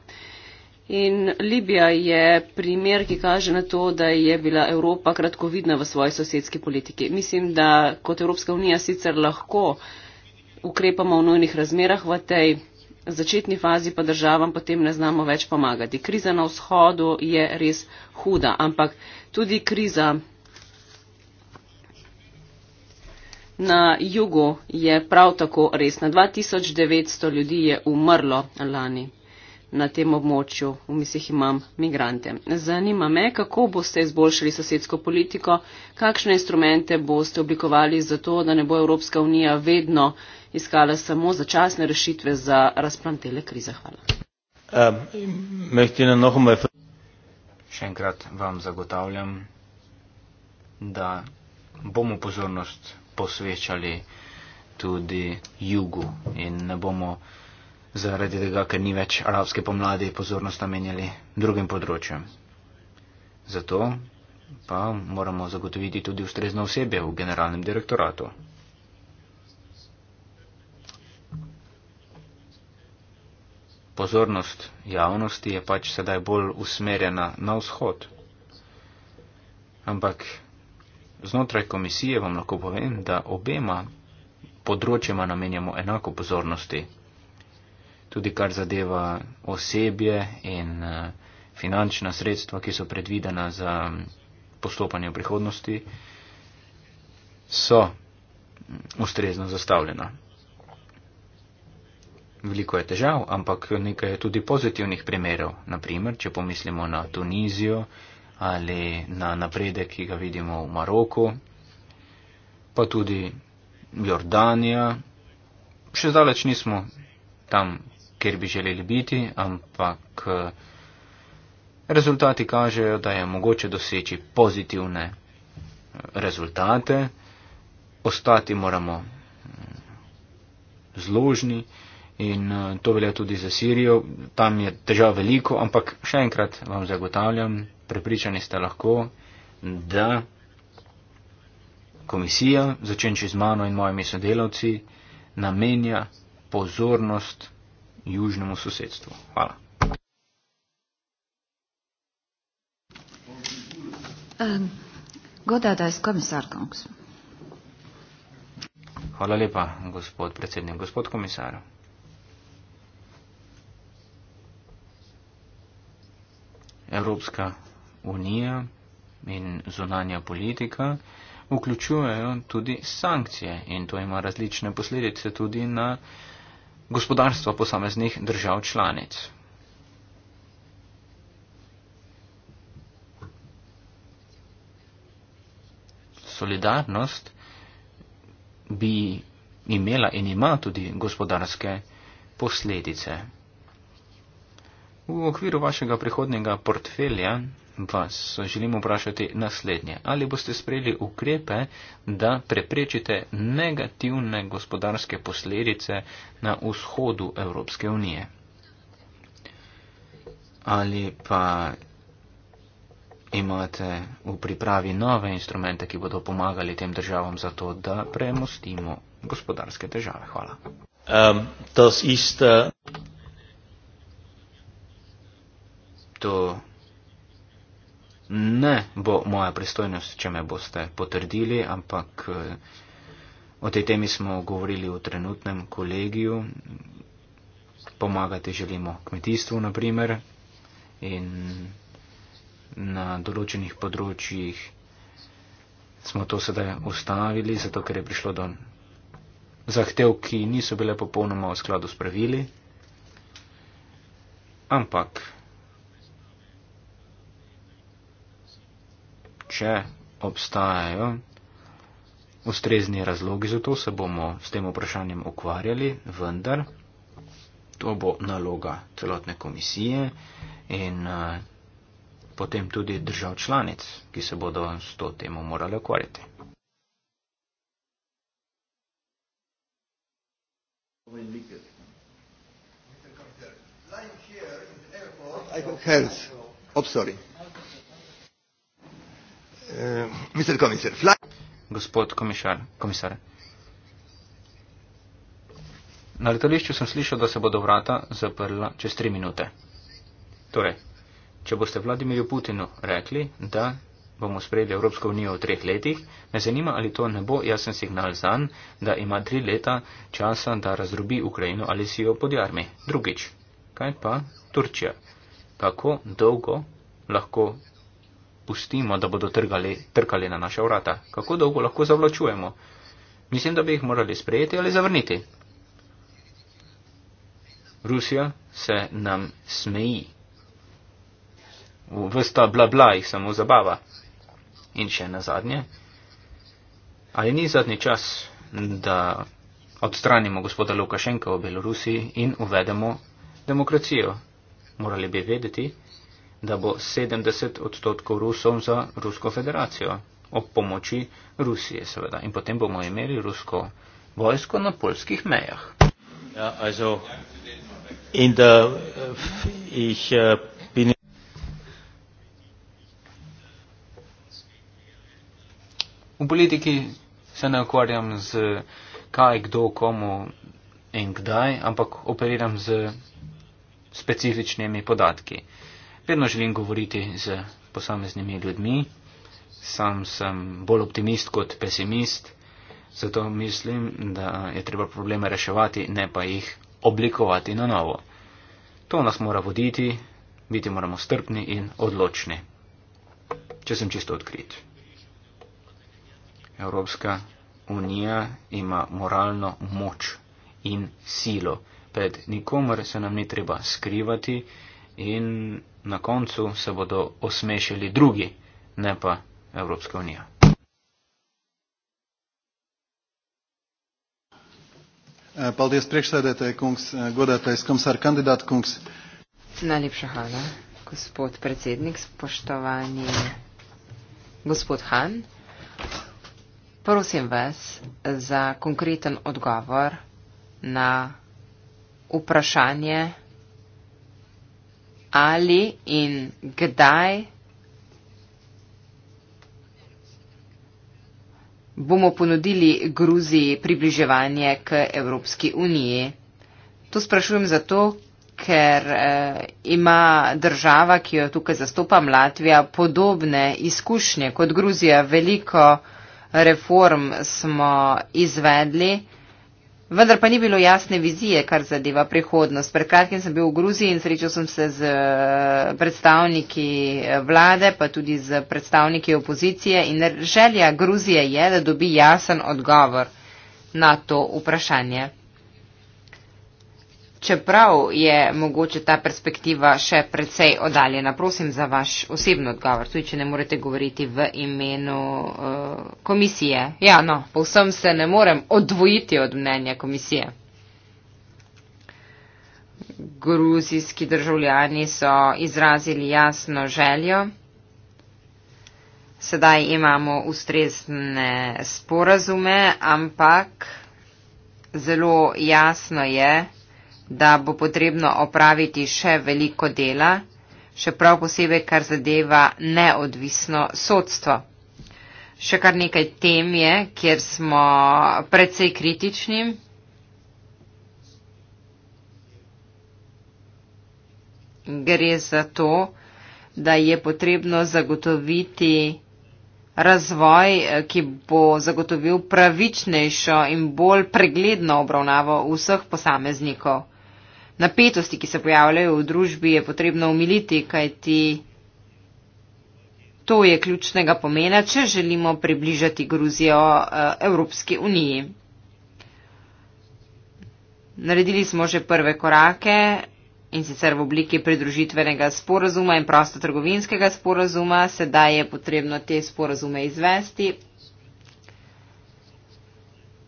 In Libija je primer, ki kaže na to, da je bila Evropa kratkovidna v svoji sosedski politiki. Mislim, da kot Evropska unija sicer lahko ukrepamo v nujnih razmerah v tej začetni fazi, pa državam potem ne znamo več pomagati. Kriza na vzhodu je res huda, ampak tudi kriza na jugu je prav tako resna. 2900 ljudi je umrlo lani na tem območju, v mislih imam migrante. Zanima me, kako boste izboljšali sosedsko politiko, kakšne instrumente boste oblikovali za to, da ne bo Evropska unija vedno iskala samo začasne rešitve za razplantele krize. Hvala. Še enkrat vam zagotavljam, da bomo pozornost posvečali tudi jugu in ne bomo zaradi tega, ker ni več arabske pomladi pozornost namenjali drugim področjem. Zato pa moramo zagotoviti tudi ustrezno osebje v generalnem direktoratu. Pozornost javnosti je pač sedaj bolj usmerjena na vzhod. Ampak znotraj komisije vam lahko povem, da obema področjema namenjamo enako pozornosti tudi kar zadeva osebje in eh, finančna sredstva, ki so predvidena za mm, postopanje v prihodnosti, so mm, ustrezno zastavljena. Veliko je težav, ampak nekaj je tudi pozitivnih primerov. Naprimer, če pomislimo na Tunizijo ali na napredek, ki ga vidimo v Maroku, pa tudi Jordanija. Še zdaleč nismo tam, kjer bi želeli biti, ampak eh, rezultati kažejo, da je mogoče doseči pozitivne eh, rezultate, ostati moramo mm, zložni in eh, to velja tudi za Sirijo. Tam je težav veliko, ampak še enkrat vam zagotavljam, prepričani ste lahko, da komisija, začenči z mano in mojimi sodelavci, namenja pozornost južnemu sosedstvu. Hvala. Um, Hvala lepa, gospod predsednik. Gospod komisar. Evropska unija in zunanja politika vključujejo tudi sankcije in to ima različne posledice tudi na gospodarstva posameznih držav članic. Solidarnost bi imela in ima tudi gospodarske posledice. V okviru vašega prihodnega portfelja vas želim vprašati naslednje. Ali boste sprejeli ukrepe, da preprečite negativne gospodarske posledice na vzhodu Evropske unije? Ali pa imate v pripravi nove instrumente, ki bodo pomagali tem državam za to, da premostimo gospodarske težave? Hvala. Um, to isto. To ne bo moja pristojnost, če me boste potrdili, ampak eh, o tej temi smo govorili v trenutnem kolegiju. Pomagati želimo kmetijstvu, naprimer, in na določenih področjih smo to sedaj ustavili, zato ker je prišlo do zahtev, ki niso bile popolnoma v skladu s pravili. Ampak če obstajajo ustrezni razlogi za to, se bomo s tem vprašanjem ukvarjali, vendar to bo naloga celotne komisije in eh, potem tudi držav članic, ki se bodo s to temo morali ukvarjati. I have health. Oh, sorry. Mr. Eh, Commissar, fly. Gospod komisar, komisar. Na letališču sem slišal, da se bodo vrata zaprla čez tri minute. Torej, če boste Vladimirju Putinu rekli, da bomo sprejeli Evropsko unijo v treh letih, me zanima, ali to ne bo jasen signal zan, da ima tri leta časa, da razdrobi Ukrajino ali si jo podjarmi. Drugič, kaj pa Turčija? Kako dolgo lahko pustimo, da bodo trgali, trkali na naša vrata? Kako dolgo lahko zavlačujemo? Mislim, da bi jih morali sprejeti ali zavrniti. Rusija se nam smeji. Vesta bla bla jih samo zabava. In še na zadnje. Ali ni zadnji čas, da odstranimo gospoda Lukašenka v Belorusiji in uvedemo demokracijo? Morali bi vedeti, da bo 70 odstotkov Rusov za Rusko federacijo ob pomoči Rusije seveda. In potem bomo imeli rusko vojsko na polskih mejah. Ja, eh, eh, v politiki se ne ukvarjam z kaj, kdo, komu in kdaj, ampak operiram z specifičnimi podatki vedno želim govoriti z posameznimi ljudmi. Sam sem bolj optimist kot pesimist, zato mislim, da je treba probleme reševati, ne pa jih oblikovati na novo. To nas mora voditi, biti moramo strpni in odločni. Če sem čisto odkrit. Evropska unija ima moralno moč in silo. Pred nikomer se nam ni treba skrivati in na koncu se bodo osmešili drugi, ne pa Evropska unija. Eh, paldies priekšsēdētāji kungs, eh, godātais komisār kandidāts kungs. Najlepša hvala, gospod predsednik, spoštovani gospod Han. Prosim vas za konkreten odgovor na vprašanje ali in kdaj bomo ponudili Gruziji približevanje k Evropski uniji. To sprašujem zato, ker eh, ima država, ki jo tukaj zastopam, Latvija, podobne izkušnje kot Gruzija. Veliko reform smo izvedli. Vendar pa ni bilo jasne vizije, kar zadeva prihodnost. Pred kratkim sem bil v Gruziji in srečal sem se z eh, predstavniki eh, vlade, pa tudi z predstavniki opozicije in želja Gruzije je, da dobi jasen odgovor na to vprašanje čeprav je mogoče ta perspektiva še precej odaljena. Prosim za vaš osebno odgovor, tudi če ne morete govoriti v imenu uh, komisije. Ja, no, povsem se ne morem odvojiti od mnenja komisije. Gruzijski državljani so izrazili jasno željo. Sedaj imamo ustrezne sporazume, ampak zelo jasno je, da bo potrebno opraviti še veliko dela, še prav posebej, kar zadeva neodvisno sodstvo. Še kar nekaj tem je, kjer smo predvsej kritični. Gre za to, da je potrebno zagotoviti razvoj, ki bo zagotovil pravičnejšo in bolj pregledno obravnavo vseh posameznikov napetosti, ki se pojavljajo v družbi, je potrebno umiliti, kajti to je ključnega pomena, če želimo približati Gruzijo eh, Evropski uniji. Naredili smo že prve korake in sicer v obliki pridružitvenega sporazuma in prostotrgovinskega sporazuma, sedaj je potrebno te sporazume izvesti,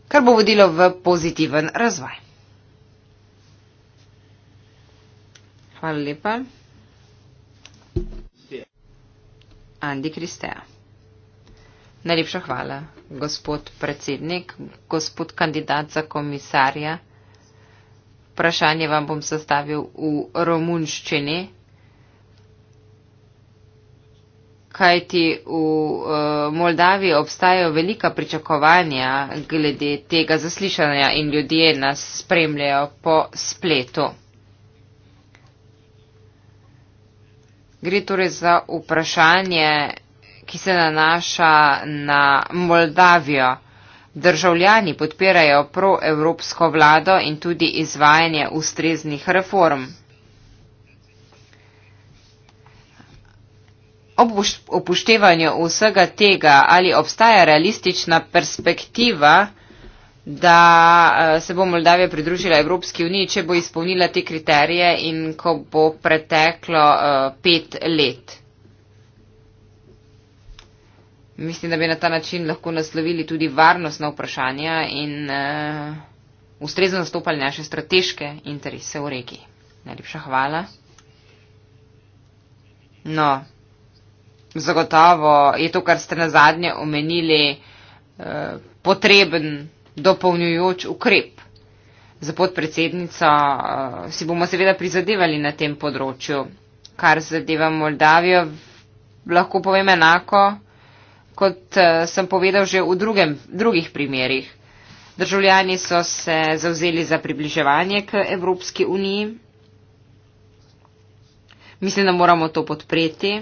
kar bo vodilo v pozitiven razvoj. Hvala lepa. Andi Kristeja. Najlepša hvala, gospod predsednik, gospod kandidat za komisarja. Vprašanje vam bom zastavil v romunščini. Kaj ti v eh, Moldaviji obstajajo velika pričakovanja glede tega zaslišanja in ljudje nas spremljajo po spletu. Gre torej za vprašanje, ki se nanaša na Moldavijo. Državljani podpirajo proevropsko vlado in tudi izvajanje ustreznih reform. Ob upoštevanju vsega tega, ali obstaja realistična perspektiva, da eh, se bo Moldavija pridružila Evropski uniji, če bo izpolnila te kriterije in ko bo preteklo uh, pet let. Mislim, da bi na ta način lahko naslovili tudi varnostna vprašanja in uh, ustrezno nastopali naše strateške interese v regiji. Najlepša hvala. No, zagotovo je to, kar ste na zadnje omenili, uh, potreben dopolnjujoč ukrep. Za podpredsednico eh, si bomo seveda prizadevali na tem področju. Kar zadeva Moldavijo, lahko povem enako, kot eh, sem povedal že v drugem, drugih primerjih. Državljani so se zauzeli za približevanje k Evropski uniji. Mislim, da moramo to podpreti.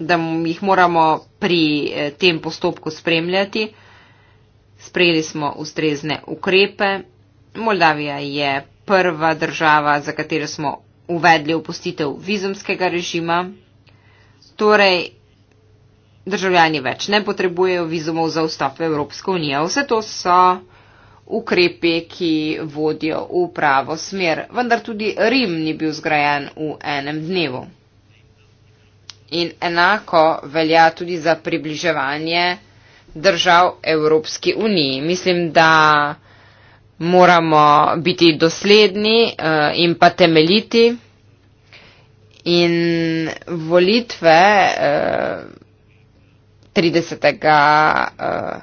da jih moramo pri eh, tem postopku spremljati. Sprejeli smo ustrezne ukrepe. Moldavija je prva država, za katero smo uvedli opustitev vizumskega režima. Torej, državljani več ne potrebujejo vizumov za vstop v Evropsko unijo. Vse to so ukrepe, ki vodijo v pravo smer. Vendar tudi Rim ni bil zgrajen v enem dnevu in enako velja tudi za približevanje držav Evropski uniji. Mislim, da moramo biti dosledni eh, in pa temeljiti in volitve 30. Eh, eh,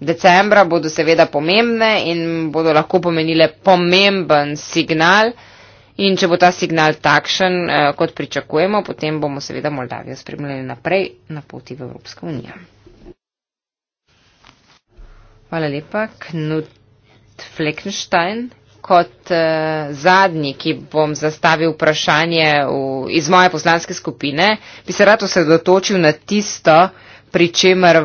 decembra bodo seveda pomembne in bodo lahko pomenile pomemben signal, In če bo ta signal takšen, eh, kot pričakujemo, potem bomo seveda Moldavijo spremljali naprej na poti v Evropsko unijo. Hvala lepa, Knut Fleckenstein. Kot eh, zadnji, ki bom zastavil vprašanje v, iz moje poslanske skupine, bi se rad osredotočil na tisto, pri čemer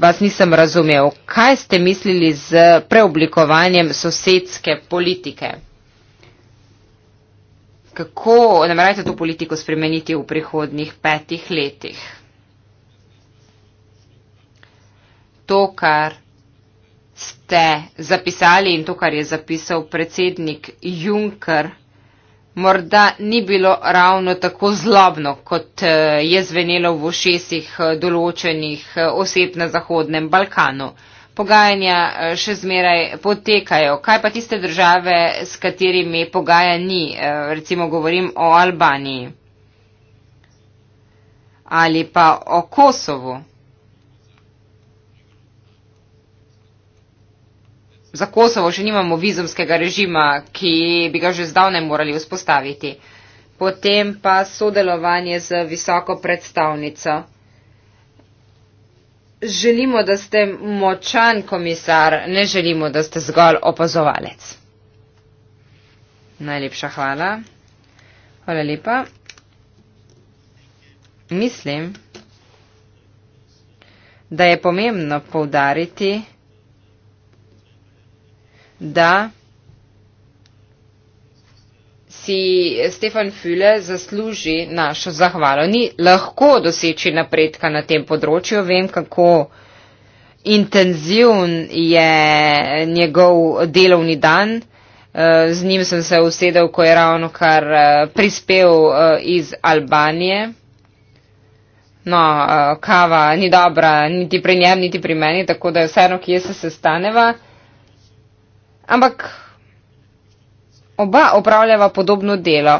vas nisem razumel. Kaj ste mislili z preoblikovanjem sosedske politike? Kako namerate to politiko spremeniti v prihodnih petih letih? To, kar ste zapisali in to, kar je zapisal predsednik Juncker, morda ni bilo ravno tako zlobno, kot eh, je zvenelo v ošesih eh, določenih eh, oseb na Zahodnem Balkanu pogajanja eh, še zmeraj potekajo. Kaj pa tiste države, s katerimi pogaja ni? Eh, recimo govorim o Albaniji ali pa o Kosovu. Za Kosovo še nimamo vizumskega režima, ki bi ga že zdavnaj morali vzpostaviti. Potem pa sodelovanje z visoko predstavnico želimo, da ste močan komisar, ne želimo, da ste zgolj opazovalec. Najlepša hvala. Hvala lepa. Mislim, da je pomembno povdariti, da si Stefan File zasluži našo zahvalo. Ni lahko doseči napredka na tem področju. Vem, kako intenzivn je njegov delovni dan. Eh, z njim sem se usedel, ko je ravno kar eh, prispel eh, iz Albanije. No, kava ni dobra, niti pri njem, niti pri meni, tako da je vseeno, kje se sestaneva. Ampak Oba upravljava podobno delo.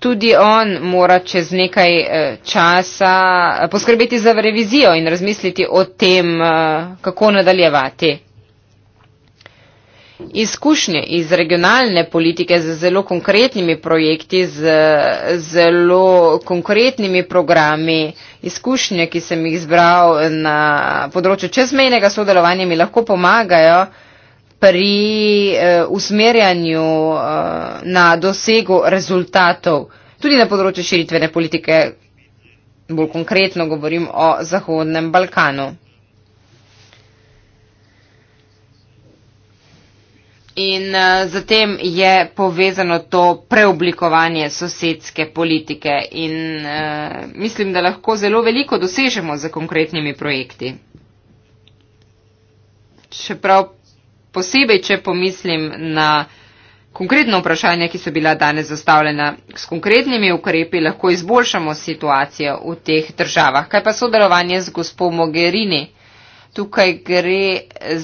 Tudi on mora čez nekaj eh, časa eh, poskrbeti za revizijo in razmisliti o tem, eh, kako nadaljevati. Izkušnje iz regionalne politike z zelo konkretnimi projekti, z zelo konkretnimi programi, izkušnje, ki sem jih zbral na področju čezmejnega sodelovanja, mi lahko pomagajo, pri eh, usmerjanju eh, na dosegu rezultatov, tudi na področju širitvene politike, bolj konkretno govorim o Zahodnem Balkanu. In eh, zatem je povezano to preoblikovanje sosedske politike in eh, mislim, da lahko zelo veliko dosežemo z konkretnimi projekti. Čeprav posebej, če pomislim na konkretno vprašanje, ki so bila danes zastavljena. S konkretnimi ukrepi lahko izboljšamo situacijo v teh državah. Kaj pa sodelovanje z gospo Mogherini? Tukaj gre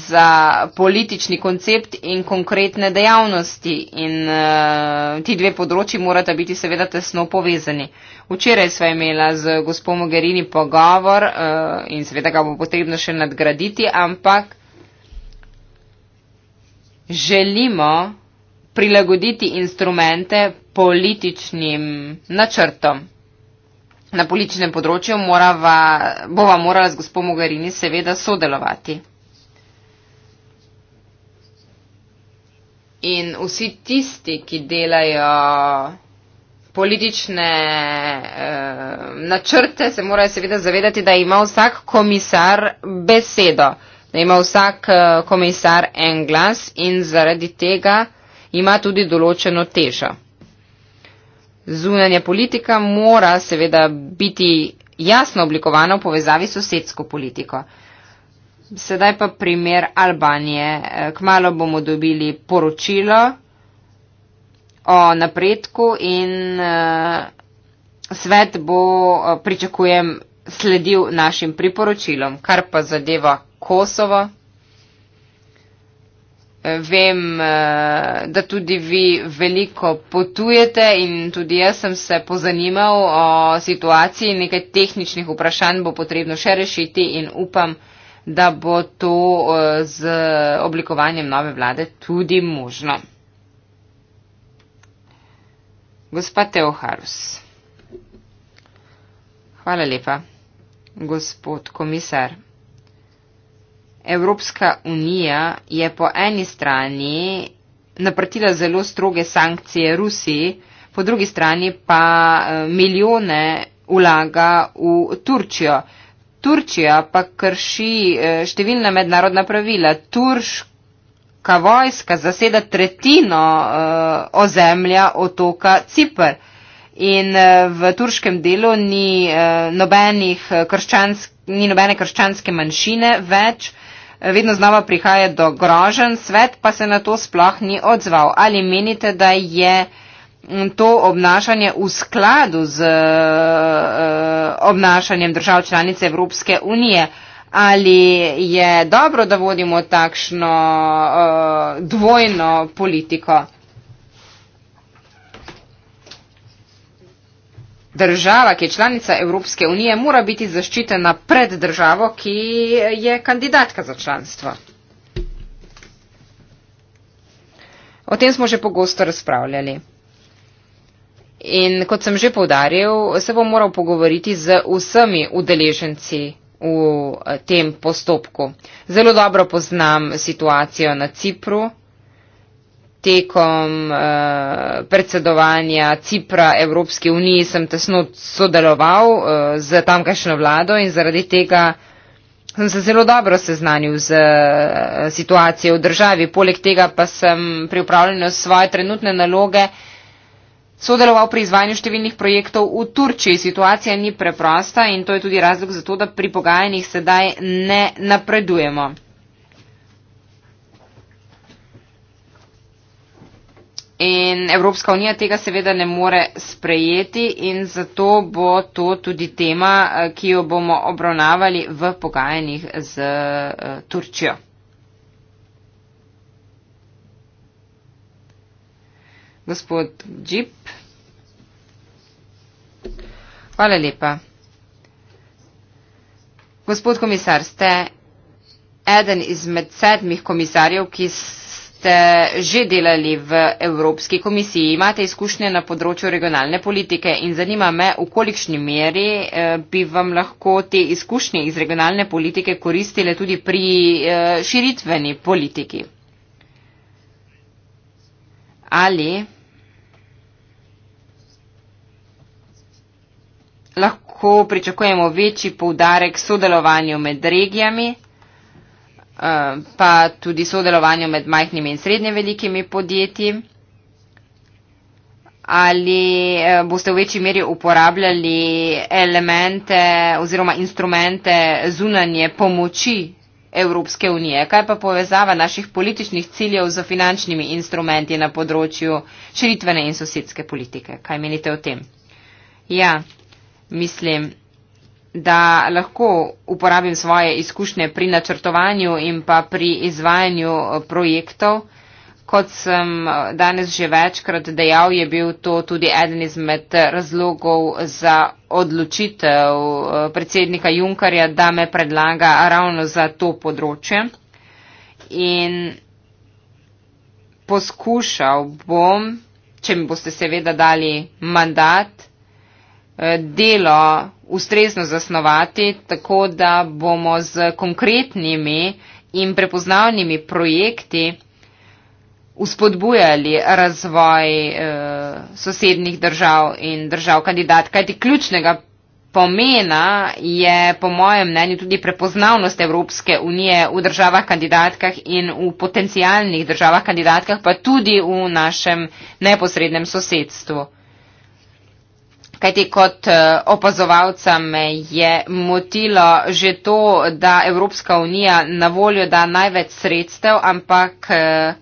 za politični koncept in konkretne dejavnosti in uh, ti dve področji morata biti seveda tesno povezani. Včeraj sva imela z gospod Mogherini pogovor uh, in seveda ga bo potrebno še nadgraditi, ampak uh, želimo prilagoditi instrumente političnim načrtom. Na političnem področju morava, bova morala z gospod Mogarini seveda sodelovati. In vsi tisti, ki delajo politične e, načrte, se morajo seveda zavedati, da ima vsak komisar besedo da ima vsak eh, komisar en glas in zaradi tega ima tudi določeno težo. Zunanja politika mora seveda biti jasno oblikovana v povezavi s sosedsko politiko. Sedaj pa primer Albanije. Eh, kmalo bomo dobili poročilo o napredku in eh, svet bo, pričakujem, sledil našim priporočilom, kar pa zadeva Kosovo. Vem, eh, da tudi vi veliko potujete in tudi jaz sem se pozanimal o situaciji. Nekaj tehničnih vprašanj bo potrebno še rešiti in upam, da bo to eh, z oblikovanjem nove vlade tudi možno. Gospa Teoharus. Hvala lepa. Gospod komisar. Evropska unija je po eni strani naprtila zelo stroge sankcije Rusiji, po drugi strani pa eh, milijone vlaga v Turčijo. Turčija pa krši eh, številna mednarodna pravila. Turška vojska zaseda tretjino eh, ozemlja otoka Cipr. In v turškem delu ni, nobenih, ni nobene krščanske manjšine več vedno znova prihaja do grožen, svet pa se na to sploh ni odzval. Ali menite, da je mm, to obnašanje v skladu z e, obnašanjem držav članice Evropske unije? Ali je dobro, da vodimo takšno e, dvojno politiko? država, ki je članica Evropske unije, mora biti zaščitena pred državo, ki je kandidatka za članstvo. O tem smo že pogosto razpravljali. In kot sem že povdaril, se bom moral pogovoriti z vsemi udeleženci v eh, tem postopku. Zelo dobro poznam situacijo na Cipru, tekom uh, predsedovanja Cipra Evropske unije sem tesno sodeloval uh, eh, z tamkajšnjo vlado in zaradi tega sem se zelo dobro seznanil z uh, situacijo v državi. Poleg tega pa sem pri upravljanju svoje trenutne naloge sodeloval pri izvajanju številnih projektov v Turčiji. Situacija ni preprosta in to je tudi razlog za to, da pri pogajanjih sedaj ne napredujemo. In Evropska unija tega seveda ne more sprejeti in zato bo to tudi tema, eh, ki jo bomo obravnavali v pogajanjih z eh, Turčijo. Gospod Džip. Hvala lepa. Gospod komisar, ste eden izmed sedmih komisarjev, ki ste ste že delali v Evropski komisiji, imate izkušnje na področju regionalne politike in zanima me, v kolikšni meri eh, bi vam lahko te izkušnje iz regionalne politike koristile tudi pri eh, širitveni politiki. Ali lahko pričakujemo večji poudarek sodelovanju med regijami? Eh, pa tudi sodelovanju med majhnimi in srednje velikimi podjetji. Ali eh, boste v večji meri uporabljali elemente oziroma instrumente zunanje pomoči Evropske unije? Kaj pa povezava naših političnih ciljev z finančnimi instrumenti na področju širitvene in sosedske politike? Kaj menite o tem? Ja, mislim, da lahko uporabim svoje izkušnje pri načrtovanju in pa pri izvajanju eh, projektov. Kot sem eh, danes že večkrat dejal, je bil to tudi eden izmed eh, razlogov za odločitev predsednika Junkarja, da me predlaga ravno za to področje. In poskušal bom, če mi boste seveda dali mandat, Eh, delo ustrezno zasnovati, tako da bomo z konkretnimi in prepoznavnimi projekti uspodbujali razvoj eh, sosednih držav in držav kandidat. Kajti ključnega pomena je po mojem mnenju tudi prepoznavnost Evropske unije v državah kandidatkah in v potencijalnih državah kandidatkah, pa tudi v našem neposrednem sosedstvu. Kajti kot eh, opazovalca me je motilo že to, da Evropska unija na voljo da največ sredstev, ampak eh,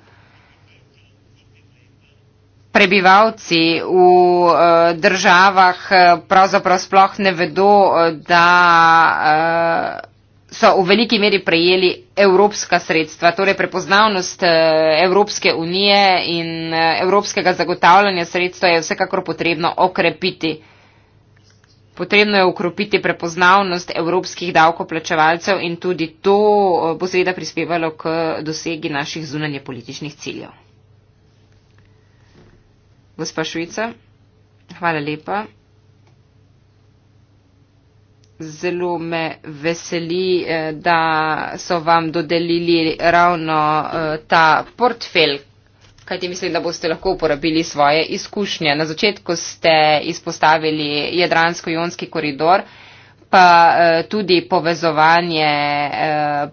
prebivalci v eh, državah pravzaprav sploh ne vedo, da so v veliki meri prejeli evropska sredstva, torej prepoznavnost eh, Evropske unije in eh, evropskega zagotavljanja sredstva je vsekakor potrebno okrepiti. Potrebno je okrepiti prepoznavnost evropskih davkoplačevalcev in tudi to eh, bo seveda prispevalo k dosegi naših zunanje političnih ciljev. Gospa Švica, hvala lepa zelo me veseli, eh, da so vam dodelili ravno eh, ta portfelj, kajti mislim, da boste lahko uporabili svoje izkušnje. Na začetku ste izpostavili Jadransko-Jonski koridor, pa eh, tudi povezovanje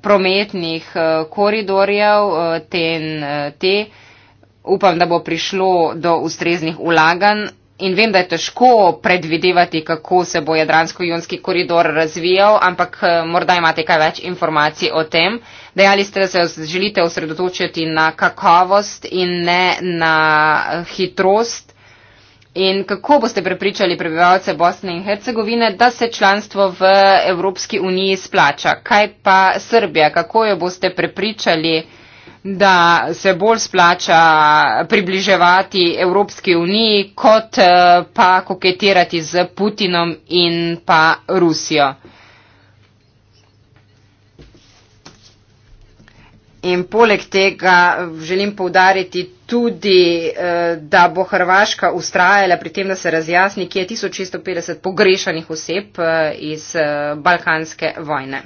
prometnih koridorjev TNT. Upam, da bo prišlo do ustreznih ulaganj in vem, da je težko predvidevati, kako se bo Jadransko-Junski koridor razvijal, ampak eh, morda imate kaj več informacij o tem. Dejali ste, da se želite osredotočiti na kakovost in ne na eh, hitrost. In kako boste prepričali prebivalce Bosne in Hercegovine, da se članstvo v Evropski uniji splača? Kaj pa Srbija? Kako jo boste prepričali? da se bolj splača približevati Evropski uniji, kot eh, pa koketirati z Putinom in pa Rusijo. In poleg tega želim povdariti tudi, eh, da bo Hrvaška ustrajala pri tem, da se razjasni, kje je 1650 pogrešanih oseb eh, iz Balkanske vojne.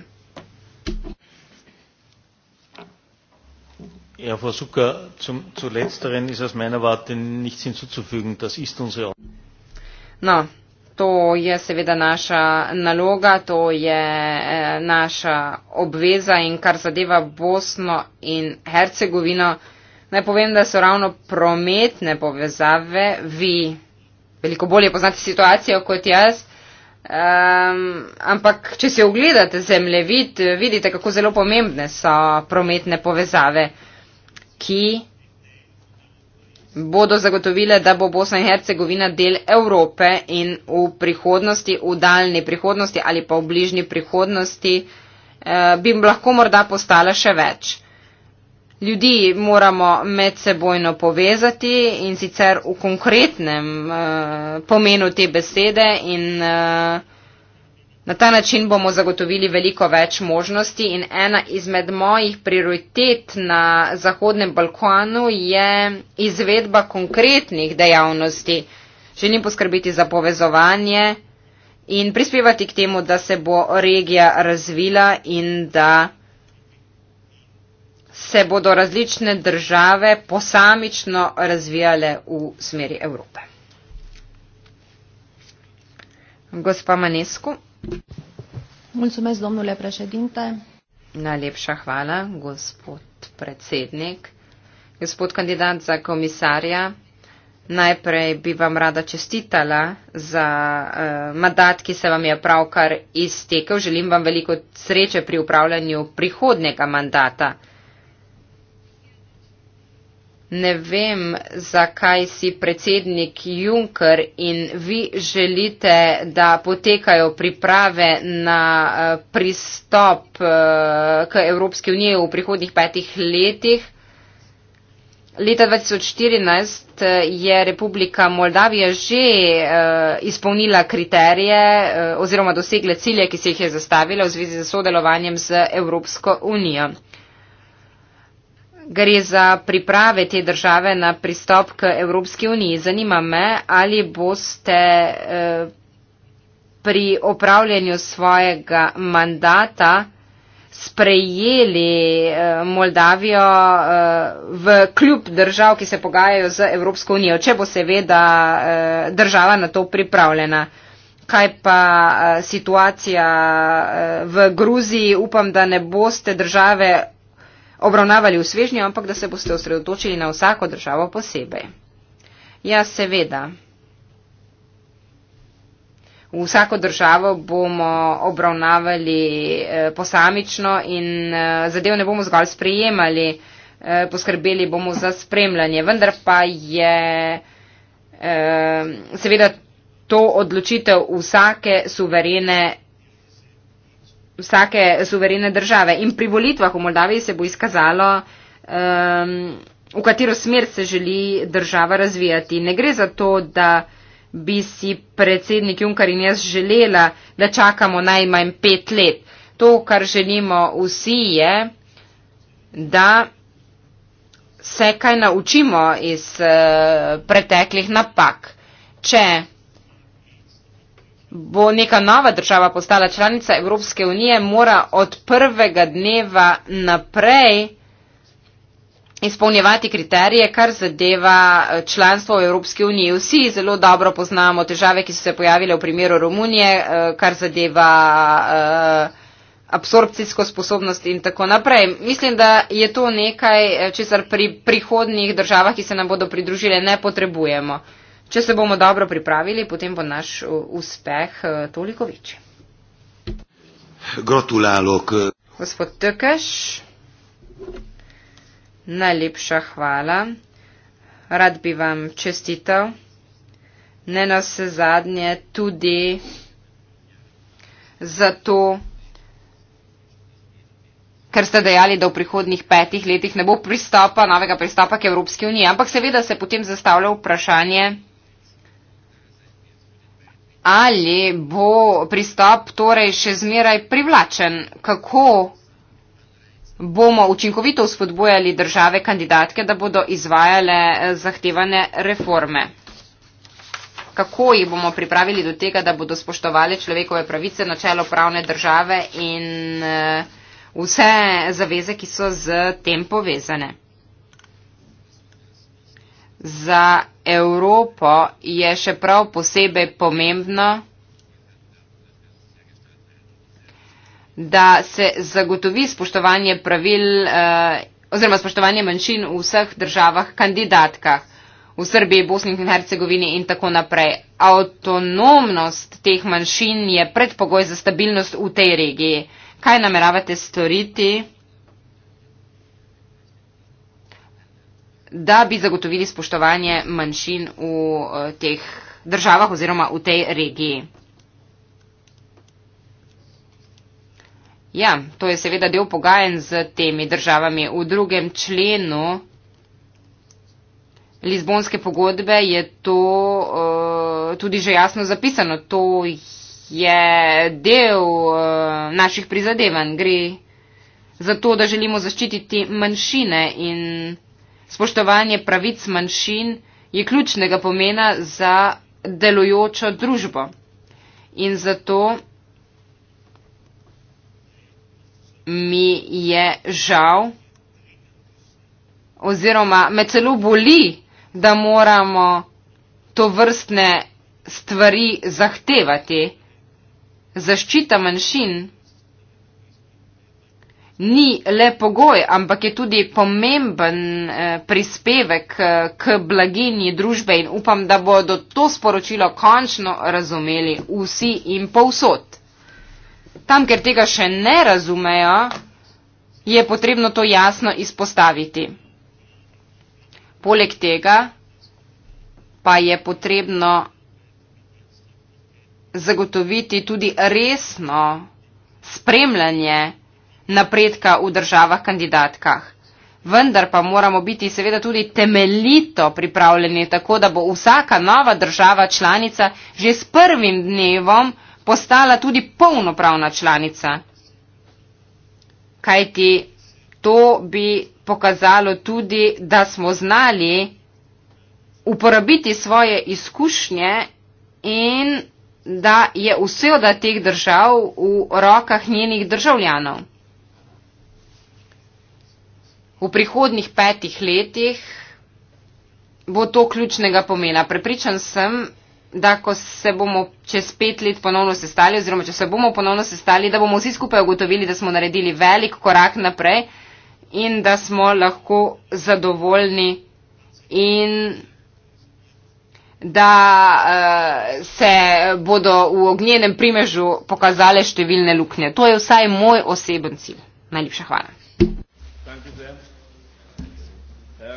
frau zucker zu letzterem ist aus meiner warte nichts hinzuzufügen das ist unsere. No. To je seveda naša naloga, to je eh, naša obveza in kar zadeva Bosno in Hercegovino, naj povem, da so ravno prometne povezave, vi veliko bolje poznate situacijo kot jaz, um, ampak če si ogledate zemljevid, vidite, kako zelo pomembne so prometne povezave ki bodo zagotovile, da bo Bosna in Hercegovina del Evrope in v prihodnosti, v daljni prihodnosti ali pa v bližnji prihodnosti, eh, bi lahko morda postala še več. Ljudi moramo medsebojno povezati in sicer v konkretnem eh, pomenu te besede in eh, Na ta način bomo zagotovili veliko več možnosti in ena izmed mojih prioritet na Zahodnem Balkanu je izvedba konkretnih dejavnosti. Želim poskrbiti za povezovanje in prispevati k temu, da se bo regija razvila in da se bodo različne države posamično razvijale v smeri Evrope. Gospa Manesku. Mulțumesc, domnule președinte. Najlepša hvala, gospod predsednik. Gospod kandidat za komisarja, najprej bi vam rada čestitala za uh, mandat, ki se vam je pravkar iztekel. Želim vam veliko sreče pri upravljanju prihodnega mandata ne vem, zakaj si predsednik Juncker in vi želite, da potekajo priprave na eh, pristop eh, k Evropski uniji v prihodnih petih letih. Leta 2014 eh, je Republika Moldavija že izpolnila kriterije oziroma dosegla cilje, ki se jih je zastavila v zvezi z sodelovanjem z Evropsko unijo gre za priprave te države na pristop k Evropski uniji. Zanima me, ali boste eh, pri opravljanju svojega mandata sprejeli eh, Moldavijo eh, v kljub držav, ki se pogajajo z Evropsko unijo, če bo seveda država na to pripravljena. Kaj pa situacija v Gruziji? Upam, da ne boste države obravnavali v svežnju, ampak da se boste osredotočili na vsako državo posebej. Ja, seveda. V vsako državo bomo obravnavali eh, posamično in eh, zadev ne bomo zgolj sprejemali, eh, poskrbeli bomo za spremljanje. Vendar pa je seveda to odločitev vsake suverene vsake suverene države. In pri volitvah v Moldaviji se bo izkazalo, um, v katero smer se želi država razvijati. Ne gre za to, da bi si predsednik Junkar in jaz želela, da čakamo najmanj pet let. To, kar želimo vsi, je, da se kaj naučimo iz uh, preteklih napak. Če bo neka nova država postala članica Evropske unije, mora od prvega dneva naprej izpolnjevati kriterije, kar zadeva eh, članstvo v Evropski uniji. Vsi zelo dobro poznamo težave, ki so se pojavile v primeru Romunije, eh, kar zadeva eh, absorpcijsko sposobnost in tako naprej. Mislim, da je to nekaj, česar pri prihodnih državah, ki se nam bodo pridružile, ne potrebujemo. Če se bomo dobro pripravili, potem bo naš uh, uspeh uh, toliko večji. Gratulálok. Gospod Tökes, najlepša hvala. Rad bi vam čestital. Ne na vse zadnje tudi zato, ker ste dejali, da v prihodnih petih letih ne bo pristopa, novega pristopa k Evropski uniji. Ampak seveda se potem zastavlja vprašanje, Ali bo pristop torej še zmeraj privlačen? Kako bomo učinkovito spodbojali države kandidatke, da bodo izvajale eh, zahtevane reforme? Kako jih bomo pripravili do tega, da bodo spoštovali človekove pravice, načelo pravne države in eh, vse zaveze, ki so z tem povezane? za Evropo je še prav posebej pomembno, da se zagotovi spoštovanje pravil eh, oziroma spoštovanje manjšin v vseh državah kandidatkah, v Srbiji, Bosni in Hercegovini in tako naprej. Avtonomnost teh manjšin je predpogoj za stabilnost v tej regiji. Kaj nameravate storiti? da bi zagotovili spoštovanje manjšin v eh, teh državah oziroma v tej regiji. Ja, to je seveda del pogajanj z temi državami. V drugem členu Lizbonske pogodbe je to uh, tudi že jasno zapisano. To je del uh, naših prizadevanj. Gre za to, da želimo zaščititi manjšine in Spoštovanje pravic manjšin je ključnega pomena za delujočo družbo. In zato mi je žal oziroma me celo boli, da moramo to vrstne stvari zahtevati. Zaščita manjšin ni le pogoj, ampak je tudi pomemben eh, prispevek eh, k blaginji družbe in upam, da bodo to sporočilo končno razumeli vsi in povsod. Tam, ker tega še ne razumejo, je potrebno to jasno izpostaviti. Poleg tega pa je potrebno zagotoviti tudi resno spremljanje, napredka v državah kandidatkah. Vendar pa moramo biti seveda tudi temeljito pripravljeni, tako da bo vsaka nova država članica že s prvim dnevom postala tudi polnopravna članica. Kajti to bi pokazalo tudi, da smo znali uporabiti svoje izkušnje in da je vse od teh držav v rokah njenih državljanov v prihodnih petih letih bo to ključnega pomena. Prepričan sem, da ko se bomo čez pet let ponovno sestali, oziroma če se bomo ponovno sestali, da bomo vsi skupaj ugotovili, da smo naredili velik korak naprej in da smo lahko zadovoljni in da uh, se bodo v ognjenem primežu pokazale številne luknje. To je vsaj moj oseben cilj. Najlepša hvala. Thank you,